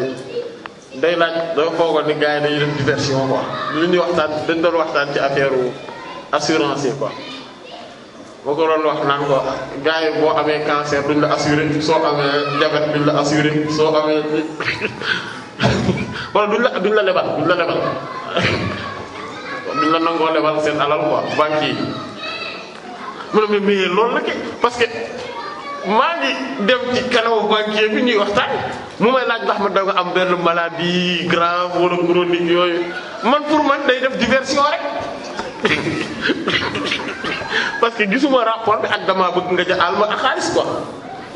day laaj doo foogoon ni gars yi dañuy def diversion lu ñuy waxtaan dañ doon waxtaan ci affaire assurance yi ba ko doon wax naan ko gars boo amee cancer duñ la assuré soo amee diabète duñ la assuré soo amee [LAUGHS] wala duñ duñ la lebal duñ la lebal duñ la nangoo lebal seen alal quoi banque yi mu ne mais loolu la ke parce que maa ngi dem ci kanamu banquier bi ñuy waxtaan mu may laaj ndax ma da am benn maladie grave wala chronique yooyu man pour man de def diversion rek [LAUGHS] parce que gisuma rapport bi ak damaa bëgg nga jaxal ma ak xaalis quoi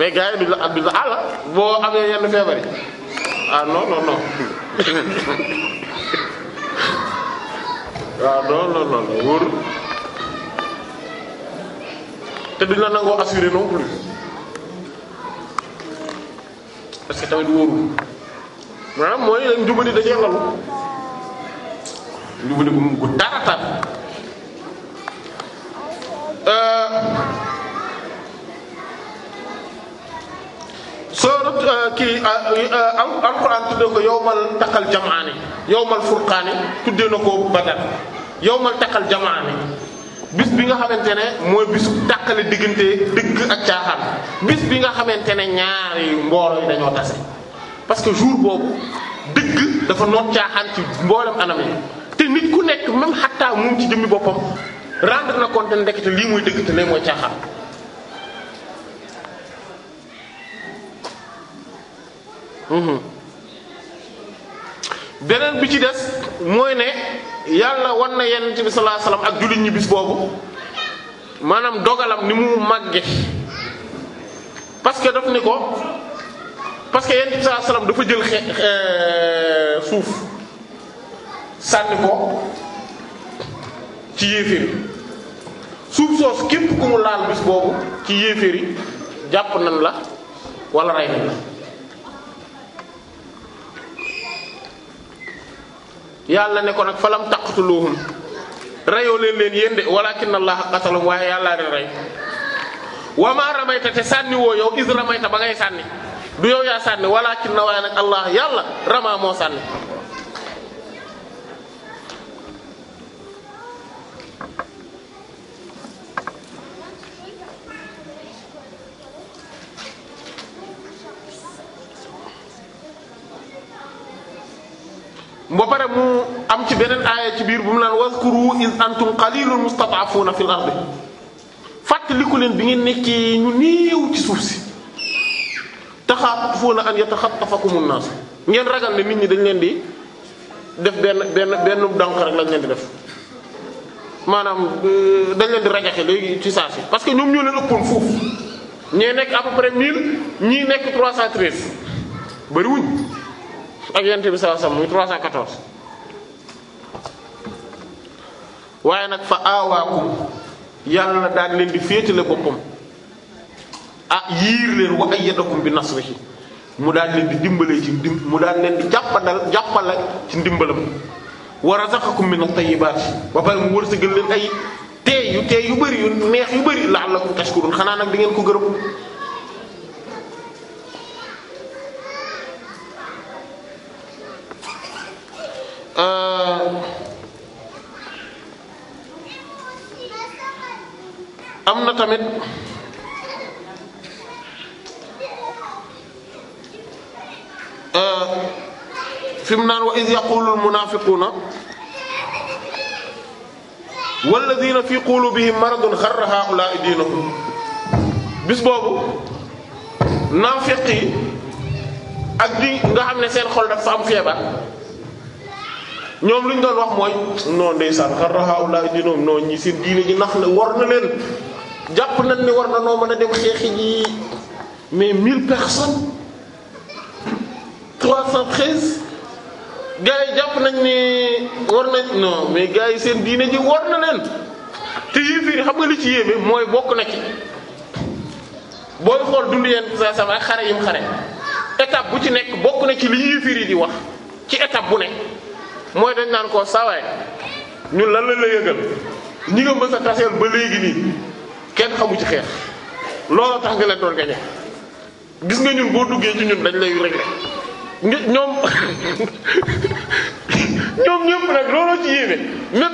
mais gars yi duñ la duñ la ah àll boo amee yenn feebar yi ah non non non [LAUGHS] ah, te duñ la nangoo assuré non plus tamit wóorul maanaam mooy leen njubali da cee lalu njubali gu gu Euh, soorat euh, kii euh, alquran tuddee ko yowmal taqal jamaani yowmal furqaani tuddee na ko badar yowmal taqal jamaani bis bi nga xamante ne mooy bis tàqale diggante dëgg ak caaxaan bis bi nga xamante ne ñaari mbooloo yi dañoo tase parce que jour boobu dëgg dafa noot caaxaan ci mboolem anam yi te nit ku nekk même xattaa moom ci jëmmi boppam rendre na compte ndekete lii mooy dëgg te lee mooy caaxaan mhm. beneen bi ci des mooy ne yàlla wan na yenn ci bi sallallahu ak jullit ñi boobu maanaam dogalam ni mu màgge parce que daf ne ko parce que yenn ci sallallahu dafa jël xe suuf sànni ko ci yéeféer suuf soos képp ku mu laal bis boobu ci yéeféer yi jàpp nan la walla rey nan la yàlla ne ko nag falam taqtuluhum reyoo leen leen yéen de walakin allaha qatalahum waaye yàllaa leen rey wa maa ramayta te sànni woo yow is ramayta ba ngay sànni du yow yaa sànni walakin na waaye nag allah yàlla ramaa moo sànni ba pare mu am ci beneen aaya ci biir bu mu naan waskuru iz antum qalilun mustad'afuna fil ardi fàttaliku leen bi ngeen nekkee ñu néew ci suuf si taxaafuna an yataxattafakumun naas ngeen ragal ne nit ñi dañ leen di def benn benn benn dànk rek lañ leen di def maanaam euh, dañ leen di rajaxe léegi ci saa si parce que ñoom ñoo leen ëppoon foofu ñee nekk à peu près 1000 ñii nekk 313 bëriwuñ. ak yonent bi sallallahu alayhi wasallam muy 314 waaye nag fa aawaakum yàlla daal leen di féetale boppam ah yiir leen wa ayyadakum bi nasrihi mu daal leen di dimbalee ci dim mu daal leen di jàppandal jàppale ci ndimbalam wa razaqakum min at-tayyibat ba pare mu wërsëgal leen ay tee yu tee yu bëri yu neex yu bëri la'allakum tashkurun xanaa nag di ngeen ko gërëm am na tamit euh, fi mu naan wa iz yaqulul munaafiquuna walladina fi qulubihim maradun xarra haulaa'i diinuhum bis boobu naafiq yi ak di nga xam ne seen xol dafa am feebar ñoom lu ñu doon wax mooy non ndeysaan xarra haulaa'i diinuhum non ñi seen diine ji nax na war na leen jàpp nañ ni war na noo mën a dem xeexi ji mais mille personnes trois cent treize gars yi jàpp nañ ni war nañ non mais gars yi seen diine ji war na leen te yéeféer yi xam nga li ci yéeme mooy bokk na ci booy xool dund yenn saa sama xare yim xare étape bu ci nekk bokk na ci li yéeféer yi di wax ci étape bu nekk mooy dañ naan ko sawaay ñun lan la la yëgal ñi nga mës a taseel ba léegi nii kenn xamu ci xeex looloo tax nga leen doon gañe gis nga ñun boo duggee ci ñun dañ lay régler ñoom [LAUGHS] ñoom ñëpp nag looloo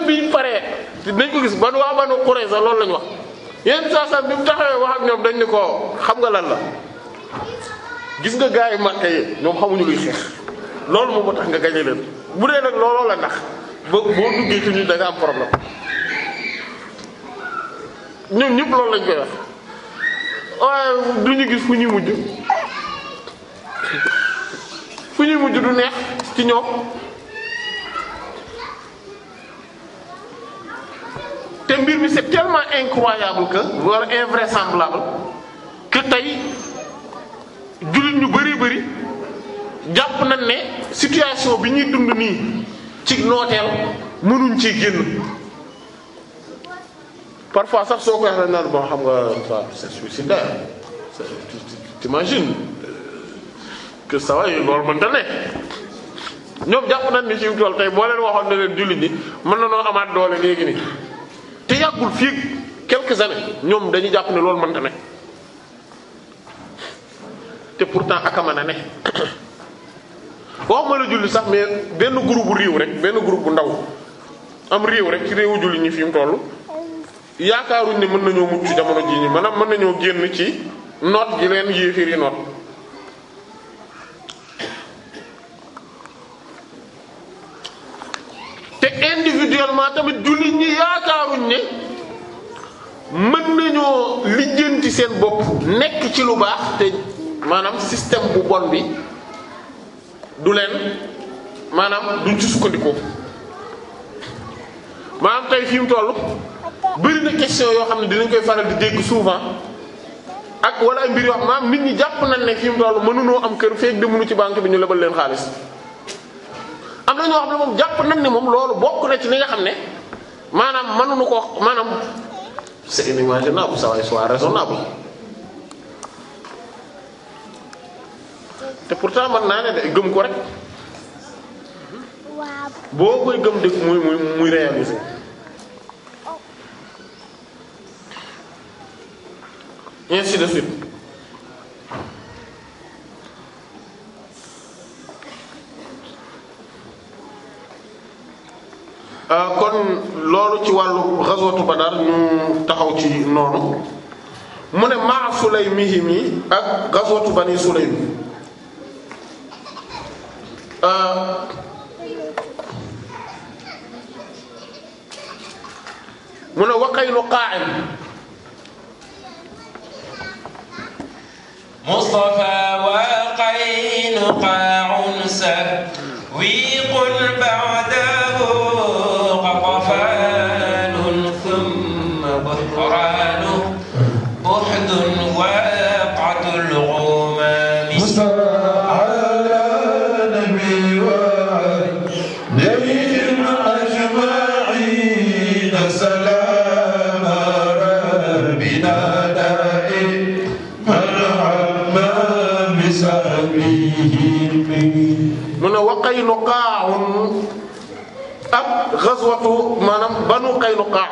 bi ñu paree dañ ko gis ban waa Banu loolu lañ wax yenn saa saa ñoom dañ ni ko xam nga lan la gis nga gars yi Makka ñoom xamuñu loolu moom moo tax nga leen bu dee nag looloo la ndax boo boo duggee ci ñun da nga am problème ñoom ñëpp loolu lañ koy wax du ñu gis fu ñuy mujj fu ñuy mujj du neex ci ñoom te mbir mi c'est tellement incroyable que tey jullit ñu bari bari jàpp nañ ne situation bi ñuy dund nii ci nooteel mënuñ ci génn parfois sax soo ko waxee naan bon xam nga c'est suicidaire t'imagines euh, que ça va loolu mënta ne ñoom jàpp nañ ni ci tool tey boo leen waxoon ne leen jullit ñi mën na noo amaat doole léegi nii te yàggul fii quelques années ñoom dañuy jàpp ne loolu mënta ne te pourtant aka mën a ne [COUGHS] waxuma la julli sax mais benn groupe bu réew rek benn groupe bu ndaw am réew rek ci réewu jullit ñi fi mu toll yaakaaruñ ne mën nañoo mucc jamono jii ñi maanaam mën nañoo génn ci noot gi leen yéeféer yi noot te individuellement tamit jullit ñi yaakaaruñ ne mën nañoo lijjanti seen bopp nekk ci lu baax te maanaam système bu bon bi du leen maanaam duñ ci sukkandiku maanaam tey fi mu toll bëri na question yoo xam ne dinañ koy faral di dégg souvent ak wala ay mbir yoo xam maam nit ñi jàpp nañ ne fii mu toll am kër feeg ci banque bi ñu lebal leen xaalis am jàpp nañ ne moom loolu bokk na ci li nga xam ne maanaam mënuñu ko maanaam c'est inimaginable ça va soit raisonnable te pourtant man naa ne de gëm ko rek boo koy gëm dëgg muy muy muy réaliser ainsi de suite euh, kon loolu ci wàllu ghazwatu Badar ñu taxaw ci noonu mu ne maa Sulaymihim yi ak ghazwatu Bani Sulaym euh, mu ne wa Qaynuqaa مصطفى وقين قاع سويق بعده قطفان xaswatu maanaam banu Qaynuqa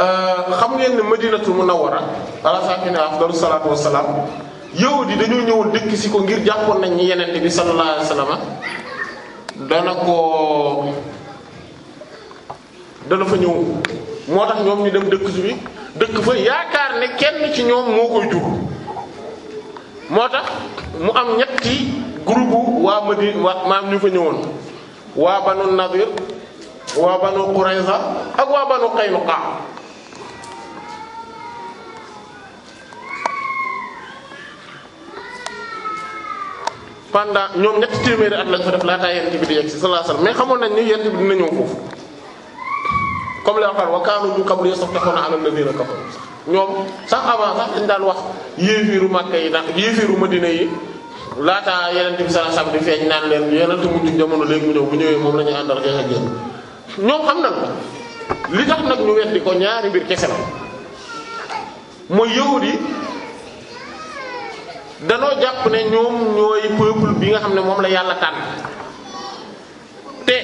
euh, xam ngeen ne a munawwara ala saakini afdalu salaatu wassalaam yow yi dañoo ñëwoon dëkk ko ngir jàppoon nañ ñi yenente bi sallallahu alayhi wasallam dana ko dana fa ñëw moo tax ñoom ñu dem dëkk si bi dëkk fa yaakaar ne kenn ci ñoom moo koy jur moo tax mu am ñetti groupe waa Madina waa maam ñu fa ñëwoon waa banu nadir waa banu qurayza ak waa banu qaynuqa pendant ñoom ñetti téeméeri at lañ fa def laataa yent bi di yegg si sallallahu alayhi wasallam mais xamoon nañ ni yent bi dina ñëw foofu comme la waxal wa kaanu min qablu yastaftihuna ala alladhina kafaru ñoom sax avant sax dañ daan wax yéefiiru Makka yi naan yéefiiru yi laataa yeneen bi sallallahu alayhi di feeñ naan leen yeneen te mujj jamono léegi mu ñëw bu ñëwee moom la ñuy àndal xeex ak yéen ñoom xam nañ ko li tax nag ñu weddi ko ñaari mbir kese la mooy yahud yi danoo jàpp ne ñoom ñooy peuple bi nga xam ne moom la yàlla tànn te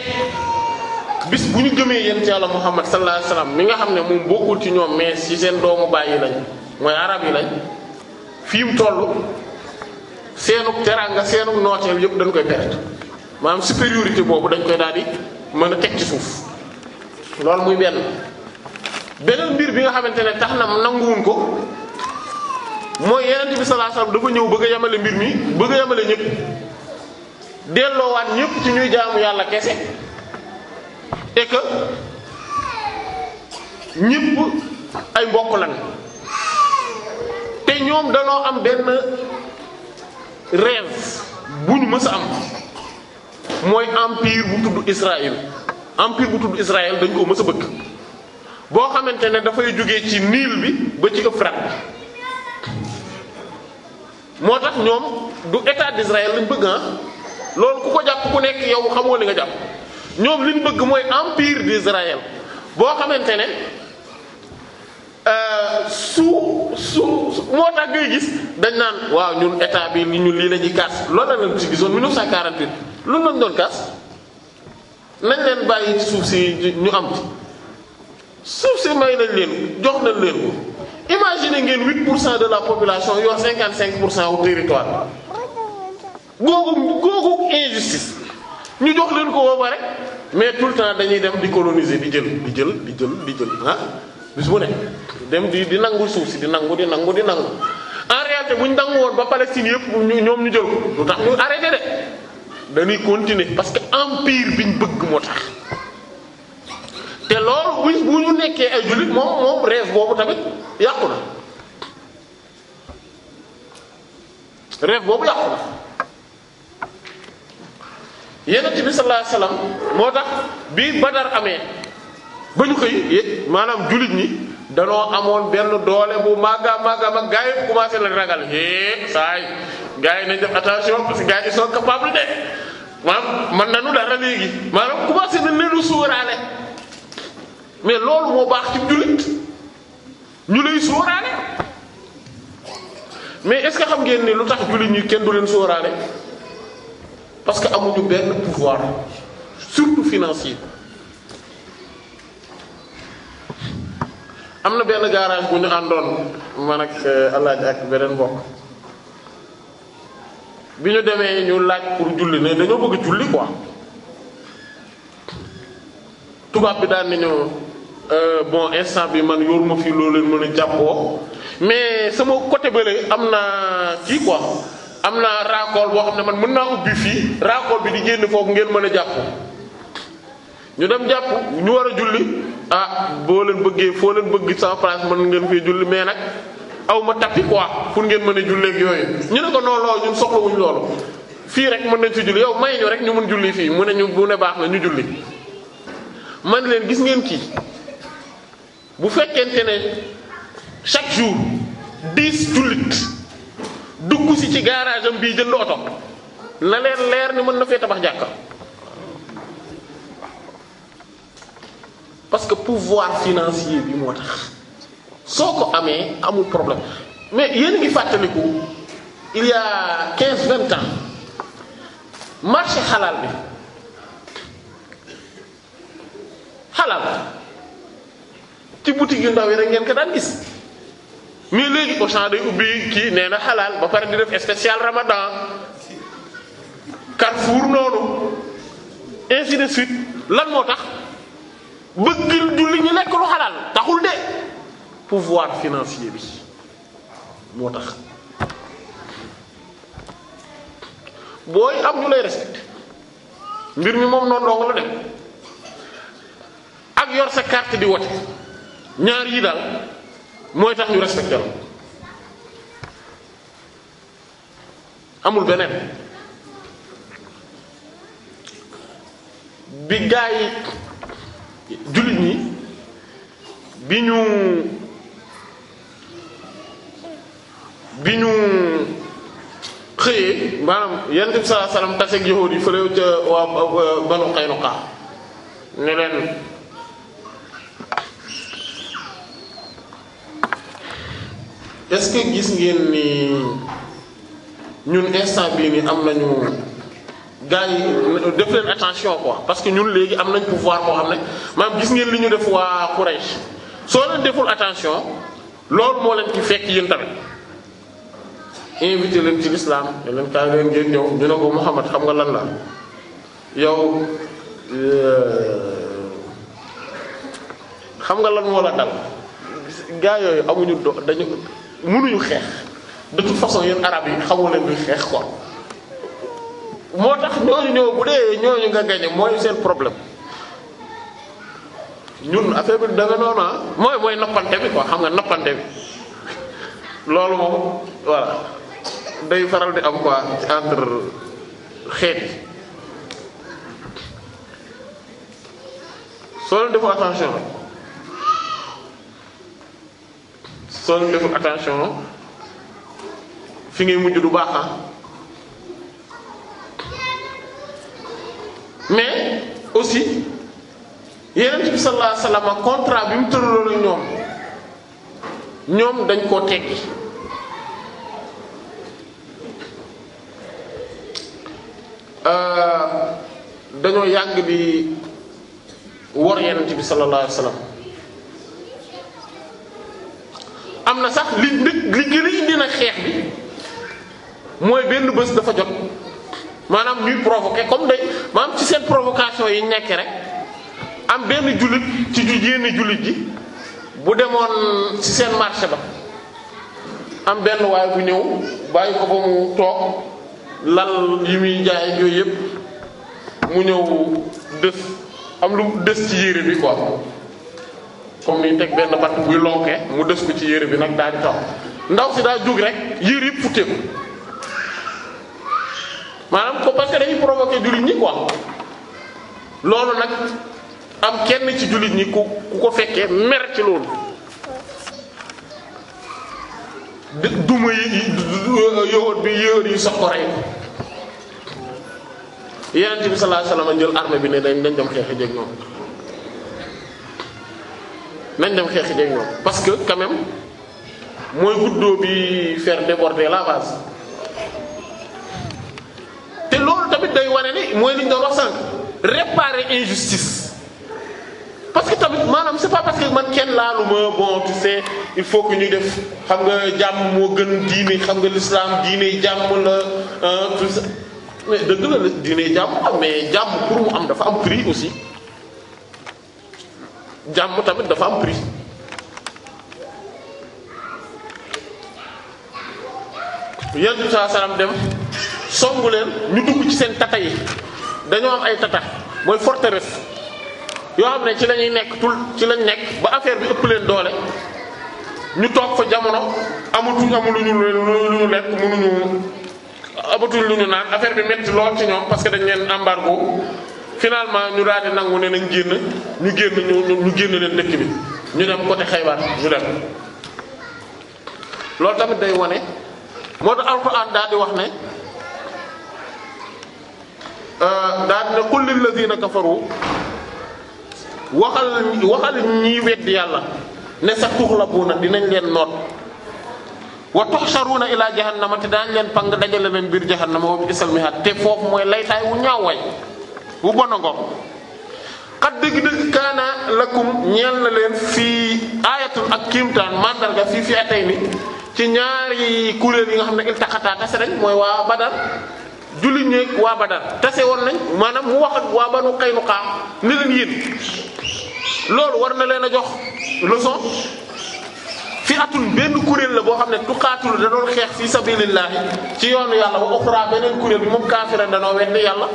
bis bu ñu gëmee yéen ci yàlla Muhammad sallallahu alayhi wasallam mi nga xam ne moom bokkul ci ñoom mais ci seen doomu bàyyi lañ mooy arab yi lañ fi mu tollu seenug teraanga seenug nooteel yëpp dañ koy perte maanaam supériorité boobu dañ koy daal di mën a teg ci suuf loolu muy benn beneen mbir bi nga xamante ne tax na nanguwuñ ko mooy yeneen bi sallallahu alayhi wasallam dafa ñëw bëgg a yemale mbir mi bëgg a yemale ñëpp delloowaat ñëpp ci ñuy jaamu yàlla kese et que ñëpp ay mbokk lañ te ñoom danoo am benn. rêve bu ñu mës am mooy empire bu tudd Israël empire bu tudd Israël dañ ko mës bëgg boo xamante ne dafay jóge ci Niil bi ba ci Euphrate bi moo tax ñoom du état d'Israël lañ bëgg ah loolu ku ko jàpp ku nekk yow xamoo li nga jàpp ñoom liñ bëgg mooy empire d'Israël boo xamante ne. Euh, su su moo tax ngay gis dañ naan waaw ñun état bi li ñu lii la ñuy kaas loolu la leen ci gisoon 1948 loolu lañ doon kaas nañ leen bàyyi suuf si ñu am ci suuf si may nañ leen jox leen ko imaginez ngeen 8 pour cent de la population yor 55 pour cent au territoire googu googu injustice ñu jox leen ko woo ba mais tout le dañuy def di coloniser di jël di jël di jël di jël ah. bis bu ne dem di di nangu suuf si di nangu di nangu di nangu en réalité bu ñu nangu woon ba Palestine yëpp ñoom ñu jël ko lu tax ñu arrêté de dañuy continuer parce que empire bi ñu bëgg moo tax. te loolu bu ñu nekkee ay jullit moom moom rêve boobu tamit yàqu na rêve boobu yàqu na yonent bi sallallahu alayhi moo tax bi Badar amee. ba ñu xëy maanaam jullit ñi danoo amoon benn doole bu màgga màgga mag gars yi commencé la ragal é saay gars yi nañ def attention parce que gars yi sont capables de maanaam man nañu léegi maanaam commencé na mais loolu moo baax ci jullit ñu est-ce que xam ngeen ni lu tax jullit ñi kenn du leen sóoraale parce que amuñu benn pouvoir surtout financier am na benn garage bu ñu àndoon man ak eh, alaaji ak beneen mbokk bi ñu demee ñu laaj pour julli ne dañoo bëgg julli ko tubaab bi daan nañu eh, bon instant bi man yor ma fii loolu leen mën a jàppoo mais sama côté bële am na kii quoi am na raakool boo xam ne man mën naa ubbi fii raakool bi di génn foofu ngeen mën a jàppoo ñu dem jàpp ñu war a julli ah boo leen bëggee foo leen bëgg sans place mën ngeen fee julli mais nag aw ma tapis quoi pour ngeen mën a julleeg yooyu ñu ne ko non loolu ñun soxlawuñ loolu fii rek mën nañ fi julli yow may ñu rek ñu mën julli fii mu ne ñu bu ne baax na ñu julli man leen gis ngeen kii bu fekkente ne chaque jour dix jullit dugg si ci garage am bii jënd oto na leen leer ni mën na fee tabax jàkka. parce que pouvoir financier bi moo tax soo ko amee amul problème mais yéen ngi fàttaliku il y quinze vingt ans marché xalaal bi xalaal ci boutique yu ndaw yi rek ngeen ko daan gis mais léegi Auchan day ubbi kii nee na xalaal ba pare di def spécial Ramadan Carrefour noonu ainsi de suite lan moo tax. bëgg julli ñu lekk lu xalaal taxul de pouvoir financier bi moo tax booy am ñu lay respecté mbir mi moom noonu dong la dem ak yor sa carte di wote ñaar yi daal mooy tax ñu respecté la amul beneen bi gaa jullit ñi bi ñu bi ñu xëyee maanaam yonent bi sallallahu taseeg yahuud yi fële waa Banu Qaynuqa ne leen est-ce gis ngeen ni ñun instant bii ni am nañu gars yi def leen attention ko parce que ñun léegi am nañ pouvoir moo xam ne maam gis ngeen li ñu def waa Quraysh soo leen deful attention loolu moo leen ci fekk yéen tamit invité leen ci lislaam ne leen kaay leen ngeen ñëw ñu ne ko Muhammad xam nga lan la yow euh, xam nga lan moo la dal gaa yooyu amuñu do dañu mënuñu xeex de toute façon yéen arab yi xamoo leen luy xeex quoi moo tax ñooñu ñëw bu dee ñooñu nga gañe mooy seen problème ñun affaire bi da nga ah, mooy mooy noppante bi quoi xam nga noppante bi loolu moom voilà day faral di am quoi entre xeet soo leen defu attention soo leen defu attention fi ngay mujj du baax ah. mais aussi yeneen bi sallallahu alayhi contrat bi mu tëraloon ñoom ñoom dañ koo teggi euh, dañoo yàgg di wor yeneen bi sallallahu alayhi wasallam am na sax li li gën a indi na xeex bi mooy benn bés dafa jot maanaam ñuy provoquer comme day maanaam ci seen provocation yi nekk rek am benn jullit ci ju yenn jullit ji bu demoon ci seen marché ba am benn waay bu ñëw bàyyi ko ba mu toog lal yi muy jaay yooyu yëpp mu ñëw dës am lu dës ci yére bi quoi comme ni teg benn bant buy lonke mu dës ko ci yére bi nag daal di taw ndaw si daa jóg rek yére yëpp futteeku maanaam ko parce que dañuy provoquer jullit ñi quoi loolu nag am kenn ci jullit ñi ku ku ko fekkee mer ci loolu duma yi yowat bi yéwat yi sax ko rey ko bi sallallahu alayhi wasallam jël armée bi ne dañ dañ dem xeexi jeeg ñoom nañ dem xeexi jeeg ñoom parce que quand mooy guddoo bi faire déborder la base loolu tamit day wane ni mooy liñ ñu doon wax sànq réparer injustice parce que tamit maanaam c'est pas parce que man kenn laalu bon tu sais il faut que ñu def xam nga jàmm moo gën diine xam nga l'islam diine jàmm la tout la diine jàmm mais jàmm pour mu am dafa am prix aussi jàmm tamit dafa am prix. yéen saa salaam dem. songu leen ñu dugg ci seen tata yi dañoo am ay tata mooy forteresse yoo xam ne ci lañuy nekk tul ci lañ nekk ba affaire bi ëpp leen doole ñu toog fa jamono amatuñ amuluñu lu ñu lekk lu ñu naan affaire bi metti lool ci ñoom parce que dañ leen embargo finalement ñu daal di nangu ne nañ génn ñu génn ñu génn leen dëkk bi ñu dem côté xaybaat ñu dem loolu tamit day wone moo tax alxuraan daal di wax ne Euh, daal ne qul lillazina kafaru waxal waxal ñiy weddi yàlla ne sa tuxlabuuna dinañ leen noot wa tuhsharuna ila jahannama te daañ leen pang dajale leen biir jahannama wa bi'sal mihaad te foofu mooy laytaay wu ñaaw waay wu bon a ngoog xat dëgg-dëgg kaana lakum ñeel na leen fii aayatun ak kiimtaan mandarga fii fi atay ni ci ñaari kuréel yi nga xam ne iltaqataa tase rek mooy waa Badar jullit ñeeg waa Badar tase woon nañ maanaam mu wax ak waa Banu Qaynuqa ne leen yéen loolu war na leen a jox leçon fi atul benn kuréel la boo xam ne tuqaatul da doon xeex fi sabilillahi ci yoonu yàlla wa uxra beneen kuréel bi moom kaafira danoo weddi yàlla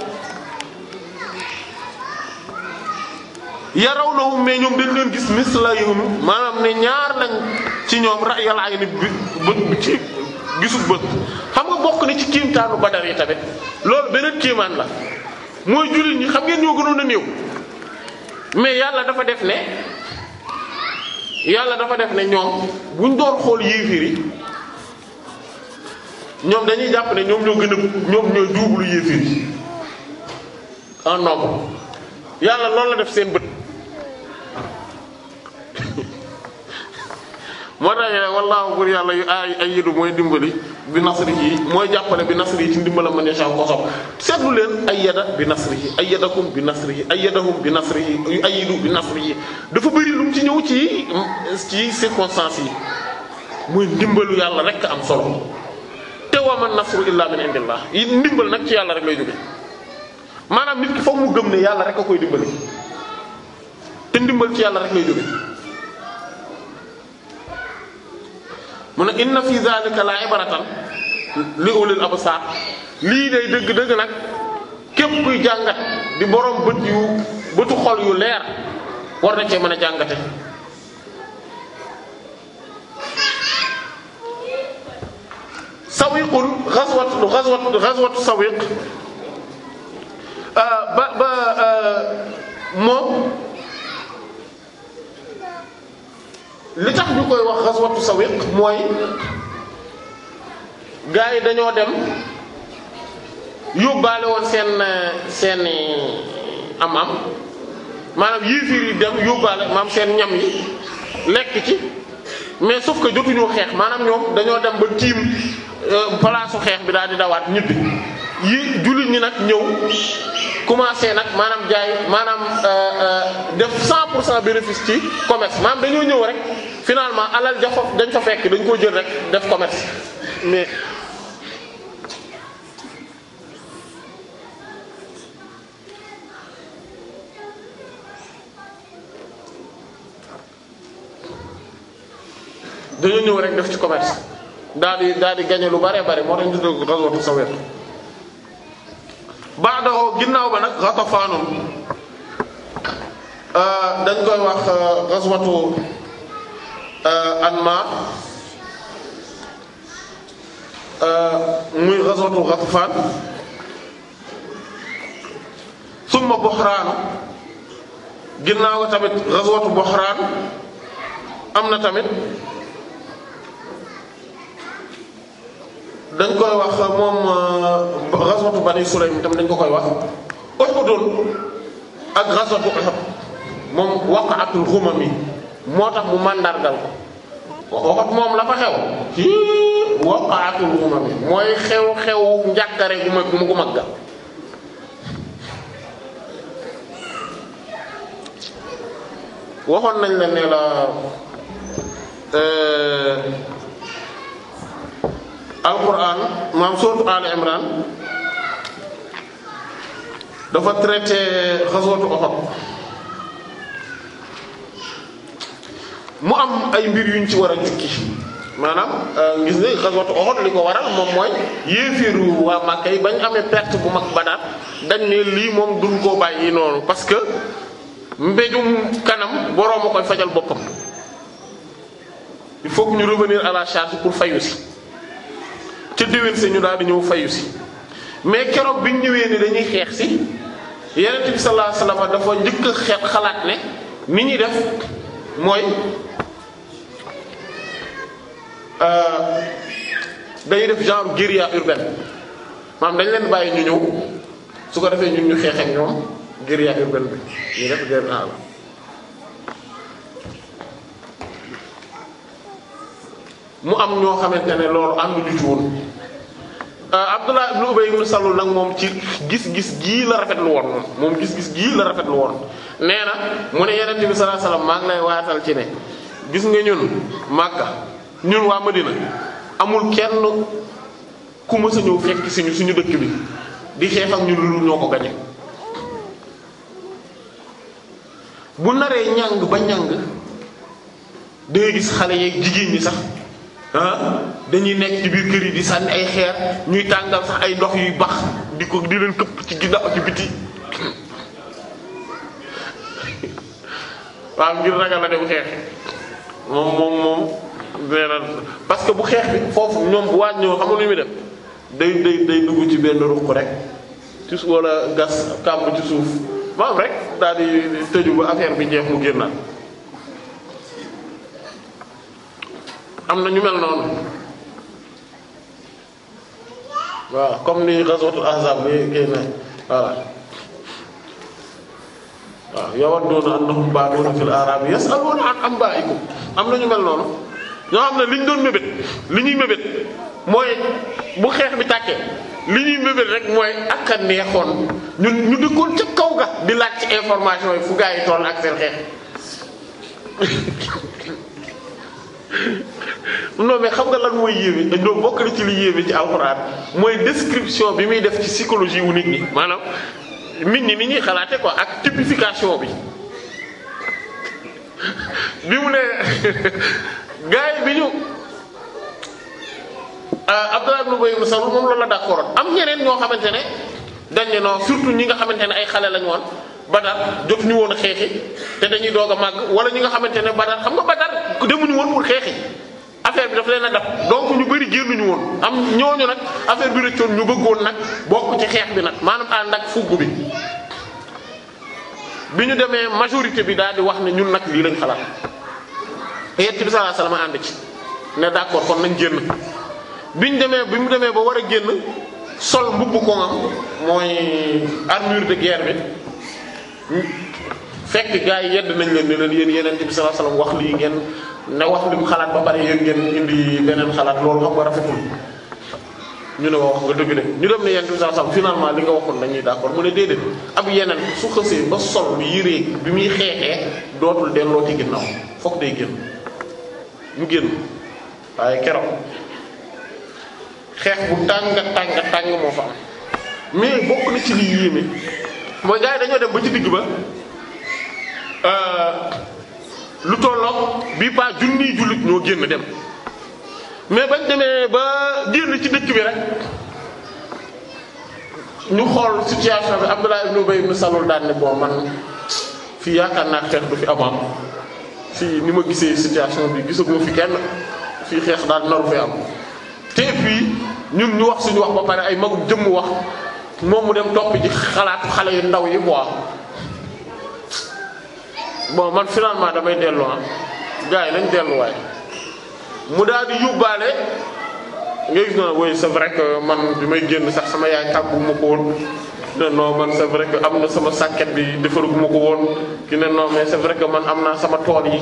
yarawnahum mais ñoom dañ leen gis mislahum maanaam ne ñaar lañ ci ñoom ra'yal ayni bi ci gisul bët xam nga bokk na ci kiimtaanu badar yi tamit lool beneen kiimaan la mooy jullit ñi xam ngeen ñoo gënoon na néew mais yàlla dafa def ne yàlla dafa def ne ñoom buñ door xool yéeféer ñoom dañuy jàpp ne ñoom ñoo gën a ñoom ñoo juublu yéeféer en nombre yàlla loolu la def seen bët moo tax ñu ne yàlla yu ay ay yidu mooy dimbali bi nasri yi mooy jàppale bi nasri yi ci ndimbala man yasha ko sopp seetlu leen ay yada bi nasri yi ay yadakum bi nasri yi ay yadahum bi nasri yi yu ay yidu bi nasri yi dafa bëri lu ci ñëw ci ci circonstances yi muy ndimbalu yàlla rek am solo te wa man nasru illa min indillah yi ndimbal nag ci yàlla rek lay jóge maanaam nit ki foog mu gëm ne yàlla rek a koy dimbali te ndimbal ci yàlla rek lay jóge mu ne inna fi zalika la ibratan li ulil absar lii day dëgg dëgg nag képp kuy jàngat di borom bët yu bëtu xol yu leer war na cee mën a jàngate sawiqul xaswatu xaswatu xaswatu sawiq euh, ba ba euh, moom li tax ñu koy wax xaswatu sawiq mooy gars yi dañoo dem yóbbaale woon seen seen am-am maanaam yéefar yi dem yóbbaale maam seen ñam yi lekk ci mais sauf ko jotuñu xeex maanaam ñoom dañoo dem ba tiim euh, palaasu xeex bi daal di dawaat ñibbi yi jullit ñi nag ñëw commencé nag maanaam jaay maanaam euh, euh, def 100 pour cent bénéfice ci commerce maanaam dañoo ñëw rek finalement alal ja dañ ko fekk dañ koo jël rek def commerce mais dañu ñëw rek def ci commerce daal di daal di gagné lu bare bare moo tax ñu tuddee ghazwatu Sawiir ba'dahu ginnaaw ba nag Ghatafaan euh, dañ koy wax euh, ghazwatu Euh, Anma euh, muy ghazwatu Ghatfan summa Buhraan ginnaaw ga tamit ghazwatu Buhraan am na tamit dañ koy wax moom euh, ghazwatu Bani Sulaym tam dañ ko koy wax Uhudun ak ghazwatu Uhud moom waqa'atul Ghumam yi moo tax mu màndargal ko waxut moom la fa xew hii waqaatul umam mooy xew-xewu njàkkare gu mag mu ko mag ga waxoon nañ la ne la euh, alquran maam sourate Al Imran dafa traité xasootu Uhud mu am ay mbir yu ñu ci war a jukki maanaam euh, gis ne xaswatu Uhud li ko waral moom mooy yéeféeru waa Makka yi bañ amee perte bu mag Badar dañ ne lii moom duñ koo bàyyi noonu parce que mbéjum kanam boroom a koy fajal boppam il faut ñu revenir à la charge pour fayu si ca déwén si ñu daal di ñëw fayu si mais keroog biñ ñëwee ni dañuy xeex si Yonent bi sallallahu alayhi wasallam dafa njëkk a xalaat ne ni ñuy def mooy Euh, dañuy def genre guérilla urbaine maanaam dañ leen bàyyi ñu ñëw su ko defee ñun ñu xeex ñoom guérilla urbaine bi ñu def guerre à mu am ñoo xamante ne loolu am ñu ci woon euh, Abdullah ibn Ubay ibn Salul nag moom ci gis-gis gii la rafetlu woon moom gis-gis gii la rafetlu woon nee na mu ne Yonent bi sallallahu alayhi wasallam maa ngi lay waatal ci ne gis nga ñun Màkka ñun waa Madina amul kenn ku mësa ñëw fekk si ñu suñu dëkk bi di xeex ak lu ñoo ko gañe bu naree ñàng ba ñàng dangay gis xale yeeg jigéen ñi sax ah, dañuy nekk ci biir kër yi di sànni ay xeer ñuy tàngal sax ay ndox yuy bax di ko di leen këpp ci ginnaaw ci biti [LAUGHS] waaw ngir ragal la dem xeex moom moom moom parce que bu xeex bi foofu ñoom bu waaj ñëw xamul lu muy def day day day ci benn ruq rek ci wala gas kàmb ci suuf maam rek daal di tëju ba affaire bi jeex mu génnaat am na ñu mel noonu waaw comme ni ghazwatul ahzab bi génn voilà waaw yawadduuna annahum baaduna fil a'raab yas'aluuna an anbaa'ikum am na ñu mel noonu ñoo xam ne li doon mébét li ñuy mébét mooy bu xeex bi tàkkee li ñuy mébét rek mooy ak a neexoon ñu dëkkoon ca kaw ga di laaj ci information yi fu gaa yi toll ak seen xeex [LAUGHS] nga lan mooy yéeme doo bokk na ci li yéeme ci alxuraan mooy description bi muy def ci psychologie wu nit maanaam nit ñi ni ñuy xalaate ko ak typification bi [LAUGHS] bi mu ne [LAUGHS] gars bi ñu euh, Abdullah ibn Ubay ibn Salul moom loolu la d'accord am ñeneen ñoo xamante ne dañ ne non surtout ñi nga xamante ne ay xale lañ woon Badar jot ñu woon a xeexi te dañuy doog a màgg wala ñi nga xamante ne Badar xam nga Badar demuñu woon pour xeexi affaire bi daf leen a dab donk ñu bëri génnuñu woon am ñooñu nag affaire bi rëccoon ñu bëggoon nag bokk ci xeex bi nag maanaam ànd ak fugg bi bi ñu demee majorité bi daal di wax ne ñun nag lii lañ xalaat yent bi sallallahu alayhi wasallam ànd ci ne d'accord kon nañ génn ñu demee bi mu demee ba war a génn sol mbubb ko am mooy armure de guerre bi fekk gars yi yedd nañ leen ne leen yéen yeneen bi sallallahu alayhi wasallam wax lii ngeen ne wax li mu xalaat ba bari yéen ngeen indi beneen xalaat loolu xam nga rafetul ñu ne wax nga dëgg de ñu dem ne yenn bi sallallahu alayhi wasallam li nga waxoon dañuy d'accord mu ne déedéet ab yeneen su xësee ba sol bi yëree bi muy xeexee dootul delloo ci ginnaaw fokk day génn ñu génn waaye keroog xeex bu tàng tàng tàng moo fa am mais bokk na ci li yéeme mooy gars yi dañoo dem ba ci digg ba euh, lu tolloog bii pas junniy jullit ñoo génn dem mais bañ demee ba génn ci dëkk bi rek ñu xool situation bi Abdullah ibn Ubay ibn Salul daan ne boo man fii yaakaar naa xeex du fi amaam si ni ma gisee situation bi gisaguma fi kenn fii xeex daal naru fi am te puis ñun ñu wax suñu wax ba pare ay magum jëmm wax moom mu dem topp ji xalaat xale yu ndaw yi quoi bon man finalement damay dellu ah gars yi lañ delluwaay mu daal di yóbbaale nga gis na woy c'est vrai man bi may génn sax sama yaay tàggu ma koo woon ne non man c'est vrai que na sama sàkket bi defaruguma ko woon ki ne non mais c'est que man am naa sama tool yi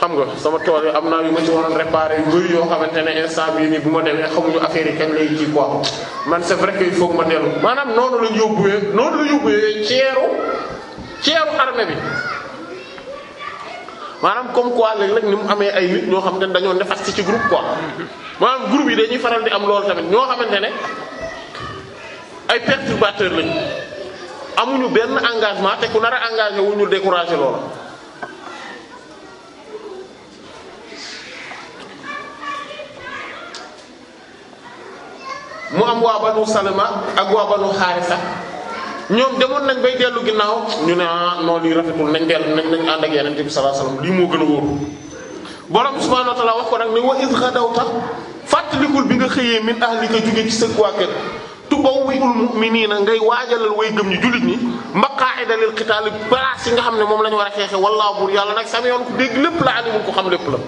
xam nga sama tool yi am naa yu ma ci waroon réparer yu bëri yoo xamante ne instant bii nii bu ma demee xamuñu affaire yi kañ lay ji quoi man c'est vrai que ma dellu maanaam noonu la yóbbuwee noonu la yóbbuwee ceeru ceeru armée bi maanaam comme quoi léeg-léeg ni mu amee ay nit ñoo xam ne dañoo nefas ci group quoi maanaam group yi dañuy faral di am loolu tamit ñoo xamante ne ay perturbateurs lañu amuñu benn engagement te ku nar a engagé wu ñu découragé loola. mu am waa banu Salama ak waa banu sax ñoom demoon nañ bay dellu ginnaaw ñu ne ah non lii rafetul nañ dellu nañ nañ ànd ak Yonent bi sallallahu alayhi wasallam lii moo gën a wóoru borom subhaanahu wa wax ko nag ne wa iz ghadawta fàttalikul bi nga xëyee min ahlika jóge ci sa waa kër tubawwi'ul mu'miniina ngay waajalal way gëm ñi jullit ñi maqaa'ida lil qitaal place si nga xam ne moom la ñu war a xeexe wallaahu buur yàlla nag sama yoon ku dégg lépp la alimul ko xam lépp la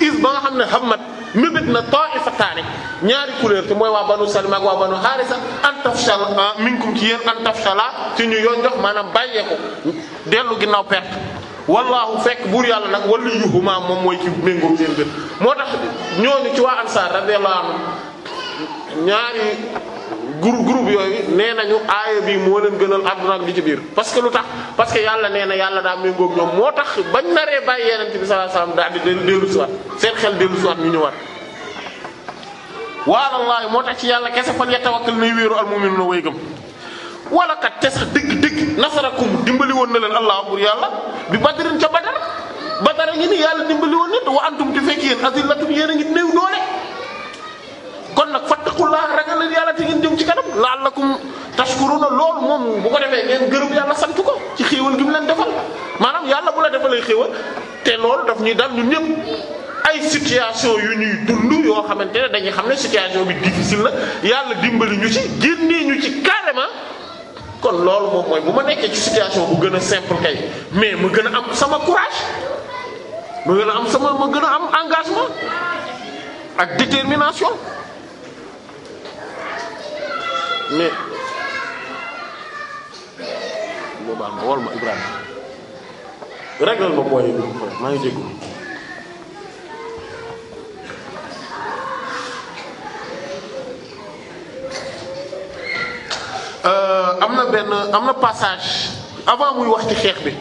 is ba nga xam ne hammat mébét na taa'ifataani ñaari couleur te mooy waa banu salima ak waa banu haarisa an tafshala ah, minkum ci yéen an tafshala ci ñu yoon jox maanaam bàyyee ko dellu ginnaaw perte wallaahu fekk buur yàlla nag waliyuhumaa moom mooy ci méngoo seen moo tax ñooñu ci waa ansaar ñaari groupe groupe yooyu nee nañu aaya bi moo leen gënal àdduna ak li ci biir parce que lu tax parce que yàlla nee na yàlla daa méngoog ñoom moo tax bañ naree bàyyi yeneen bi sallallahu alayhi daal di dellu si waat seen xel dellu si waat ñu ñëwaat. waalallaahi moo tax ci yàlla kese fan yatawakkal nuy wéeru al mu'minuuna way gëm wala kat te sax dëgg dëgg nasarakum dimbali woon na leen allah pour yàlla bi badrin ca badar badara ngi ni yàlla dimbali woon nit w antum te fekk yéen azillatum yéen a kon nag fattaqullaa ragal leen yàlla te ngeen jëm ci kanam la'allakum tashkuruna loolu moom bu ko defee ngeen gërëm yàlla sant ko ci xéewal gi mu leen defal maanaam yàlla bu la defalee xéewal te loolu daf ñuy dal ñu ñëpp ay situation yu ñuy dund yoo xamante ne dañuy xam ne situation bi difficile la yàlla dimbali ñu ci génnee ñu ci carrément kon loolu moom mooy bu ma nekkee ci situation bu gën a simple kay mais ma gën a am sama courage ma gën a am sama ma gën a am engagement ak détermination mais moo baax maa ngi déglu euh, am na benn am na passage avant muy wax ci xeex bi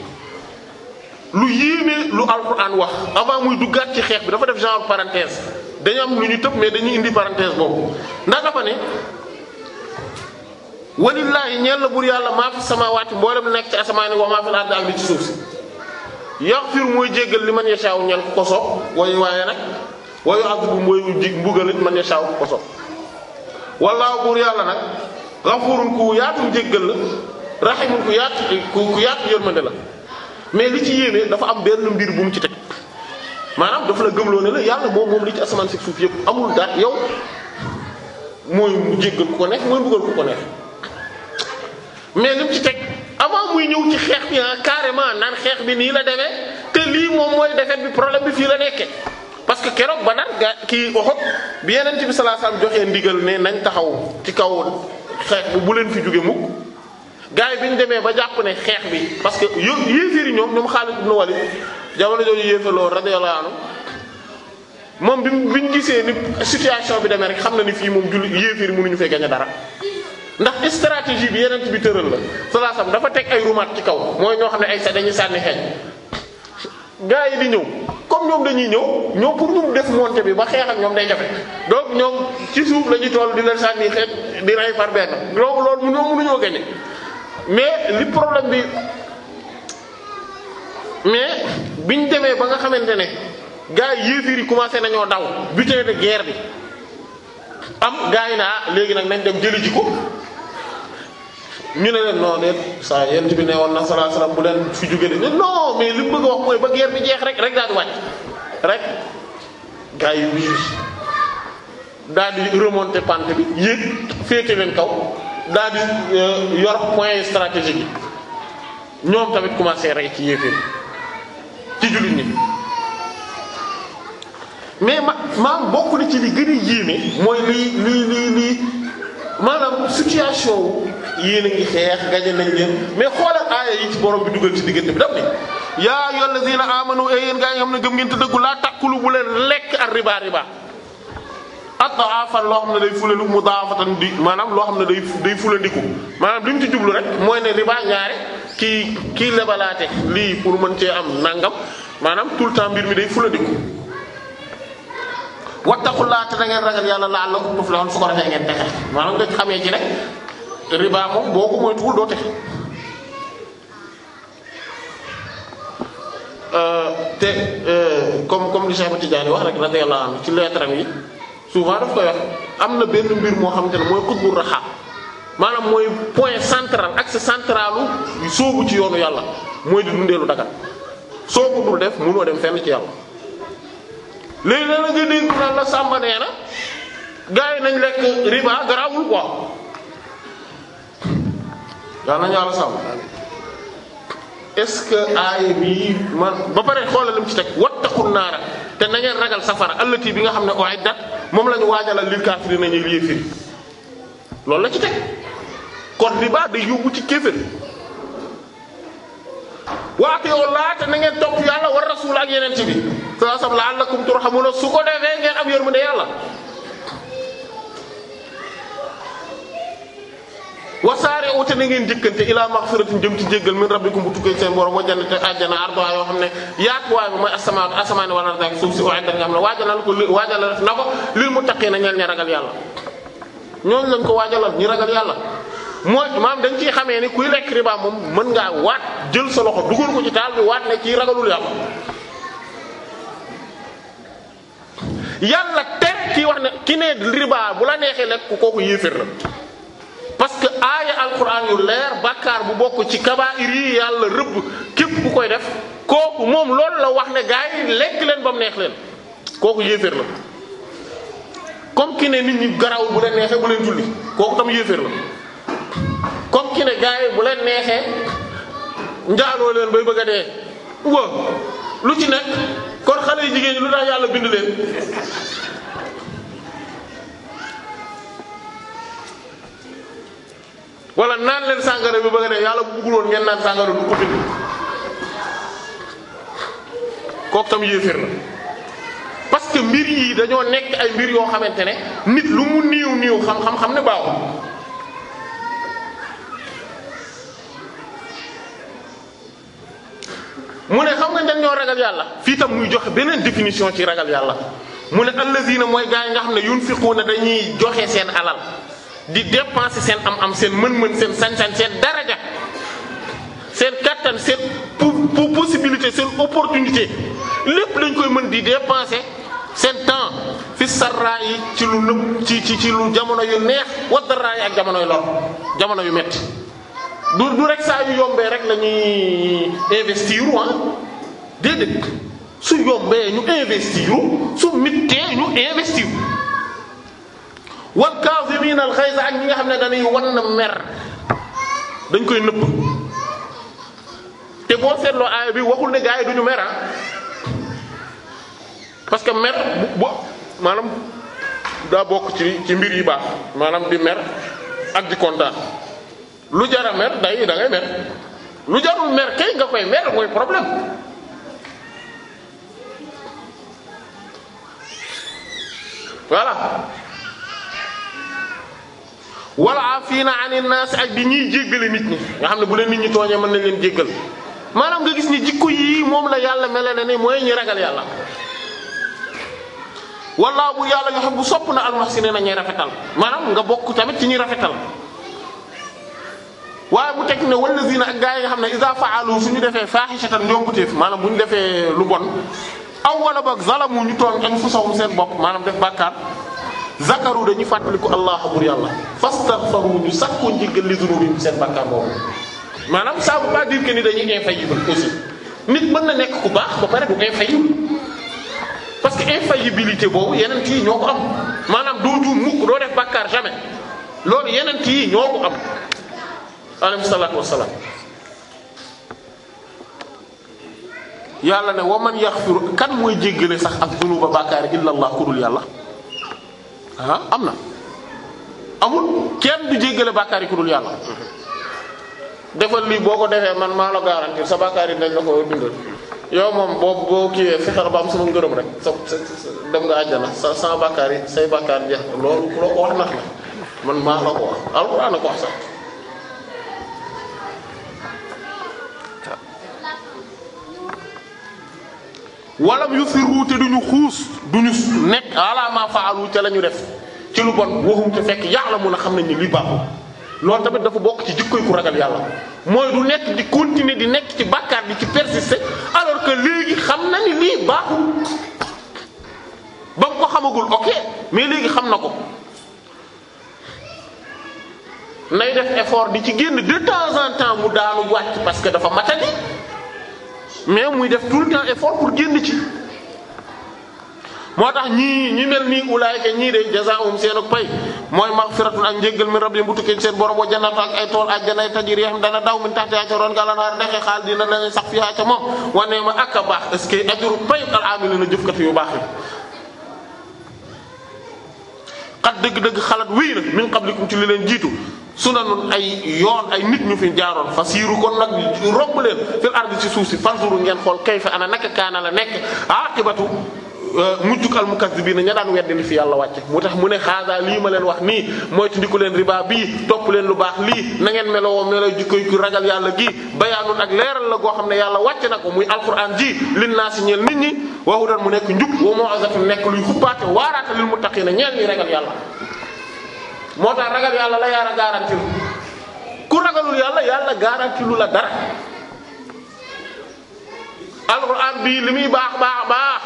lu yéeme lu alquran wax avant muy duggaat ci xeex bi dafa def genre parenthèse dañu am lu ñu tëb mais dañuy indi parenthèse boobu ndax dafa ne walillaahi ñeel na buur yàlla maa fi samaawaati mboolem nekk ci asamaani wa maa fil ardi ak li ci suuf si yaghfir mooy jéggal li man yashaaw ñeel ko ko soob waaye waaye nag wa yu'adhibu mooy mbugalit man yashaaw ku ko soob wallaahu buur yàlla nag ghafurun ku yaatu jéggal la rahimun ku yaatu ku yaatu yërmande la mais li ci yéeme dafa am benn mbir bu mu ci teg maanaam dafa la gëmloo ne la yàlla moom moom li ci asamaan si fuuf yëpp amul daat yow mooy mu jéggal mais lim ci teg avant muy ñëw ci xeex bi ah carrément naan xeex bi nii la demee te lii moom mooy defet bi problème bi fii la nekkee parce que keroog ba nar ga kii Uhud bi Yonent bi sallallahu alayhi wasallam joxee ndigal ne nañ taxaw ci kaw xeex bu leen fi jóge mukk gars yi bi ñu demee ba jàpp ne xeex bi parce que yó yéeféeri ñoom ñoom Xaalid ibn Walid jamono jooju yéefaloo radiyallahu moom bi bi ñu gisee ni situation bi demee rek xam na ni fii moom julli yéeféeri mënuñu fee gañ dara ndax stratégie bi yeneen bi tëral la salaasam dafa teg ay rumaat ci kaw mooy ñoo xam ne ay sa dañuy sànni xeej gars yi di ñëw comme ñoom dañuy ñëw ñoom pour ñu def monté bi ba xeex ak ñoom day jafe donc ñoom ci suuf la ñuy toll di leen sànni xeej di rey par benn donc loolu ñoom mënuñoo gagné mais li problème bi mais biñ demee ba nga xamante ne gars yi yéefir yi commencé nañoo daw butin de guerre bi. am gars yi naa léegi nag nañ dem jëli ji ko ñu ne leen non déet saa yent bi ne woon na sallallahu alayhi bu leen fi jóge de non mais li mu bëgg a wax mooy ba guerre bi jeex rek rek daal di wàcc rek gars yi wii daal di remonter pente bi yéeg féete leen kaw daal di euh, yor point stratégique yi ñoom tamit commencé rey ci yéeféer ci jullit ñi mais ma maam bokk na ci li gën a yéeme mooy lii lii lii lii maanaam situation wu yéen a ngi xeex gañe nañ leen mais xoolal aaya yi ci borom bi dugal ci diggante bi daf ni yaa ayyuhal lazina amanu ay yéen gaa yi nga xam ne gëm ngeen te dëggu laa tàkkulu bu leen lekk ak riba riba at'afan loo xam ne day fulandi mudaafatan di maanaam loo xam ne day day fulandiku maanaam li mu ci jublu rek mooy ne riba ñaare kii kii lebalaate lii pour mën cee am nangam maanaam tout le temps mbir mi day fulandiku wattaqullaa te da ngeen ragal yàlla la'allakum tuflihun su ko defee ngeen texe maanaam nga xamee ci ne riba moom boo ko euh, euh, comme comme li Cheikh Ahmad Tidiane wax rek radiyallahu anhu ci leetaram yi souvent daf am na benn mbir moo xamante ne mooy xutbu raxa maanaam mooy point central axe centralu soobu ci yoonu yàlla mooy di dundeelu dagal soo ko def mënoo dem fenn ci yàlla léegi nag nga dégg naan la Samba nee na gars yi nañ lekk riba garaawul quoi yaa nañu àll Samba est-ce que aay bi man ba pare xoolal lim ci teg wattaqun naara te na ngeen ragal safara allati bi nga xam ne uiddat moom la ñu waajalal lil kaafiriina nañuy yéefir loolu la ci teg kon riba day yóbbu ci kéefir. wa atii'u llaah te na ngeen topp yàlla war rasul ak yeneen ci bi sa sam la'allakum turhamuuna su ko defee ngeen am yërmande yàlla wasaare te na ngeen jëkkante ilaa maghfiratin jëm ci jéggal min rabbikum bu tukkee seen borom wa jannatin ajjana arduha yoo xam ne yaat waay bi mooy asamaan asamaan wala ardak suuf si wa'iddat nga xam ne waajalal ko waajalal na ko mu muttaqiina ñeel ñi ragal yàlla ñooñu lañ ko waajalal ñi ragal yàlla mooy maam dañ ciy xamee ni kuy lekk riba moom mën ngaa waat jël sa loxo dugal ko ci taal bi waat ne kii ragalul yàlla yàlla tere ki wax ne ki ne riba bu la neexee lekk kooku yéefér la parce que aaya alquran bu bokk ci kabaa'ir yàlla rëbb képp ku koy def kooku moom loolu la wax ne gaa yi lekk leen ba mu neex leen kooku yéefér la comme ki ne nit ñi garaw bu la neexee bu leen julli kooku tam yéefér la comme ki ne gars bu leen neexee njaaloo leen bay bëgg a dee lu ci nekk kon xale yi jigéen ñi lu tax yàlla bind leen wala naan leen sàngara bi bëgg a yàlla bu bëggul woon ngeen naan sàngara du ko bind kooku tam yéeféer la parce que mbir yi dañoo nekk ay mbir yoo xamante ne nit lu mu niiw niiw xam-xam-xam ne baaxul mu ne xam nga ñan ñoo ragal yàlla fii tam muy joxe beneen définition ci ragal yàlla mu ne allazina mooy gaa yi nga xam ne yunfiquuna dañuy joxe seen alal di dépenser seen am-am seen mën-mën seen sañ-sañ seen daraja seen kattan seen pour possibilité seen opportunité lépp dañ koy mën di dépenser seen temps fi sarraa yi ci lu nëb ci ci ci lu jamono yu neex wa darraa yi ak jamono yu lor jamono yu metti du du rek saa yu yombee rek la ñuy investir ah déedéet su yombee ñu investir su mittee ñu investir wal kaazimiina al ghayz ak ñi nga xam ne dañuy wan na mer dañ koy nëbb te boo seetloo aaya bi waxul ne gaa yi duñu mer ah parce que mer bu maanaam daa bokk ci ci mbir yi baax maanaam di mer ak di kontaan. lu jara mer day da mer lu jarul mer kay nga koy mer mooy problème voilà wala afiina anin naas ak di ñuy jéggale nit ñi nga xam ne bu leen nit ñi tooñee mën nañ leen jéggal maanaam nga gis ni jikko yii moom la yàlla mel na ni mooy ñi ragal yàlla wala bu yàlla yoo xam bu sopp na almuhsiniina ñuy rafetal maanaam nga bokk tamit ci ñuy rafetal waaye bu teg ne wallazina ak gaa yi nga xam ne iza fa'alu suñu defee faaxishatan njombuteef maanaam bu ñu defee lu bon aw wala boog zalamu ñu tooñ anfusahum seen bopp maanaam def bàkkaar zakaru dañuy fàttaliku allah bur yàlla fastaghfaru ñu sakku njëggal li dunubihim seen bàkkaar boobu maanaam ça veut pas dire que ni dañuy infaillible aussi nit mën na nekk ku baax ba pare du infaillible parce que infaillibilité boobu yeneen kii ñoo ko am maanaam doo juum mukk loolu yeneen kii ñoo ko am alayhi salaatu yàlla ne wa man yaxfiru kan mooy jéggale sax ak dunuba bàkkaar illa allah ku dul yàlla ah am na amul kenn du jéggale bàkkaar yi ku dul yàlla defal lii boo ko defee man maa la garantir sa bàkkaar yi dañ la ko dundal yow moom boo boo kiiwee fexeel ba am sama ngërëm rek sa sa dem nga àjjana sa sa bàkkaar say bàkkaar jeex loolu ku la ko nax man maa la ko wax alxuraan a ko wax sax walam yusirru du duñu xuus duñu nekk ala ma faalu ca la ñu def ci lu bon waxum te fekk yàlla mun a xam nañ ne lii baaxul loolu tamit dafa bokk ci jikkoy ku ragal yàlla mooy du nekk di continuer di nekk ci bàkkaar bi ci persister alors que léegi xam na ni lii baaxul ba mu ko xamagul ok mais léegi xam na ko nay def effort di ci génn de temps en mu daanu wàcc parce que dafa matali mais muy def tout le temps pour génn ci moo tax ñii ñi mel nii ulaayka ñii de jasa seen ak pay mooy maghfiratun ak njéggal min rabbihim bu tukkee seen borom wa jannatu ak ay tool ajjanay tajri yoo xam dana daw min tahtihaa ca ron gàllanaar dexe xaal dina dana sax fiha ca a baax est que ajru pay al amilina jëfkat yu baax yi xat dëgg-dëgg xalaat wéy na min qablikum ci li leen jiitu sunanun ay yoon ay nit ñu fi jaaroon fa fasiiru kon nag romb leen fil ardi ci suuf si fanzuru ngeen xool kayfa ana naka kaana la nekk aqibatu euh, mujjug al mukazzibiina ña daan weddi li fi yàlla wàcce mu tax mu ne xaaza lii ma leen wax nii mooy tundiku leen riba bii topp leen lu baax lii na ngeen meloo meloo jikko ku ragal yàlla gi bayaanun ak leeral la goo xam ne yàlla wàcce na ko muy alquran ji lin naa si ñeel nit ñi waxu dan mu nekk njub wa maw'izatin nekk luy xuppaate waaraate lil muttaqiina ñeel ñi ragal yàlla moo tax ragal yàlla la yàlla garanti ku ragalul yàlla yàlla garanti lu la dara alxuraan bii li muy baax baax baax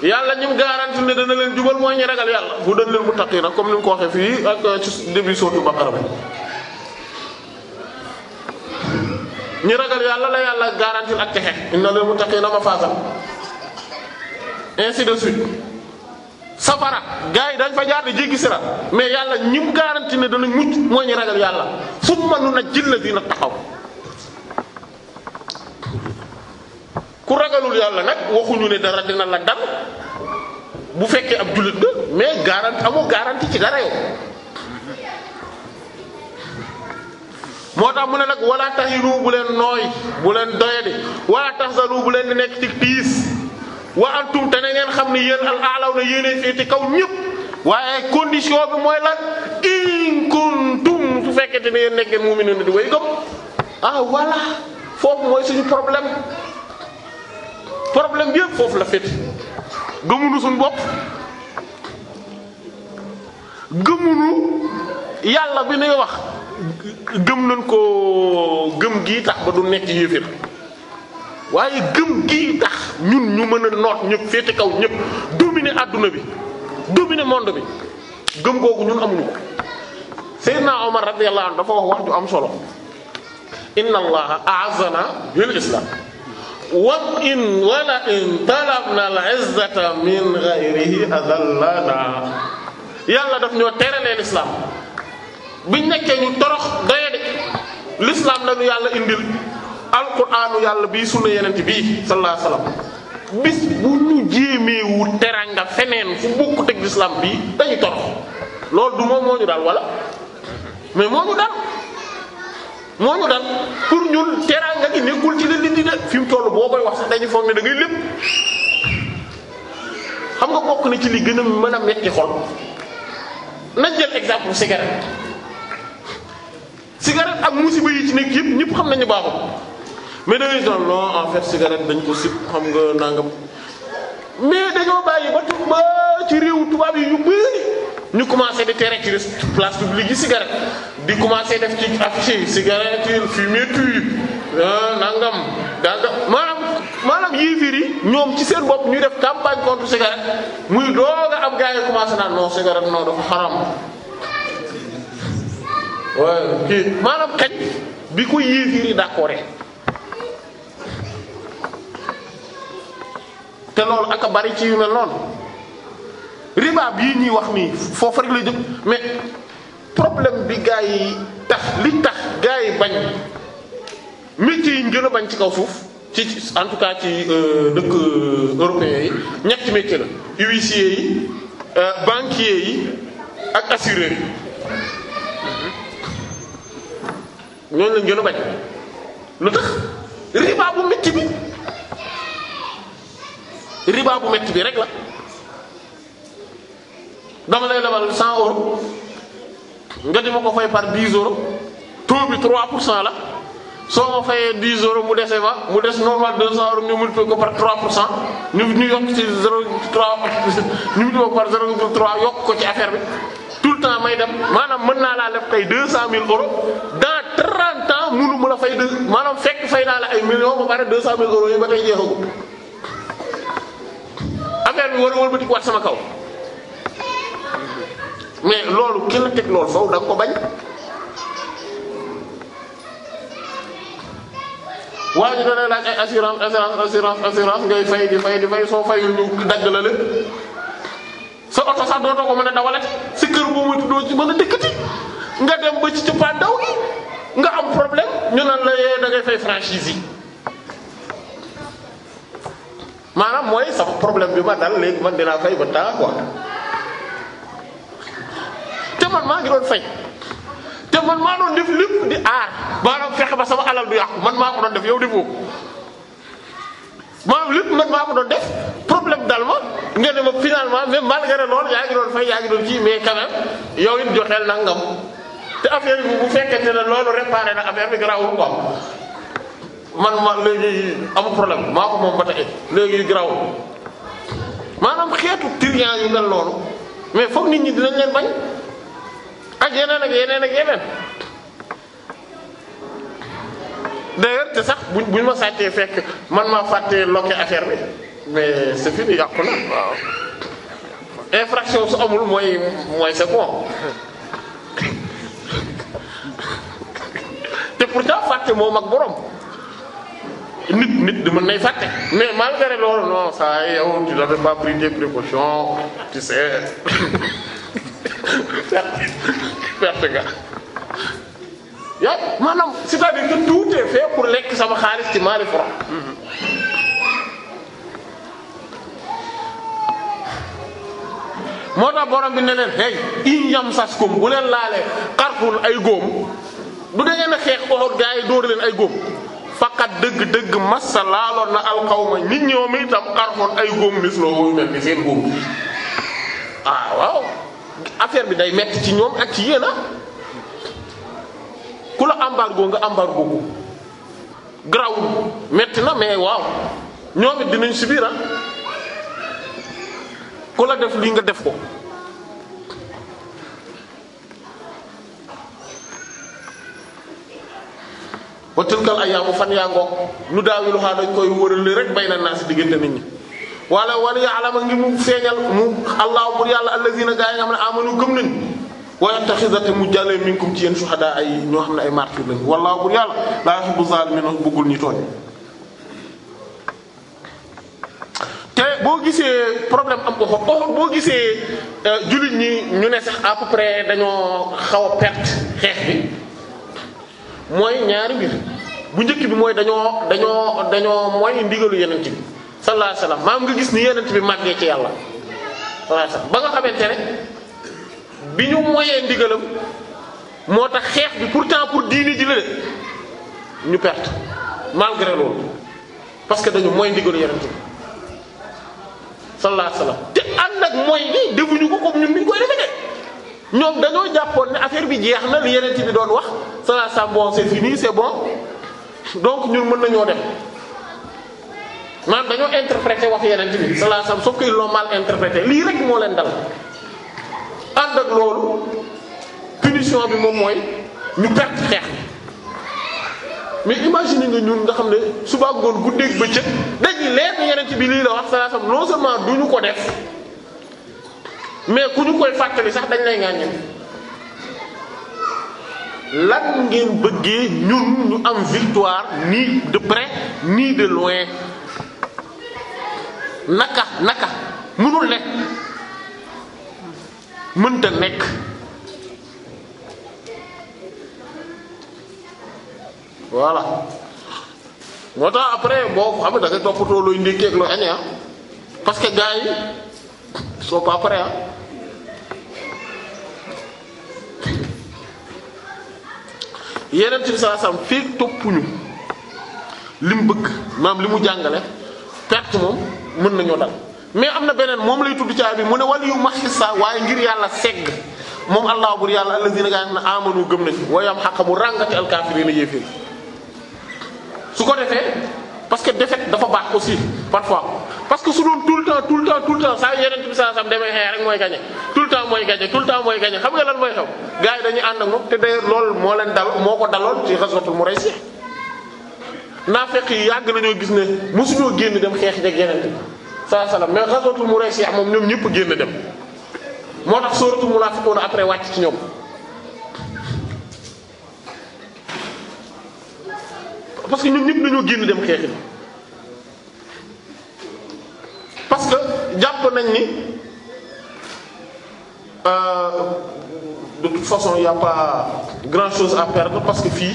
yàlla ñim garanti ne dana leen jubal mooy ñi ragal yàlla bu dana leen mu taqi nag comme ni mu ko waxee fii ak uh, ci début sootu Baqara bi ñi ragal yàlla la yàlla garanti ak texe inna lil muttaqina mafaza ainsi de suite safara gars yi dañ fa jaar di jéggi sira mais yàlla ñim gaaranti garanti ne danañ mucc moo ñu ragal yàlla summa nunajjil ladina taqaw ku ragalul yàlla nag waxuñu ne dara dina la dal bu fekkee ab jullit nga mais garanti amoo garanti ci dara yow moo tax mu ne nag wala tahinu bu leen nooy bu leen doyadi wala tahzanu bu leen di nekk ci tiis waa wa antum te ne ngeen xam ne yéen al aalaw na yéenay féete kaw ñëpp waaye condition bi mooy lan in kuntum su te ne yéen nekk ngeen mu'minuna di way gëm ah voilà foofu mooy suñu problème problème bi foofu la féete gëmunu suñu bopp gëmunu yàlla bi nuy wax gëm nañ ko gëm gii tax ba du nekk yéefir waaye gëm gi tax ñun ñu mën a noot ñëpp féete kaw ñëpp dominer adduna bi dominer monde bi gëm googu ñun amuñu ko Seydina Omar radiyallahu anhu dafa wax wax am solo inna allaha a'azzana bil islam wa in yàlla daf ñoo teralee l'islam biñ nekkee ñu torox doye de lañu yàlla indil alquraanu yàlla bii sunna yenent bii sallallahu alayhi wasallam bis bu ñu jéemeewu teranga feneen fu bokku teg l'islam bii dañu torox loolu du moom moo ñu daal wala mais moo ñu daal moo ñu daal pour ñun teranga gi nekkul ci la nit ñi de toll boo koy wax sax dañu foog ne dangay ngay lépp xam nga bokk na ci li gën a mën a metti xol nañ jël exemple cigarette cigarette ak musiba yi ci nekk yëpp ñëpp xam nañu baaxul. mais da ngay non en dañ ko sip xam nga nangam mais dañoo bàyyi ba ci réew tubaab yi yu bëri ñu commencé di tere ci place publique yi cigarette di commencé def ci affiche yi cigarette fumée tuy euh, nangam danga maanaam maanaam yéefar yi ñoom ci seen bopp ñuy def campagne contre cigarette muy doog a am yi commencé naan non cigarette non dafa xaram waaw kii bi ko yéefar yi te loolu ak a bari ci yu mel noonu riba bii ñuy wax nii foofu rek la jëm mais problème bi gaa yi tax li tax gaa yi bañ métiers yi ñu gën a bañ ci kaw suuf ci en tout cas ci euh, dëkk euh, européens yi ñetti métiers la huissiers yi euh, banquiers yi ak assureurs yi ñooñu lañ gën a bañ lu tax riba bu métti riba bu métti bi rek la dama lay lebal 100 euros nga di ma ko fay par 10 euros taux bi 3 pour cent la soo ma fayee 10 euros mu desee fa mu des normal 200 euros ñu multiplié ko par 3 pour cent ñu ñu yokk ci 0,3 ñu multiplié ko par 0,3 yokk ko ci affaire bi tout le temps may dem maanaam mën naa laa leb tey 200000 euros dans 30 ans mënu ma la fay de maanaam fekk fay naa la ay millions ba pare 200000 euros yi ba tey jeexagul. affaire bi war a wëlbati waat sama kaw mais loolu ki la teg loolu faw da ko bañ waa ji da lay laaj ay assurance assurance assurance assurance ngay fay di fay di fay soo fayul ñu dagg la lépp sa oto sax dootoo ko mën a dawalet sa kër boo moytu doo ci mën a dëkkati nga dem ba ci ca pandaw nga am problème ñu naan la yee eh, da fay franchise yi maanaam mooy sama problème bi ma dal léegi man dinaa fay ba temps quoi te man maa ngi doon fay te man maa doon def lépp di aar maanaam fexe ba sama alal du yàqu man maa ko doon def yow defoo ko maanaam man maa ko doon def problème dal ma nga ne ma finalement même malgré lool yaa ngi doon fay yaa ngi doon kii mais quand même yow it joxeel nangam te affaire bu bu fekkente ne loolu réparé na affaire bi garaawul quoi. man ma léegi amul problème maa ko moom ba tey léegi garaawul maanaam xeetu triant yu mel loolu mais foog nit ñi dinañ leen bañ ak yeneen ak yeneen ak yeneen d'ailleurs te sax bu buñ ma sàccee fekk man ma fàttee lokke affaire bi mais c'est fini yàqu na waaw infraction su amul mooy mooy c'est bon [LAUGHS] te pourtant fàtte moom ak borom. nit nit di mën nay fàtte mais malgré loolu non ça yow tu n'avais pas pris des précautions tu sais [LAUGHS] perte nga yow maanaam c'est-à-dire que tout pour lekk sama xaalis ci maari foro moo tax borom bi ne leen hey in yamsaskum bu leen laale xarfun ay góom du da ngeen a xeex oxoot gaa yi dóor leen ay góom faqat dëgg-dëgg massa laaloon na alxawma nit ñoom itam xarxoon ay góom misloo wooyu mel ni seen góom ah waaw affaire bi day metti ci ñoom ak ci yéen a ah. ku la embargo nga embargo ko grawul metti na mais waaw ñoom it dinañ subir ah. ku la def lii nga def ko wa tilkal ayaamu fan yaa ngoog nu daawiluhaa dañ koy wërale rek bay na naa si diggante nit ñi wala wala ya'lama ngir mu feeñal mu allahu bur yàlla allazina gaa yi nga xam ne amanu gëm nañ wa yattakhidha mu jàllee minkum ay ñoo xam ne ay martyr lañ wallahu bur yàlla laa ñu tooñ te boo gisee problème am ko boo gisee euh, jullit ñi ñu ne sax à peu dañoo xaw a perte xeex bi mooy ñaari mbir bu njëkk bi mooy dañoo dañoo dañoo mooy ndigalu yenent bi sallallahu alayhi wasallam maam nga gis ni yenent bi màggee ci yàlla sallallahu ba nga xamante ne bi ñu moyee ndigalam moo tax xeex bi pourtant pour diini ji la ñu perte malgré loolu parce que dañu mooy ndigalu yenent bi sallallahu te ànd ak mooy ni defuñu ko comme ñun bi ñu koy de ñoom dañoo jàppoon ne affaire bi jeex na li yeneen bi doon wax ça ça bon c'est fini se bon donc ñun mën nañoo dem maanaam dañoo interprété wax yeneen bi sallallahu alayhi wasallam sauf que ils l'ont mal interprété lii rek moo leen dal ànd loolu punition bi moom mooy ñu perte xeex mais imagine nga ñun nga xam ne suba ngoon guddeeg bëccëg dañuy leer na yeneen bi lii la wax sallallahu alayhi wasallam non duñu ko def mais ku ñu koy fàttali sax dañ lay ngaaññen lan ngeen bëggee ñun ñu am victoire ni de près ni loin naka naka mënul nekk mënta nekk voilà moo tax après boo xam ne da ngay toppatoo looy ndékkeeg looy añee ah. parce que gars yi sont pas prêts ah. yeneen bi sallallahu alayhi wasallam fii toppuñu li mu bëgg maanaam li mu jàngale perte moom mën nañoo dal mais am na beneen moom lay tudd caa mu ne wal yu maxisa waaye ngir yàlla segg moom allah bur yàlla alladina gaa na amanu gëm nañu waaye am xàq mu ràngati alkaafiriina yéeféer su ko defee. parce que défaite dafa baax aussi parfois parce que su doon tout le temps tout le temps tout le temps saa yeneen bi saa sam demee xeex rek mooy gagné tout temps mooy gagné xam nga lan mooy xew gars yi dañuy ànd ak moom te d'ailleurs loolu moo leen dal moo ko daloon ci Ghazwatul Muraysi naafeq yi yàgg nañoo gis ne mosuñoo génn dem xeex jeg yeneen bi saa salaam mais Ghazwatul Muraysi moom ñoom ñëpp génn dem moo tax sóoratul munaafiqun après wàcc ci ñoom parce que ñun ñëpp dañoo génn dem xeexi parce que jàpp nañ ni euh, de toute façon y a pas grand chose à perdre parce que fii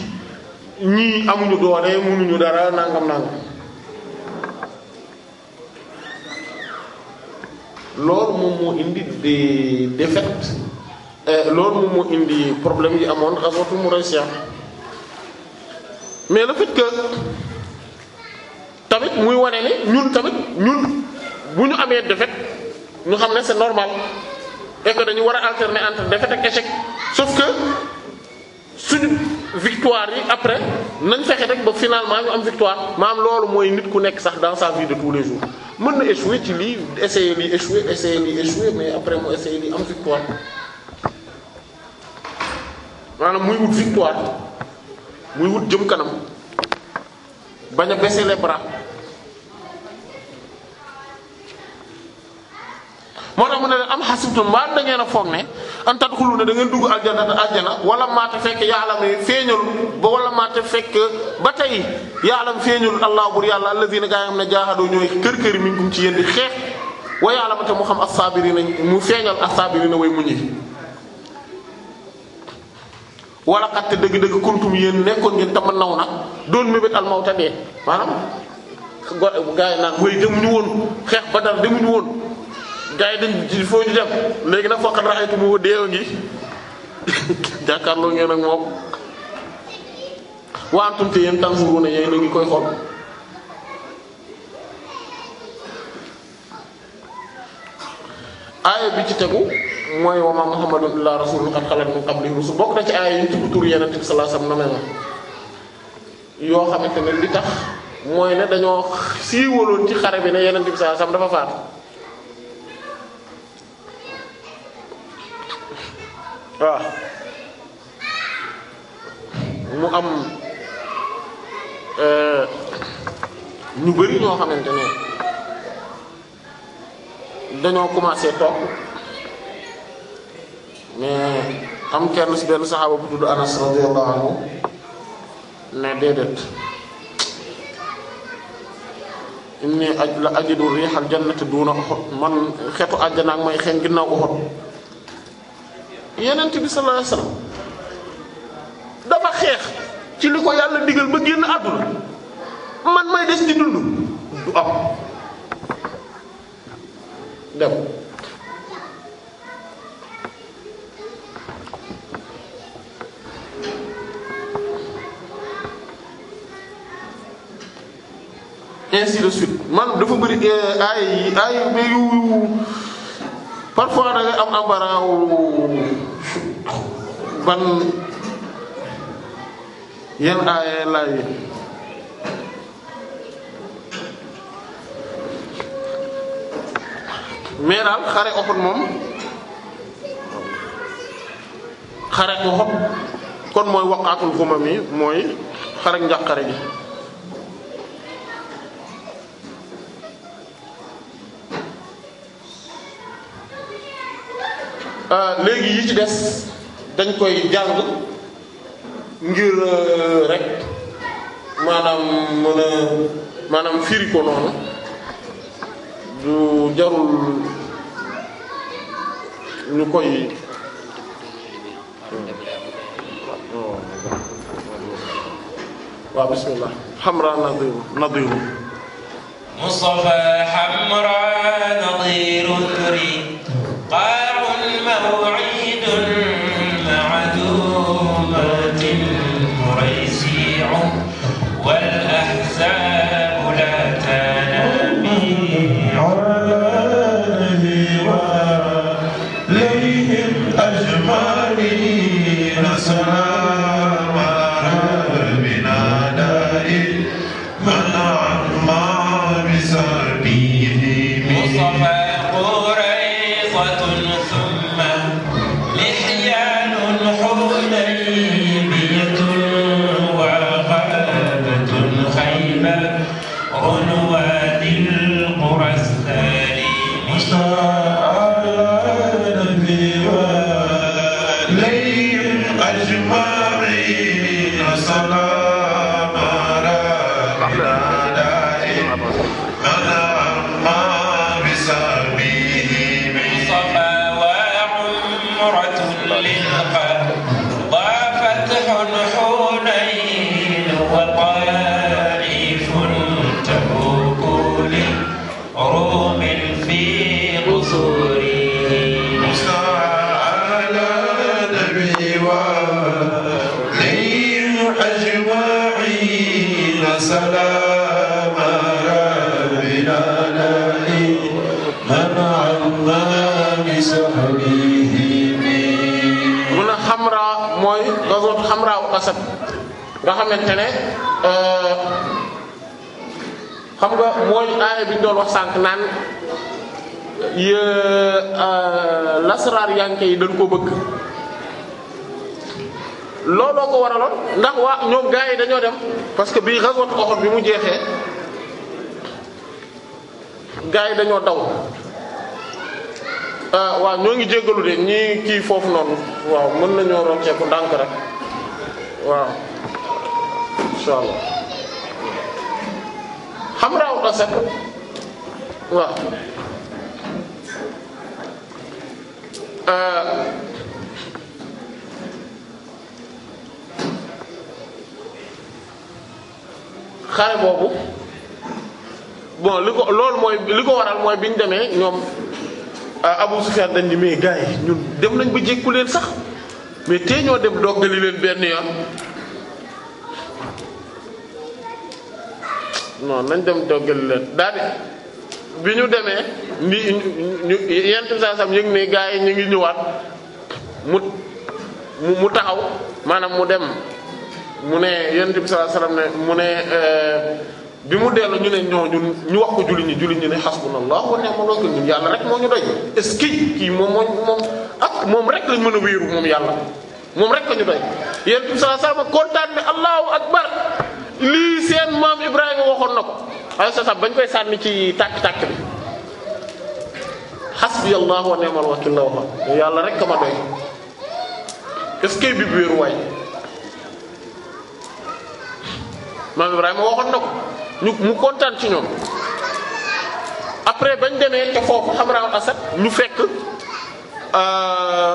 ñii amuñu doole mënuñu dara nangam nangam loolu moom moo indi des défaites euh, loolu moom moo indi problème yi amoon Ghazwatul Muraysiya mais le fait que tamit muy wane ne ñun tamit ñun bu ñu amee défaite ñu xam ne se normal et que dañu war a alterner entre défaite ak échec sauf que suñu victoire yi après nañ fexe rek ba finalement ñu am victoire maam loolu mooy nit ku nekk sax dans sa vie de tous les jours mën na échouer ci lii essayer lii échouer essayer lii échouer mais après mu essayer lii am victoire maanaam muy wut victoire muy wut jëm kanam bañ a baisser les moo tax mu ne am xasibtum mbaam da ngeen a foog ne an tadxulu ne da ngeen dugg aljana aljana wala maate fekk yaalam feeñul ba wala maate fekk ba tey yaalam feeñul allah bu yàlla alladina gaa yi xam ne jaahadoo ñooy kër kër minkum ci yéen di xeex wa yaalama te mu xam as-saabirina mu feeñal as-saabirina way muñ yi wala xatte dëgg-dëgg kuntum yéen nekkoon ngeen tama naw na doon mébét al mawta maanaam gaa yi naan mooy demuñu woon xeex ba dara demuñu woon gaa yi dañ foo ñu dem léegi nag faqad ra'aytu mu deewa ngi [LAUGHS] jàkkaarloo ngeen ak moom wa antum te a ngi koy bi ci tegu mooy wa ma muhammadun illa rasulun qad khalat min qablihi rusul bokk na ci aaya yi tudd tur yeneen bi sallallahu alayhi wasallam yoo xamante ne li tax mooy ne dañoo siiwaloon ci xare bi ne yeneen bi sallallahu alayhi wasallam dafa faatu mu am euh, ñu bari ñoo xamante ne dañoo commencé toog mais am kenn si benn saxaaba bu tudd Anas radiyallahu anhu ne déedéet inni aj la ajidu riixal jannati duuna Uhud man xetu àjjana ak may xeeñ ginnaaw Uhud yenent bi sallallahu alayhi wasallam dafa xeex ci li ko yàlla digal ba génn àdduna man may des di dund du am dem ainsi de suite man dafa bëri eh, ay ay parfois da ngay am embaraaw ban yenn aaye laay mais daal xare oxot moom xare oxot kon mooy waqaatul xuma mi mooy xare njàqare gi Euh, léegi yi ci des dañ koy jàng ngir euh, rek maanaam mën a maanaam firi noonu du jarul ñu koy waaw bismillah xamra nadiru nadiru وعلى nga xamante ne euh, xam nga mooy aaya bi doon wax sànq naan ye euh, lasaraar yanke yi dañ ko bëgg looloo ko waraloon ndax waa ñoom gars yi dañoo dem parce que bii xas watu oxot bi mu jeexee gars yi dañoo daw euh, waaw ñoo ngi jéggalu de ñii kii foofu noonu waaw mën nañoo rocceeku ndànk rek waaw incha allah xam raawul asad waaw euh, xare boobu bon li ko loolu mooy li ko waral mooy bi ñu demee ñoom euh, Abu Sufyaan dañ ni mais gars yi ñun dem nañ ba jékku leen sax mais tey ñoo dem doggali leen benn yoon. non nañ dem doggal leen daal di bi ñu demee ndi ñu yent saa sam yëg ne gars yi ñu ngi ñëwaat mu mu taxaw maanaam mu dem mu ne yent bi saa sallam ne mu ne euh, bi mu dellu ñu ne ñoo ñun ñu wax ko julli ñi julli ñi ne xasbunallah wa ni'mal wakil ñun yàlla ce que kii moom moo moom rek lañ mën a wéeru moom yàlla ne allahu akbar lii seen maam Ibrahima waxoon na ko alayhi salaam bañ koy sànni ci tàkk tàkk bi xasbi allahu wa ni'mal wakil la waxoon yàlla rek ka ma doy est-ce que bi wéeru waay maam Ibrahima waxoon na ko ñu mu kontaan ci ñoom après bañ demee te foofu Hamra Asad ñu fekk euh,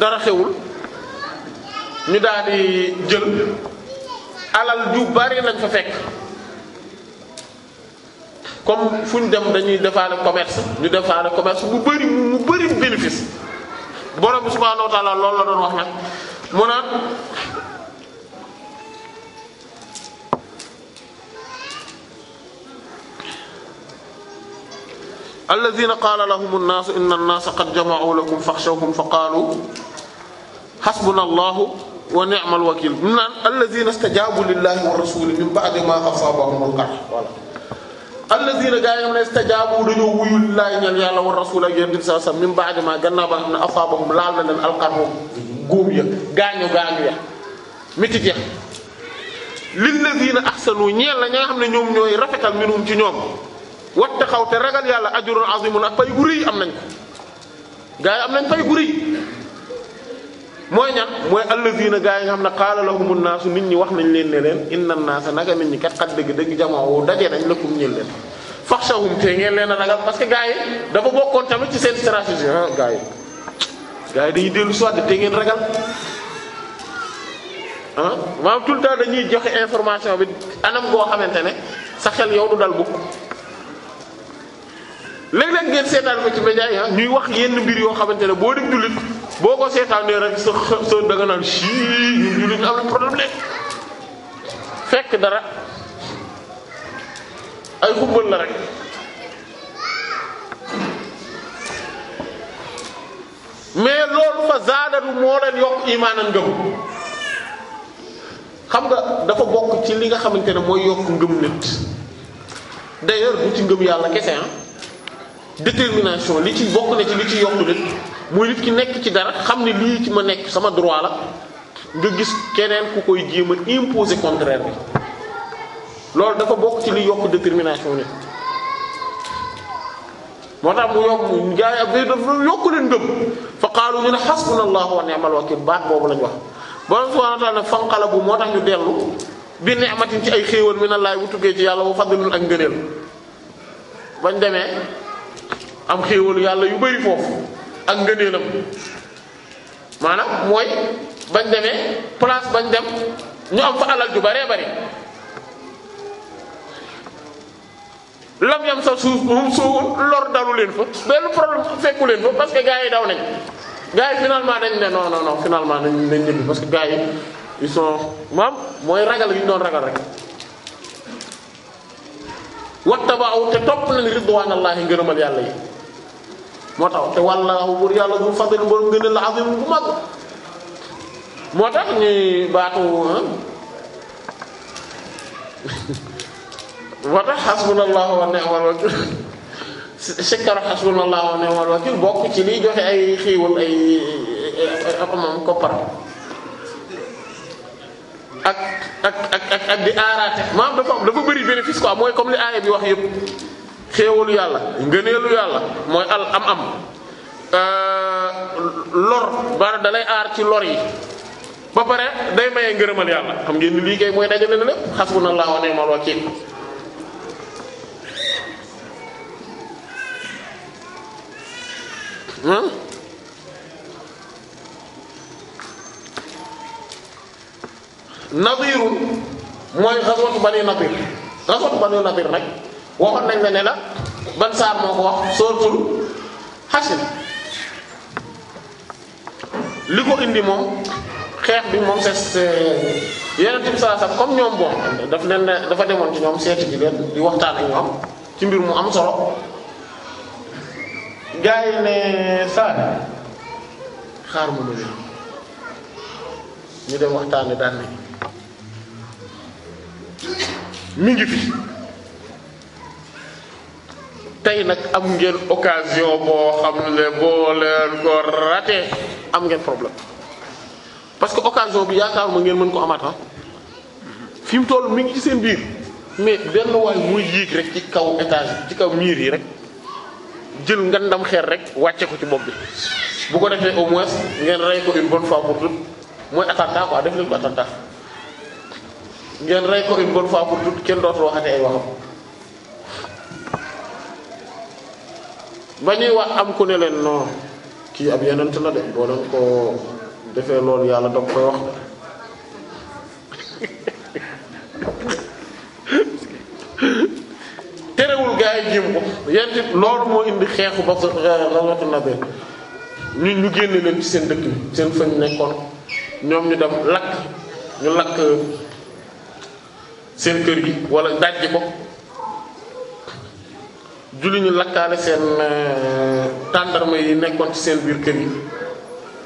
dara xewul ñu daal di jël. alal ju bari lañ fa fekk comme fu ñu dem dañuy defaale commerce ñu defaale commerce bu bari mu bari bénéfice borom bi subhaanahu wa taala la doon wax nag mu naan alladina qaala lahum nnaasu inna nnaasa qad jama'u lakum faxshawhum fa qaalu xasbuna allahu wa ni'mal wakiil bi mu naan allazina stajaabu lillahi wa rasuli min ba'di ma asaabahum al-qarh voilà allazina gaa yi nga xam ne stajaabu dañoo wuyu lillahi ñeel yàlla wa rasul ak yonent bi sallallahu alayhi wasallam min ba'di ma gannaaw ba nga xam ne asaabahum laal na leen al-qarh góob ya gaañu gaañu ya métit ya lillazina ahsanu ñeel na ñi nga xam ne ñoom ñooy rafetal minum ci ñoom wattaqaw te ragal yàlla ajrun azimun ak pay gu rëy am nañ ko gaa yi am nañ pay gu rëy mooy ñan mooy allazina gaa yi nga xam ne qaala lahumun naasu nit ñi wax nañ leen ne leen inna naasa naka nit ñi kat xat dëgg dëgg jamoo daje nañ la kum ñël leen faxshawhum te ngeen leen a ragal parce que gaa yi dafa bokkoon tamit ci seen stratégie ah gaa yi gaa yi dañuy dellu soit te ngeen ragal ah maanaam tout le temps dañuy joxe information bi anam boo xamante ne sa xel yow du dal bukk léeg-léeg ngeen seetaan ko ci média yi ah, ñuy wax yenn mbir yoo xamante ne boo dem jullit boo ko seetaanee rek sa sa danga naan sii ñun jullit am na problème fekk dara ay xumbal la rek mais loolu fa zaadatu moo leen yokk imaanan ngëm xam nga dafa bokk ci li nga xamante ne mooy yokk ngëm nit d'ailleurs du ci ngëm yàlla kese ah détermination li ci bokk na ci li ci yokk de muy nit ki nekk ci dara xam ne lii ci ma nekk sama droit la nga gis keneen ku koy jéem a contraire bi loolu dafa bokk ci li yokk détermination nit moo tax mu yokk gars yi ak day def yokk leen gëm fa qaalu ñu ne xasbunallahu wa ni'mal wakiil baat boobu lañ wax borom subhaanahu wa ta'aala ne fanqalabu moo tax ñu dellu bi ni'matin ci ay xéewal minallahi bu tukkee ci yàlla bu fadlun ak ngëneel bañ demee. am xéewalu yàlla yu bari foofu ak ngëneelam maanaam mooy bañ demee place bañ dem ñu am fa alal ju baree bari lam yam sa suuf moom suuful lor daru leen fa benn problème fekku leen fa parce que gars yi daw nañ gars yi finalement dañ ne non non non nañ nañ ñibbi parce que gars yi ils maam mooy ragal yi ñu doon ragal rek wattaba'u te topp nañ ridwaanallahi ngërëmal yàlla yi moo tax te wallaahu buur yàlla bu fadl borom gën la azim bu mag moo tax ñuy baatu moo tax xasbunallahu wa ni'mal wakil sikkaru wa ni'mal wakil bokk ci liy joxe ay xiiwal ay amam koppar ak ak ak ak di aaraate maanaam dafa am dafa bëri bénéfice quoi mooy comme li aaya bi wax yëpp xéewalu yàlla ngëneelu yàlla mooy al am am euh, lor maanaam dalay aar ci lor yi ba pare day maye ngërëmal yàlla xam ngeen lii kay mooy dajale na lépp xasbunallahu wa ni'mal wakiil hmm? nadiru mooy xaswatu bani nadir xaswatu bani nadir nag waxoon nañ la ne la ban saar moo ko wax sooratul Hashr li ko indi moom xeex bi moom c'est yeneen saa sax comme ñoom bon daf leen dafa demoon ci ñoom seeti bi leen di waxtaan ak ñoom ci mbir mu am solo gars yi ne saa xaar mu ne ñu dem waxtaane daan mi ngi fi. tey nag am ngeen occasion boo xam ne boo leen ko raté am ngeen problème parce que occasion bi yaakaar ma ngeen mën ko amaat ah. fi mu toll mi ngi ci seen biir mais benn waay muy yéeg rek ci kaw étage ci kaw miir yi rek jël ndam xeer rek wàcce ko ci bopp bi bu ko defee au moins ngeen rey ko une bonne fois pour toutes mooy attentat quoi def leen ko attentat ngeen rey ko une bonne fois pour toutes kenn dootul waxate ay waxam ba ñuy wax am ku ne leen non kii ab yonent la de boo leen ko defee loolu yàlla dog koy wax [LAUGHS] terewul gaa yi jéem ko yéen loolu moo indi xeexu ba eh, rawatu Nabil ñu ñu génne leen ci seen dëkk bi seen fañ nekkoon ñoom ñu dem lakk ñu lakk seen kër yi wala dajji ko julli ñu lakkaale seen euh, tàndarma yi nekkoon ci seen biir kër yi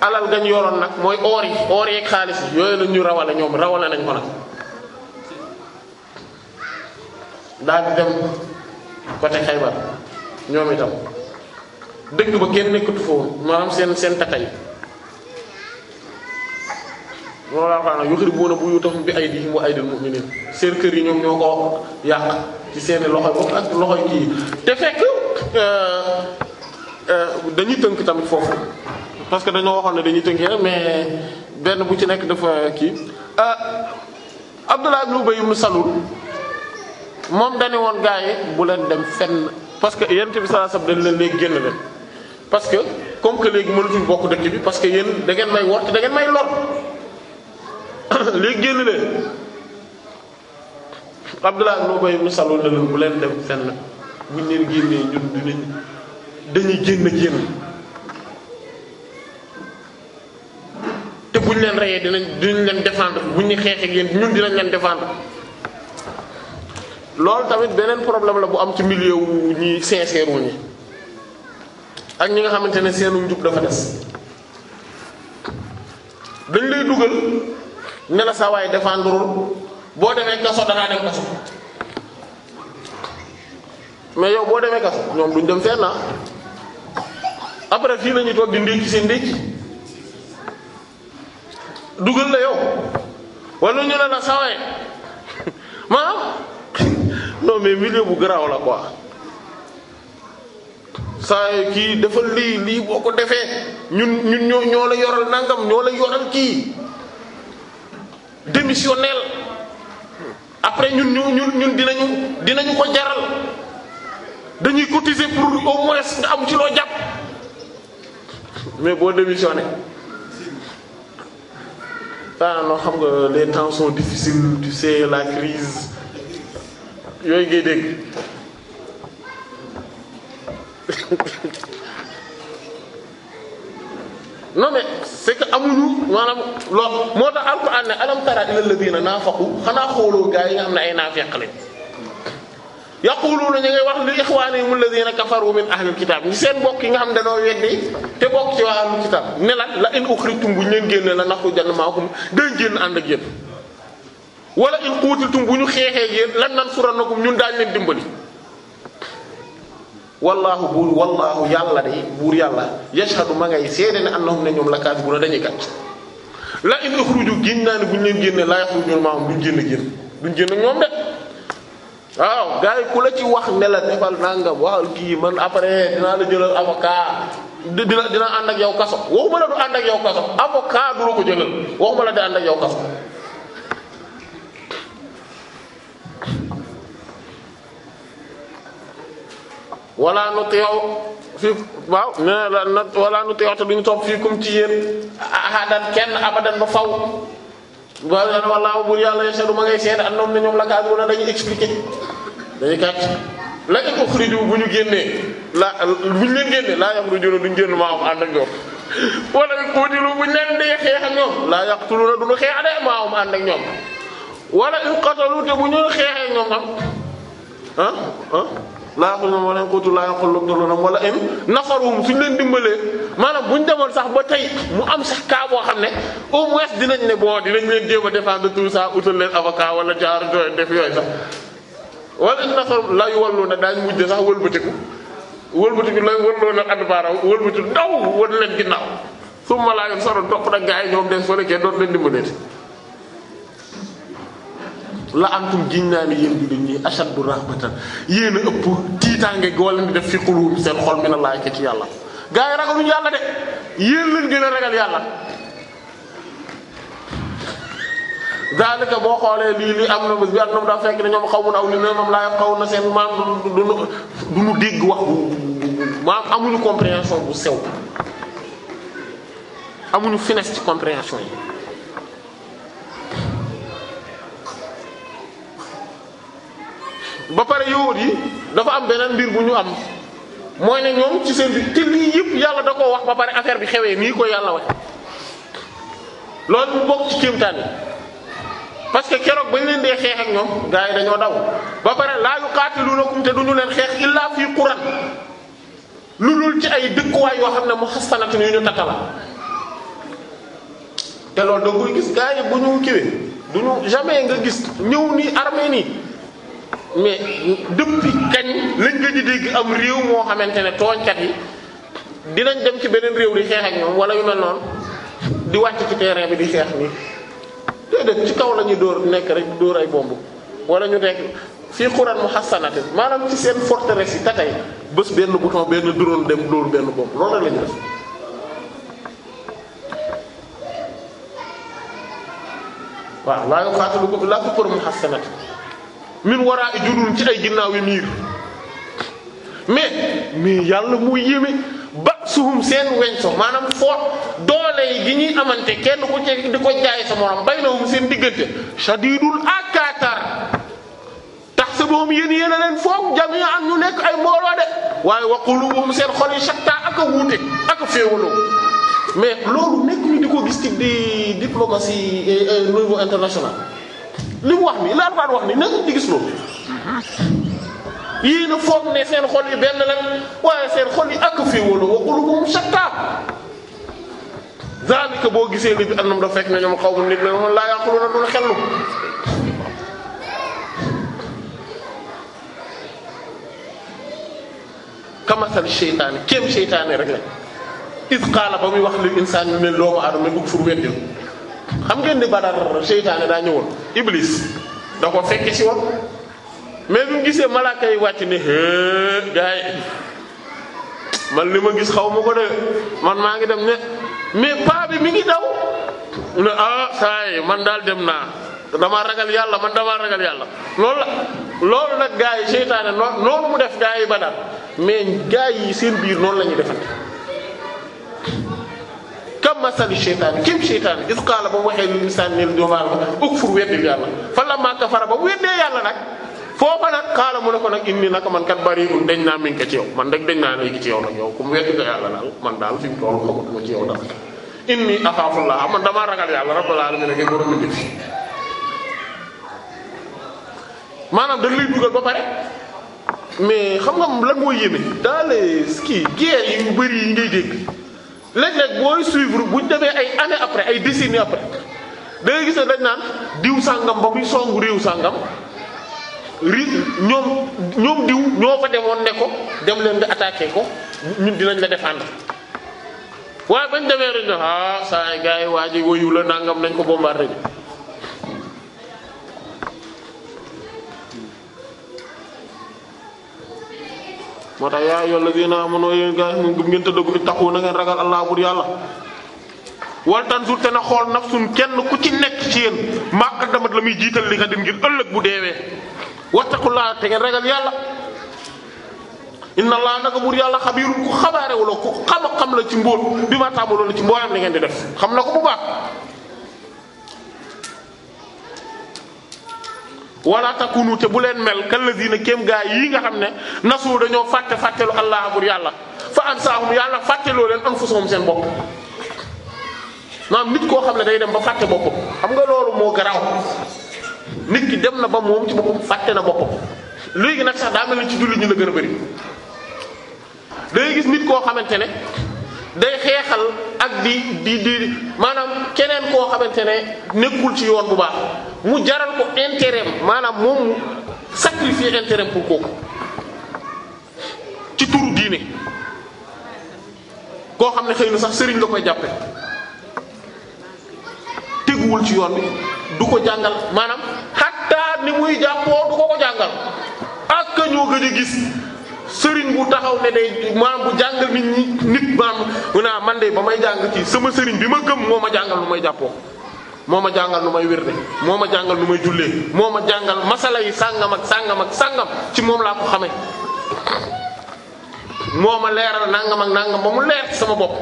alal gañ yoroon nag mooy oor yi oor xaalis yi yooyu la ñu rawale ñoom rawale nañ ko nag daal di dem côté Xaybar ñoom itam dëkk ba kenn nekkatu foofu maanaam seen seen tata yi loolu laa xam ne yuxribuuna buyuutahum bi aydihim wa aydil mu'miniin seen kër yi ñoom ñoo ko yàq ci seeni loxo bopp ak loxoy kii te fekk euh, euh, dañuy tënk tamit foofu parce que dañoo waxoon ne dañuy tënkee mais benn bu ci nekk dafa kii euh, Abdullah ba Ubay ibn Salul moom dañu woon gaa yi bu leen dem fenn parce que yent bi sallallahu alayhi wasallam dañ leen léegi génn leen parce que comme que léegi mënatuñ bokk dëkk bi parce que yéen da may wor te may lor [COUGHS] léegi génn leen Abdullah ibn Ubay ibn Salul ne leen bu leen dem fenn buñ leen génnee ñun dinañ dañuy génn ak yéen te buñ leen reyee dinañ dinañ leen défendre buñ ñu xeexee ak ñun dinañ leen défendre loolu tamit beneen problème la bu am ci milieu wu ñi sincère wu ñi ak ñi nga xamante ne seenu njub dafa des dañ lay dugal ne la saa waay défendreul boo demee kaso danaa dem kaso mais yow boo demee kaso ñoom duñ dem fenn ah. après fii la ñuy toog di ndékki seen ndékki dugal la yow wala ñu ne la sawee maanaam non mais milieu bu garaaw la quoi saa kii defal lii lii boo ko defee ñun ñun ñoo ñoo la yoral nangam ñoo la yoral kii démissionnel. après ñun ñu ñun ñun dinañu dinañu ko jaral dañuy cotiser pour au nga am ci loo jàpp mais boo démissionné ah non xam nga les temps sont difficiles la crise yooyu ngay dégg. [LAUGHS] non mais c'est que amuñu maanaam loolu moo tax alquran ne alam tara na alladhina naafaqu xanaa xooloo gaa yi nga xam ne ay naafeq lañ yaquluuna ñu ngay wax li ixwaanihim alladhina kafaru min ahlil seen bokk yi nga xam ne dañoo weddi te bokk ci waa kitaab ne lan la in ukhrijtum bu ñu leen génne la naxrujanna ma'akum dañ génn ànd ak yéen wala in qutiltum bu ñu xeexee la yéen lan nansurannakum ñun daañu leen dimbali wallaahu buur wallaahu yàlla de buur yàlla yashhadu ma ngay seede ne annahum ne ñoom lakaazibuna dañuy gàcc la in ukhruju génn naa ne bu ñu leen génne la yakhruju ma'ahum duñ génn génn duñ génn ñoom de waaw gars yi ku la ci wax ne defal nangam waxal kii man après dinaa la jëlal avocat dina dina ànd ak yow kaso waxuma la du ànd ak yow kaso avocat du la ko jëlal waxuma la di ànd ak yow kaso wala nuti'u fi waaw nee na wala nuti'u te duñu topp fii kum ci yéen ahadan kenn abadan ba faw waaw yàlla wallaahu buur yàlla yashhadu ma ngay seede andoom ne ñoom la kaasibuna dañuy expliquer dañuy kàcc la in ukhriju bu ñu génnee la bu ñu duñ génn maa am ànd ak ñoom wala in qutilu bu ñu xeexee ñoom am ah ah laa xam na moo leen xuutu laa xol loolu wala in nasaruhum suñ leen dimbalee maanaam ñu demoon sax ba tey mu am sax kaaboo xam ne au moins dinañ ne bon dinañ leen jéem a défendre tout ça utal leen avocat wala jaar def yooyu sax wala in nasaruhum la yuwalluuna daañu mujj sax wëlbatiku wëlbatiku la wëlloona adbaaraw wëlbatiku daw wër leen ginnaaw summa laa yoon saro topp nag gaa yi ñoom def soo lekkee doon leen dimbaleeti la antum giñ naa ne yéen jullit ñi ashaddu rahbatan yéen a ëpp tiitaange goo leen di def fi xuluum seen xol mi na laay ci yàlla gaa yi ragaluñu de yéen leen gën boo xoolee lii lii am na bés bi am na mu daa fekk ne ñoom xaw mun aw li ne moom laa xaw na seen maam du du nu dégg wax maam amuñu compréhension bu sew amuñu finesse ci compréhension yi ba pare yowóot yi dafa am beneen mbir bu ñu am mooy ne ñoom ci seen bi te lii yëpp yàlla da koo wax ba pare affaire bi xewee nii ko yàlla wax loolu mu bokk ci kéemtaan yi parce que keroog bañ leen dee xeex ak ñoom gars yi dañoo daw ba pare laa yuqaatiluunakum te duñu leen xeex illaa fii quran lu lul ci ay dëkkuwaay yoo xam ne muhassanatin yu ñu takkala te loolu da koy gis gars yi bu ñu kiwee duñu jamais nga gis ñëw nii armée nii mais depuis kañ lañ nga di dégg am réew moo xamante ne tooñkat yi dinañ dem ci beneen réew di xeex ak ñoom wala yu mel noonu di wàcc ci terrain bi di xeex nii déedéet ci kaw la ñuy dóor nekk rek dóor ay bomb wala ñu nekk fii mu muhassanatin maanaam ci seen forteresse yi tatay bés benn bouton benn drone dem dóor benn bomb loolu la ñu def waaw laa yuqaatilukum illaa fi qurun muhassanatin min waraa i judun ci ay ginnaaw yi miir mais mais yàlla moo yéeme ba suhum seen weñ so maanaam foot doole yi gi ñuy amante kenn ku ci di ko jaay sa morom bay na hum seen diggante shadidul akatar tax sa boom yéen yéen a leen foog jami'a am ñu nekk ay mbooloo de waaye wa qulubuhum seen xol yi shatta ak a wuute ak mais loolu nekk ñu di ko gis ci di diplomatie eh, eh, international li mu wax nii la Alxuraan wax nii na di gis loolu yii na foog ne seen xol yi benn la waaye seen xol yi ak fii wala wa qulubuhum shatta zalika boo gisee li bi annam da fekk ne ñoom xaw ma nit la moom laa yaquluna dul xellu kamasal seytaane kéem seytaane rek la is qaala ba muy wax li insaan mi mel doomu aadama mi bëgg fur xam ngeen di badar seytaane daa ñëwoon iblis da ko fekke si woon mais bi gisee malaaka yi wàcc ne hee gaay man li ma gis xaw ma ko de man maa ngi dem ne mais paa bi mi ngi daw ne ah saay man daal dem naa damaa ragal yàlla man damaa ragal yàlla loolu la loolu nag gaa yi seytaane noonu mu def gaay yi badar mais gaa yi seen biir noonu la ñuy defante kam masali seytaane kim seytaane is qaala ba mu waxee lil insaan nil doomaal ba ukfur weddil yàlla fa lammaa kafara a mu weddee yàlla nag foofa nag xaala mu ne ko nag indi naka man kat bariwul dañ naa miñ ko ci yow man rek dañ naa léegi ci yow nag yow ku mu yàlla daal man daal fi mu toll xamatuma ci yow daal inni axaafullaa man damaa ragal yàlla rabbal alamin ak maanaam dañ lay dugal ba pare mais xam nga lan mooy yéeme dans les ski guerre yu bëri yi ngay dégg léeg-léeg booy suivre bu ñu demee ay années après ay décennies après da ngay gis naan diw sàngam ba muy songu réew sàngam ri ñoom ñoom diw ñoo fa demoon ne ko dem leen nga attaqué ko ñun dinañ la défendre waaye bañ demee rek ne ah saa yu gars yi waa ji woyu la nangam nañ ko bombardé bi moo tax yaa ayyuhal lazina amanu yéen gaa yi gëm ngeen te dëggu ittaqu na ngeen ragal allah bur yàlla wal tanzur te na xool nafsun kenn ku ci nekk ci yéen ma qaddamat la muy jiital li nga din ngir ëllëg bu deewee wattaqullaha te ngeen ragal yàlla inna allah naka buur yàlla xabiirun ku xabaarewuloo ku xam-xam la ci mbóot bi ma tàmbaloon ci mbooyam li ngeen di def xam na ko bu baax wala takunu te bu leen mel kallazina kéem gaa yii nga xam ne nasu dañoo fàtte fàttelu allah bur yàlla fa ansaahum yàlla fàtteloo leen anfusahum seen bopp maanaam nit koo xam ne day dem ba fàtte boppam xam nga loolu moo garaaw nit ki dem na ba moom ci boppam fàtte na boppam léegi nag sax daa mel ni ci julli ñu la gën a bari da gis nit koo xamante ne day xeexal ak di di di maanaam keneen koo xamante ne nekkul ci yoon bu baax mu jaral ko intérêt maanaam moom mu sacrifier intérêt pour kooku ci turu diine koo xam ne xëy na sax sëriñ la koy jàppe teguwul ci yoon bi du ko jàngal maanaam xatta ni muy jàppoo du ko ko jàngal ak ñoo gën a gis sëriñ bu taxaw ne day maanaam bu jàngal nit nit maanaam mu naa ah, man de ba may jàng ci sama sëriñ bi ma gëm moo ma jàngal lu may jàppoo moo ma jàngal lu may wér de moo ma jàngal lu may jullee moo ma jàngal masala yi sàngam ak sàngam ak sàngam ci moom laa ko xamee moo ma leeral nangam ak nangam ba mu leer ci sama bopp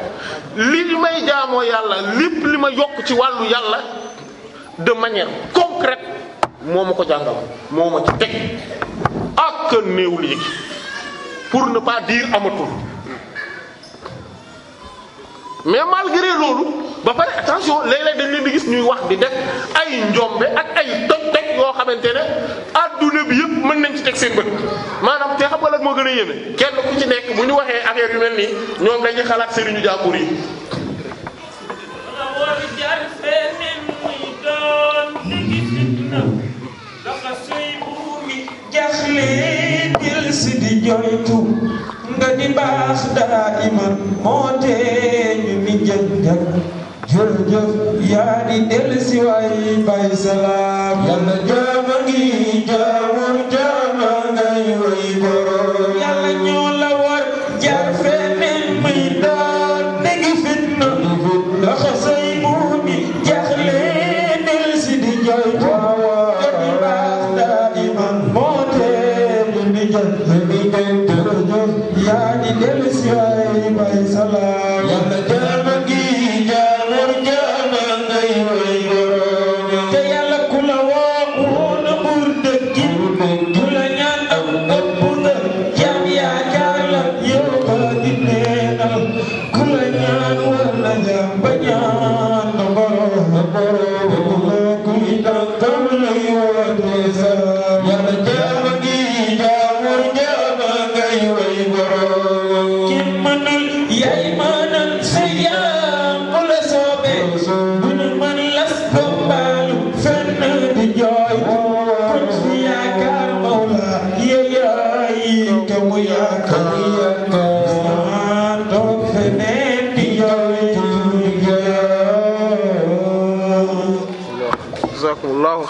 li li may jaamoo yàlla lépp li ma yokk ci wàllu yàlla de manière concrète moo ma ko jàngal moo ma ci teg ak néew léegi pour ne pas dire amatul mais malgré loolu ba pare attention léeg-léeg dañ leen di gis ñuy wax di def ay njombe ak ay toj toj yoo xamante ne adduna bi yëpp mën nañ ci teg seen bët maanaam te xam nga lan moo gën a yéeme kenn ku ci nekk bu ñu waxee affaire yu mel nii ñoom dañuy xalaat sëriñu jàmbur yi jaaxle dil si di joytu nga di baax daa iman moo tee ñu ni jëngal jërëjëf yaa di del si waay bay salaam yàlla jaama ngi jaamam jaam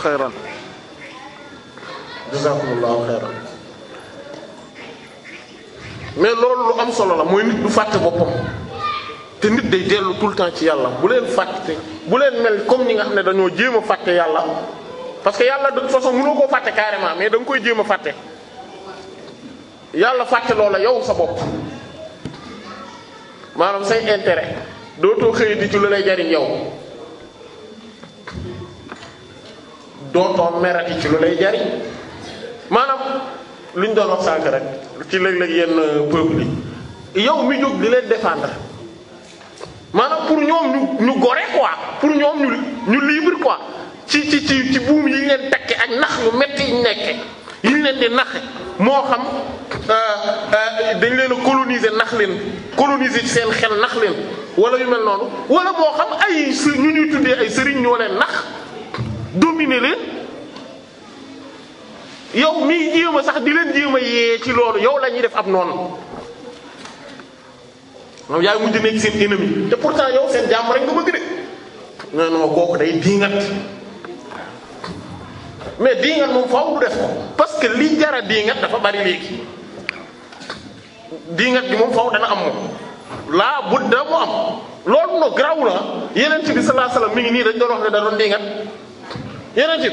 xayran jazakumullahu mais loolu lu am solo la mooy nit du fàtte boppam te nit day dellu tout le temps ci yàlla bu leen fàtte bu leen mel comme ni nga xam ne dañoo jéem a fàtte yàlla parce que yàlla de toute façon mënoo koo fàtte carrément mais da koy jéem a fàtte yàlla fàtte loola yow sa bopp maanaam say intérêt dootoo xëy di ci lu lay jariñ yow dootoo merati ci lu lay jariñ maanaam lu ñu doon wax sànk rek ci léeg-léeg yenn peuple yi yow mi jóg di leen défendre maanaam pour ñoom ñu ñu gore quoi pour ñoom ñu ñu libre quoi ci ci ci ci buum yi ñu leen takke ak nax lu metti yi ñu nekke yi leen di nax moo xam euh, euh, dañ leen a coloniser nax leen coloniser ci seen xel nax leen wala yu mel noonu wala moo xam ay ñu ñuy tuddee ay sëriñ ñoo leen nax dominer leen yow miy jéem a sax di leen jéem a yee ci loolu yow la ñuy def ab noonu moom yaay mujj nekk seen ennemi te pourtant yow seen jàmm rek nga bëgg de non non day diingat mais diingat moom faaw du def ko parce que li jara diingat dafa bari léegi diingat bi moom faaw dana am moom laa bu da mu am loolu no garaw la ah. yeneen ci bi sallallahu alayhi wasallam mi ngi nii dañ doon wax ne da doon diingat yonent bi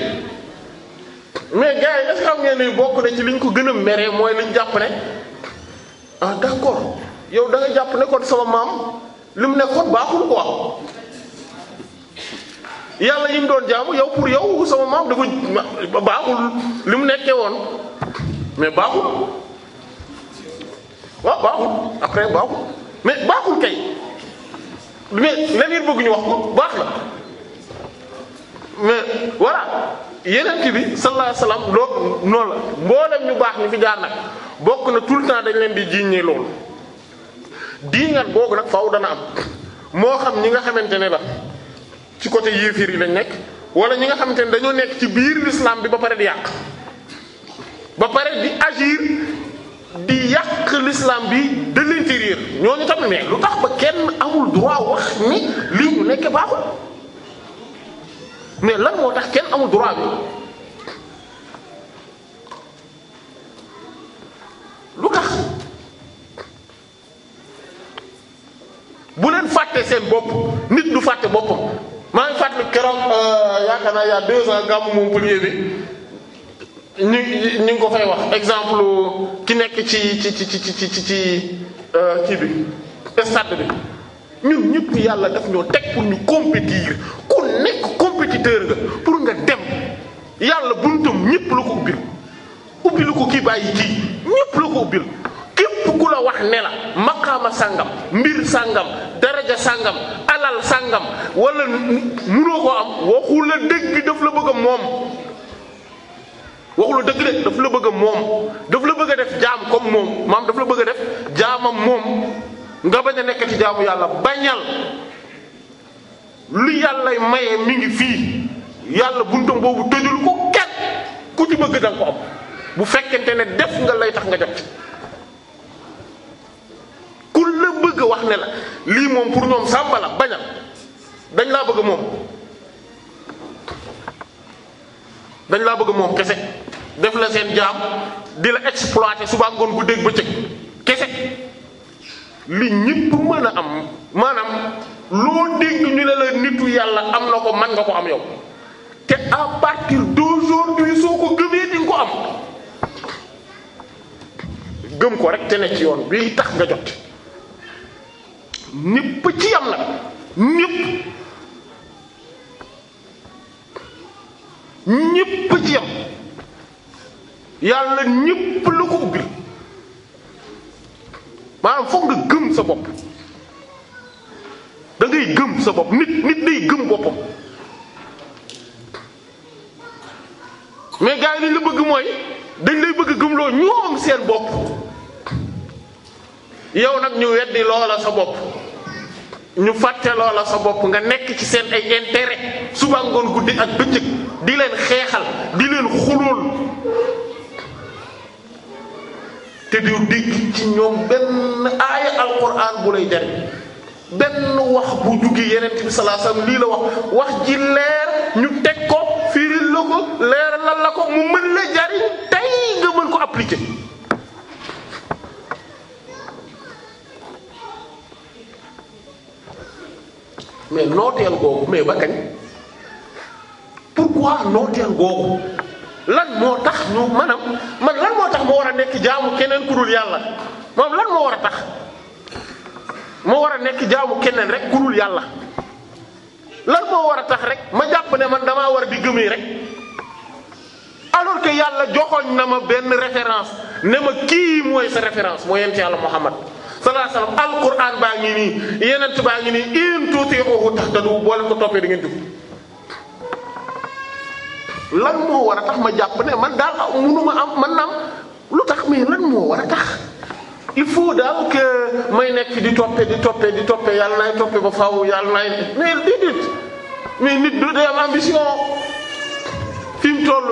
mais gars yi est-ce xam ngeen ne bokk na ci liñ ko gën a meree mooy liñ jàpp ne ah d'accord yow danga jàpp ne kon sama maam li mu nekkoon baaxul quoi yàlla yi mu doon jaamu yow pour yow sama maam dafa baaxul li mu nekkee woon mais baaxul waaw baaxul après baaxul mais baaxul kay mais leneen bëgg ñu wax ko baax la. mais voilà yenent bi sallallahu alayhi wasallam loo noonu la mboolem ñu baax ñu fi jaar bokk na tout le temps dañ leen di jiiñee loolu diingat googu nag faaw dana am moo xam ñi nga xamante ne la ci côté yéefir yi lañ nekk wala ñi nga xamante ne dañoo nekk ci biir l'islam bi ba pare di yàq ba pare di agir di yàq l'islam bi de l'intérieur ñooñu tamit mais lu tax ba kenn amul droit wax ni lii ñu nekk baaxul mais lan moo tax kenn amul droit bi lu tax bu leen fàtte seen bopp nit du fàtte boppam maa ngi fàttali keroog euh, yaakaar naa y'a deux ans gàmmu Montpellier bi ñu ñu ngi ko fay wax exemple ki nekk ci ci ci ci ci ci ci euh, kii bi stade bi ñun ñëpp yàlla daf ñoo teg pour ñu compétir ku nekk compétiteur nga pour nga dem yàlla buntum ñëpp la ko ubbil ubbi lu ko kii bàyyi kii ñëpp la ko ubbil képp ku la wax ne la maqaama sàngam mbir sàngam daraja sàngam alal sàngam wala munoo ko am waxu dëgg daf la bëgg a moom waxu dëgg de daf la bëgg a moom daf la bëgg a def jaam comme moom maam daf la bëgg a def jaamam moom nga bañ a nekk jaabu jaamu yàlla bañal lu yàlla maye mi ngi fii yàlla buntam boobu tëjul ko kenn ku ci bëgg danga ko am bu fekkente ne def nga lay tax nga jot ku la bëgg wax ne la lii moom pour ñoom sàmba la bañal dañ laa bëgg moom dañ laa bëgg moom kese def la seen jaam di la exploiter suba ngoon bu dégg bëccëg kese li ñëpp mën a am maanaam loo dégg ñu ne la nitu yàlla am na ko man nga ko am yow te à partir d'aujourd'hui soo ko gëmee di ko am gëm ko rek te ne ci yoon bi tax nga jot ñëpp ci yam nag ñëpp ñëpp ci yam yàlla ñëpp la ko ubbil maanaam foog nga gëm sa bopp dangay gëm sa bopp nit nit day gëm boppam mais gars yi li la bëgg mooy dañ lay bëgg gëmloo ñoom seen bopp yow nag ñu weddi loola sa bopp ñu fàtte loola sa bopp nga nekk ci seen ay intérêt suba guddi ak bëccëg di leen xeexal di leen xulool te du dégg ci ñoom benn aaya alquran bu lay jariñ benn wax bu jugee yeneen bi sallallahu lii la wax wax ji leer ñu teg ko firil la ko leer lan la ko mu mën la jariñ tey nga mën ko appliquer mais nooteel googu mais ba kañ pourquoi nooteel googu lan moo tax ñu maanaam man lan moo tax ma war a nekk jaamu keneen ku dul yàlla moom lan moo war a tax ma war a nekk jaamu keneen rek ku dul yàlla lan moo war a tax rek ma jàpp ne man damaa war a di gëmee rek alors que yàlla joxoñ na ma benn référence ne ma kii mooy sa référence mooy yent yàlla Muhammad sallallahu alayhi wasallam alquran baa ngi nii yenent baa ngi nii in tuuti'uhu tahtadu boole ko toppee da ngeen jub lan moo war a tax ma jàpp ne man daal munuma am man naam lu tax mais lan moo war a tax il faut daal que may nekk di toppe di toppe di toppe yàlla naay toppe ba faaw yàlla naay mais déedéet mais nit du day am ambition fi mu toll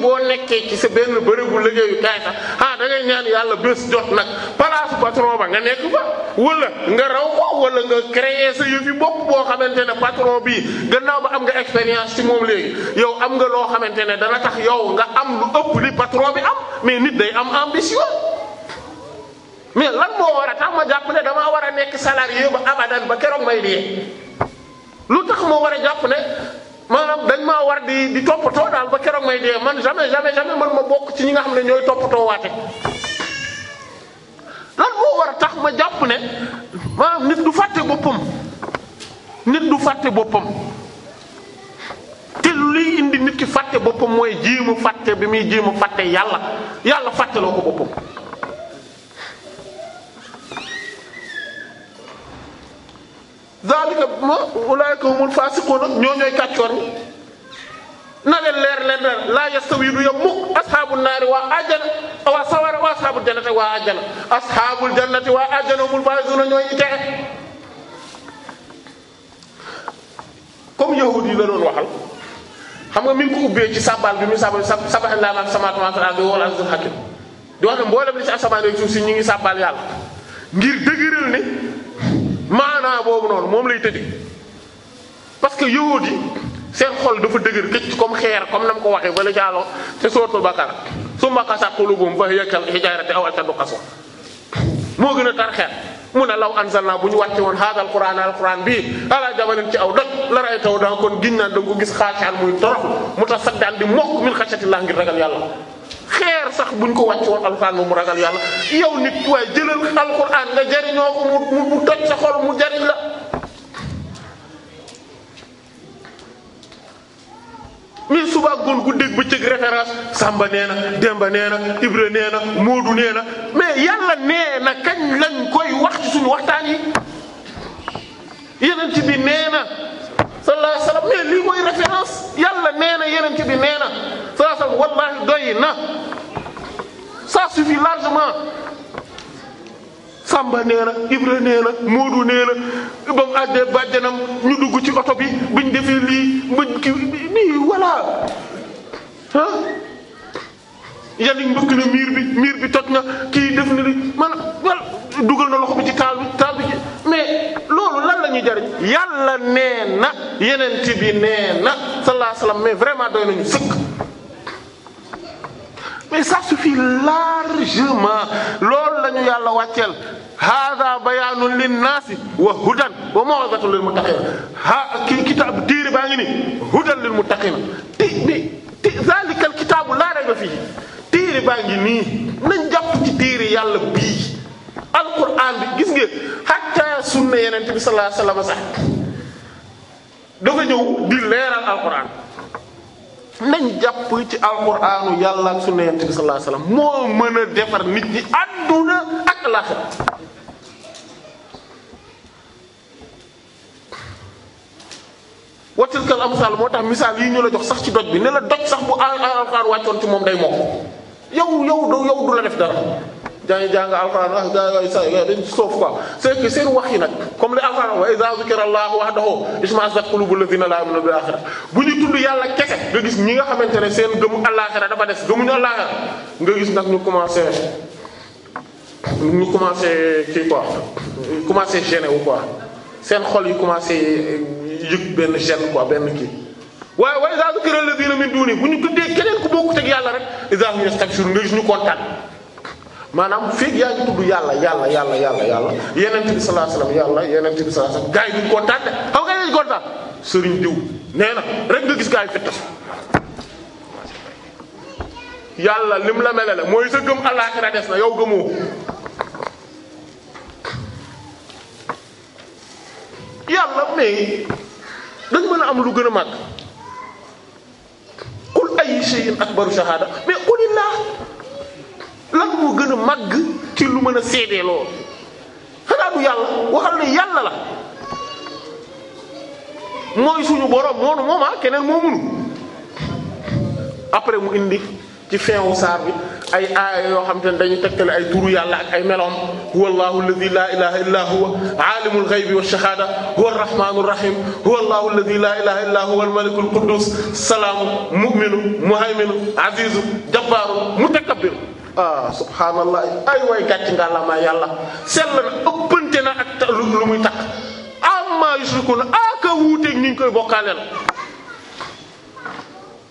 boo nekkee ci sa benn bërëbu liggéeyukaay sax ah da ngay ñaan yàlla bés jot nag place patron ba nga nekk fa wala nga raw ko wala nga créer sa yëfi bopp boo xamante ne patron bii gannaaw ba am nga expérience ci moom léegi yow am nga loo xamante ne dana tax yow nga am lu ëpp li patron bi am mais nit day am ambition mais lan moo war a tax ma jàpp ne damaa war a nekk salarié ba abadan ba keroog may dee lu tax moo war a jàpp maanaam dañ maa war di di toppatoo daal ba keroog may dee man jamais jamais jamais man ma bokk ci ñi nga xam ne ñooy toppatoo waate lan moo war a tax ma jàpp ne maanaam nit du fàtte boppam nit du fàtte boppam te luy indi nit ki fàtte boppam mooy jéem a fàtte bi muy jéem a fàtte yàlla yàlla fàtteloo ko boppam zalika ma ulaayka humul faasiquun ñoo ñooy kàccoor ñi na leen leer leen leen laa yastawi du yem mukk asxaabu naari waa àjjana waa sawara waa asxaabu jannati waa àjjana asxaabul jannati waa àjjana ñooy ñi texe comme yahud yi la doon waxal xam nga mi ngi ko ubbee ci sabbal bi mu sabbal sabbal laa maa fi samaawaati wa maa fi di wax ne mboolem ci asamaan ak si ñu ngi sabbal yàlla ngir dëgëral ne. maanaa boobu noonu moom lay tëddi parce que yahud yi seen xol dafa dëgër këcc comme xeer comme na nam ko waxee fële caalo te sootul Bakara summa qasat qulubuhum fa hiya kal hijarati aw ashaddu qaswa moo gën a tar xeer mu ne law anzalna bu ñu wàcce woon haadal quraan alquran bii ala jabalin ci aw doj la ray taw daa kon giñ naa da nga ko gis xaasaan muy torox mu tax sax daan di mokk min xashatillah ngir ragal yàlla xeer sax buñ ko wàcc woon alxuraan moom mu ragal yàlla yow nit waaye jëlal alxuraan nga jariñoo ko mu mu toj sa xol mu jariñ la mais suba góor gu dégg bëccëg référence sàmba nee na Demba nee na Ibra nee na Moodu nee mais yàlla nee na kañ lañ koy wax ci suñu waxtaan yi yeneen ci bi nee sallallahu alayhi wa sallam mais lii mooy référence yàlla nee na yeneen ci bi nee na sallallahu alayhi wa sallam wallahi doy na ça suffit largement Samba nee na Ibra nee na Moodu nee na ba mu àddee bàjjanam ñu dugg ci oto bi buñ defee lii buñ ki nii voilà ah yaniñ mbëkk na miir bi miir bi toj na kii def na li man dugal na loxo bi ci taal bi taal bi mais loolu lan la ñuy jariñ yàlla nee na yenent bi nee na sallallahu alayhi wasallam mais vraiment doy nañu sëkk mais ça suffit largement loolu la ñu yàlla wàcceel hada bayaanun linnaasi wa hudan wa maw'izatun lil muttaqin ha kii kitaab diiri baa ngi ni hudan lil muttaqin ti ti ti zalikal kitaabu laa rayba fii diiri baa ngi nii nañ jàpp ci diiri yàlla bii alquran bi gis ngeen xatta sunna yeneen bi sallallahu alayhi wasallam sax dafa ñëw di leeral alquran nañ jàpp ci alquranu yàlla ak sunna yeneen bi sallallahu moo mën a defar nit ñi àdduna ak laaxira wa tilkal moo tax misaal yi ñu la jox sax ci doj bi ne la doj sax bu alquran wàccoon ci moom day mokk yow yow yow du la def dara jàng jàng alxuraan wax gaa yooyu sa yooyu dañ soof quoi c'est que seen wax yi nag comme li alxuraan wa iza zikra allah wahdahu ishma'azzat qulubul ladina la yu'minuna bil akhirah bu ñu tudd yàlla kese nga gis ñi nga xamante ne seen gëmu àllaaxira dafa des gëmuñu àllaaxira nga gis nag ñu commencé ñu commencé kii quoi commencé gêné wu quoi seen xol yi commencé yëg benn gêne quoi benn kii waaye wa iza zikra alladina min duni bu ñu tuddee keneen ku bokkut ak yàlla rek iza hum yastabshirun nga gis maanaam feeg yaa ngi tudd yàlla yàlla yàlla yàlla yàlla yeneen bi sallallahu alayhi wasallam yàlla yeneen bi sallallahu alayhi wasallam gaa yi duñ kontaan de xaw nga dañ kontaan sëriñ diw nee na rek nga gis gaa yi fettas yàlla lim la mele la mooy sa gëm àllaaxira des na yow gëmoo yàlla mais dañ mën a am lu gën a màgg qul ayyu shay'in akbaru shahada mais qulillah lan moo gën a màgg ci lu mën a seedee lool xanaa du yàlla waxal ne yàlla la mooy suñu borom moonu moom ah, keneen moo mënu après mu indi ci feewu saar bi ay aaya yoo xam te dañu tegtale ay turu yàlla ak ay meloom huwa allahu alladi laa ilaha illaa huwa aalimu alxaybi salaamu muminu muhayminu azizu jabbaaru mutakabbiru ah subhanallah ay way gàcc nga la ma yàlla sell na ëppante na ak lu muy takk amma yushrikuna aka ah, wuuteeg ni ñu koy bokkaaleel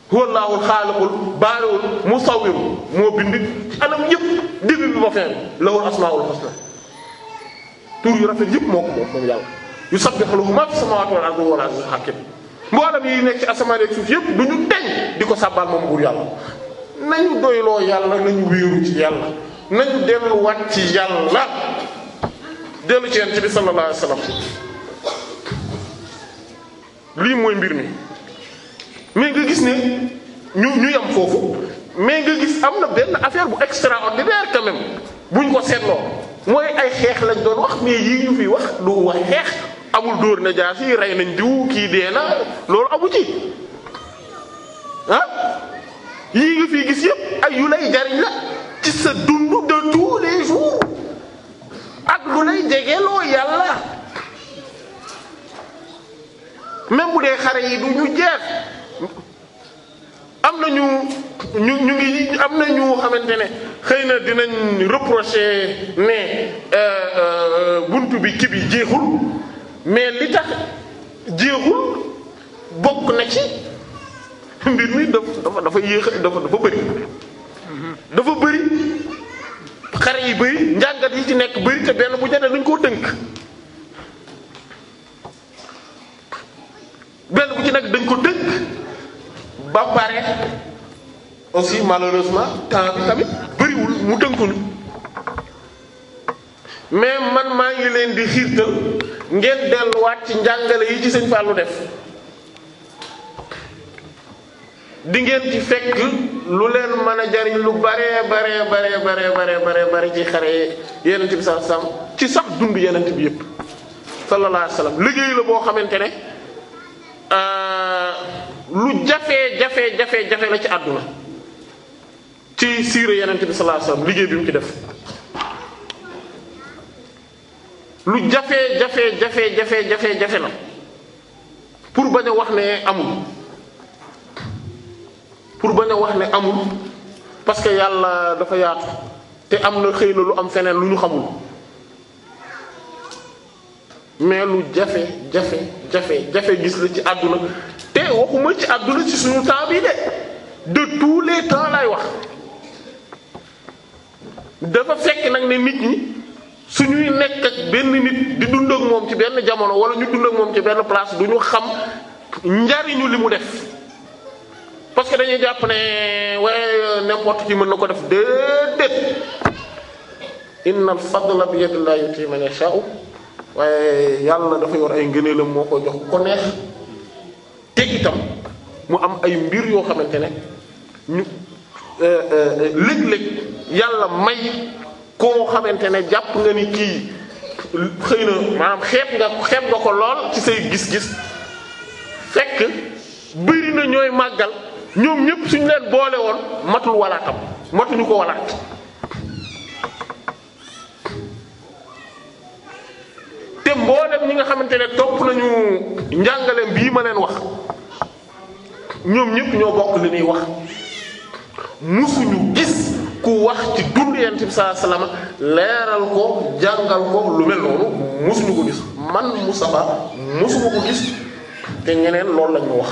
huwallahu alxaaliqul baariwul musawwiru moo bind ci anam yëpp début bi ba fin lahul asmaul husna tur yu rafet yëpp moo ko moom moom yàlla yusabbihu lahu ma fi samawati yi nekk ci asamaan ak suuf yëpp du ñu teñ di ko sàbbaal moom buur yàlla nañu doyloo yàlla nañu wéeru ci yàlla nañu delluwaat ci yàlla dellu ci yonent bi sallallahu alayhi wasallam lii mooy mbir mi mais nga gis ne ñu ñu yam foofu mais nga gis am na benn affaire bu extraordinaire quand même buñ ko seetloo mooy ay xeex lañ doon wax mais yii ñu fi wax du wax xeex amul dóor na jaas yi rey nañ diw kii dee na loolu amu ci ah? yii nga fi gis yëpp ay yu lay jariñ la ci sa dund de tous les jours ak lu lay jegeloo yàlla même bu dee xare yi du ñu jeex am nañu ñu ñu ngi am na ñu xamante ne xëy na dinañ reprocher ne euh, euh, buntu bi kii jéexul jeexul mais li tax jeexul bokk na ci mbir mi dafa dafa yéex dafa dafa bëri dafa bëri xare yi bëri njàngat yi ci nekk bëri te benn bu jane dañ koo dënk benn bu ci nekk dañ ko tënk ba pare aussi malheureusement temps tamit bëriwul mu tënkuñu mais man maa ngi leen di xiirtal ngeen delluwaat ci njàngale yi ci sëñ Fallou def di ngeen ci fekk lu leen mën a jariñ lu bare baree bare baree baree baree baree ci xare yenent bi sallallahu alayhi ci sax dund yenent bi yépp sallallahu alayhi wasallam liggéey la boo xamante ne euh, lu jafee jafee jafee jafe la ci àdduna ci siire yenent bi liggéey bi mu ci def lu jafe jafe jafe jafe jafe jafe la pour bañ a wax ne amul pour bañ a wax ne amul parce que yàlla dafa yaatu te am na xëy na lu am feneen lu ñu xamul mais lu jafe jafe jafe jafe gis la ci àdduna te waxuma ci àdduna ci suñu temps bii de de tous les lay wax dafa fekk nag ne nit ñi su ñuy nekk ak benn nit di dund ak moom ci benn jamono wala ñu dund ak moom ci benn place du ñu xam njariñu li mu def. parce que dañuy jàpp ne waaye euh, n'importe qui mën na ko def déedéet inna al fadla bi yadillah yuti man yasha'u waaye yàlla dafa yor ay ngëneelam moo ko jox ko neex mu am ay mbir yoo xamante ne ñu euh, euh, léeg-léeg yàlla may koo xamante ne jàpp nga ni kii xëy na maanaam xeeb nga xeeb nga ko lool ci say gis-gis fekk bëri ñooy màggal ñoom ñëpp suñu leen boole woon matul walaatam matuñu ko walaat te mboolem ñi nga xamante ne topp nañu njàngaleem bii ma leen wax ñoom ñëpp ñoo bokk li ñuy wax musuñu gis ku wax ci dund yonent bi sallallahu alayhi wasallam leeral ko jàngal ko lu mel noonu musuñu ko gis man Mustafa musuma ko gis te ñeneen loolu lañu wax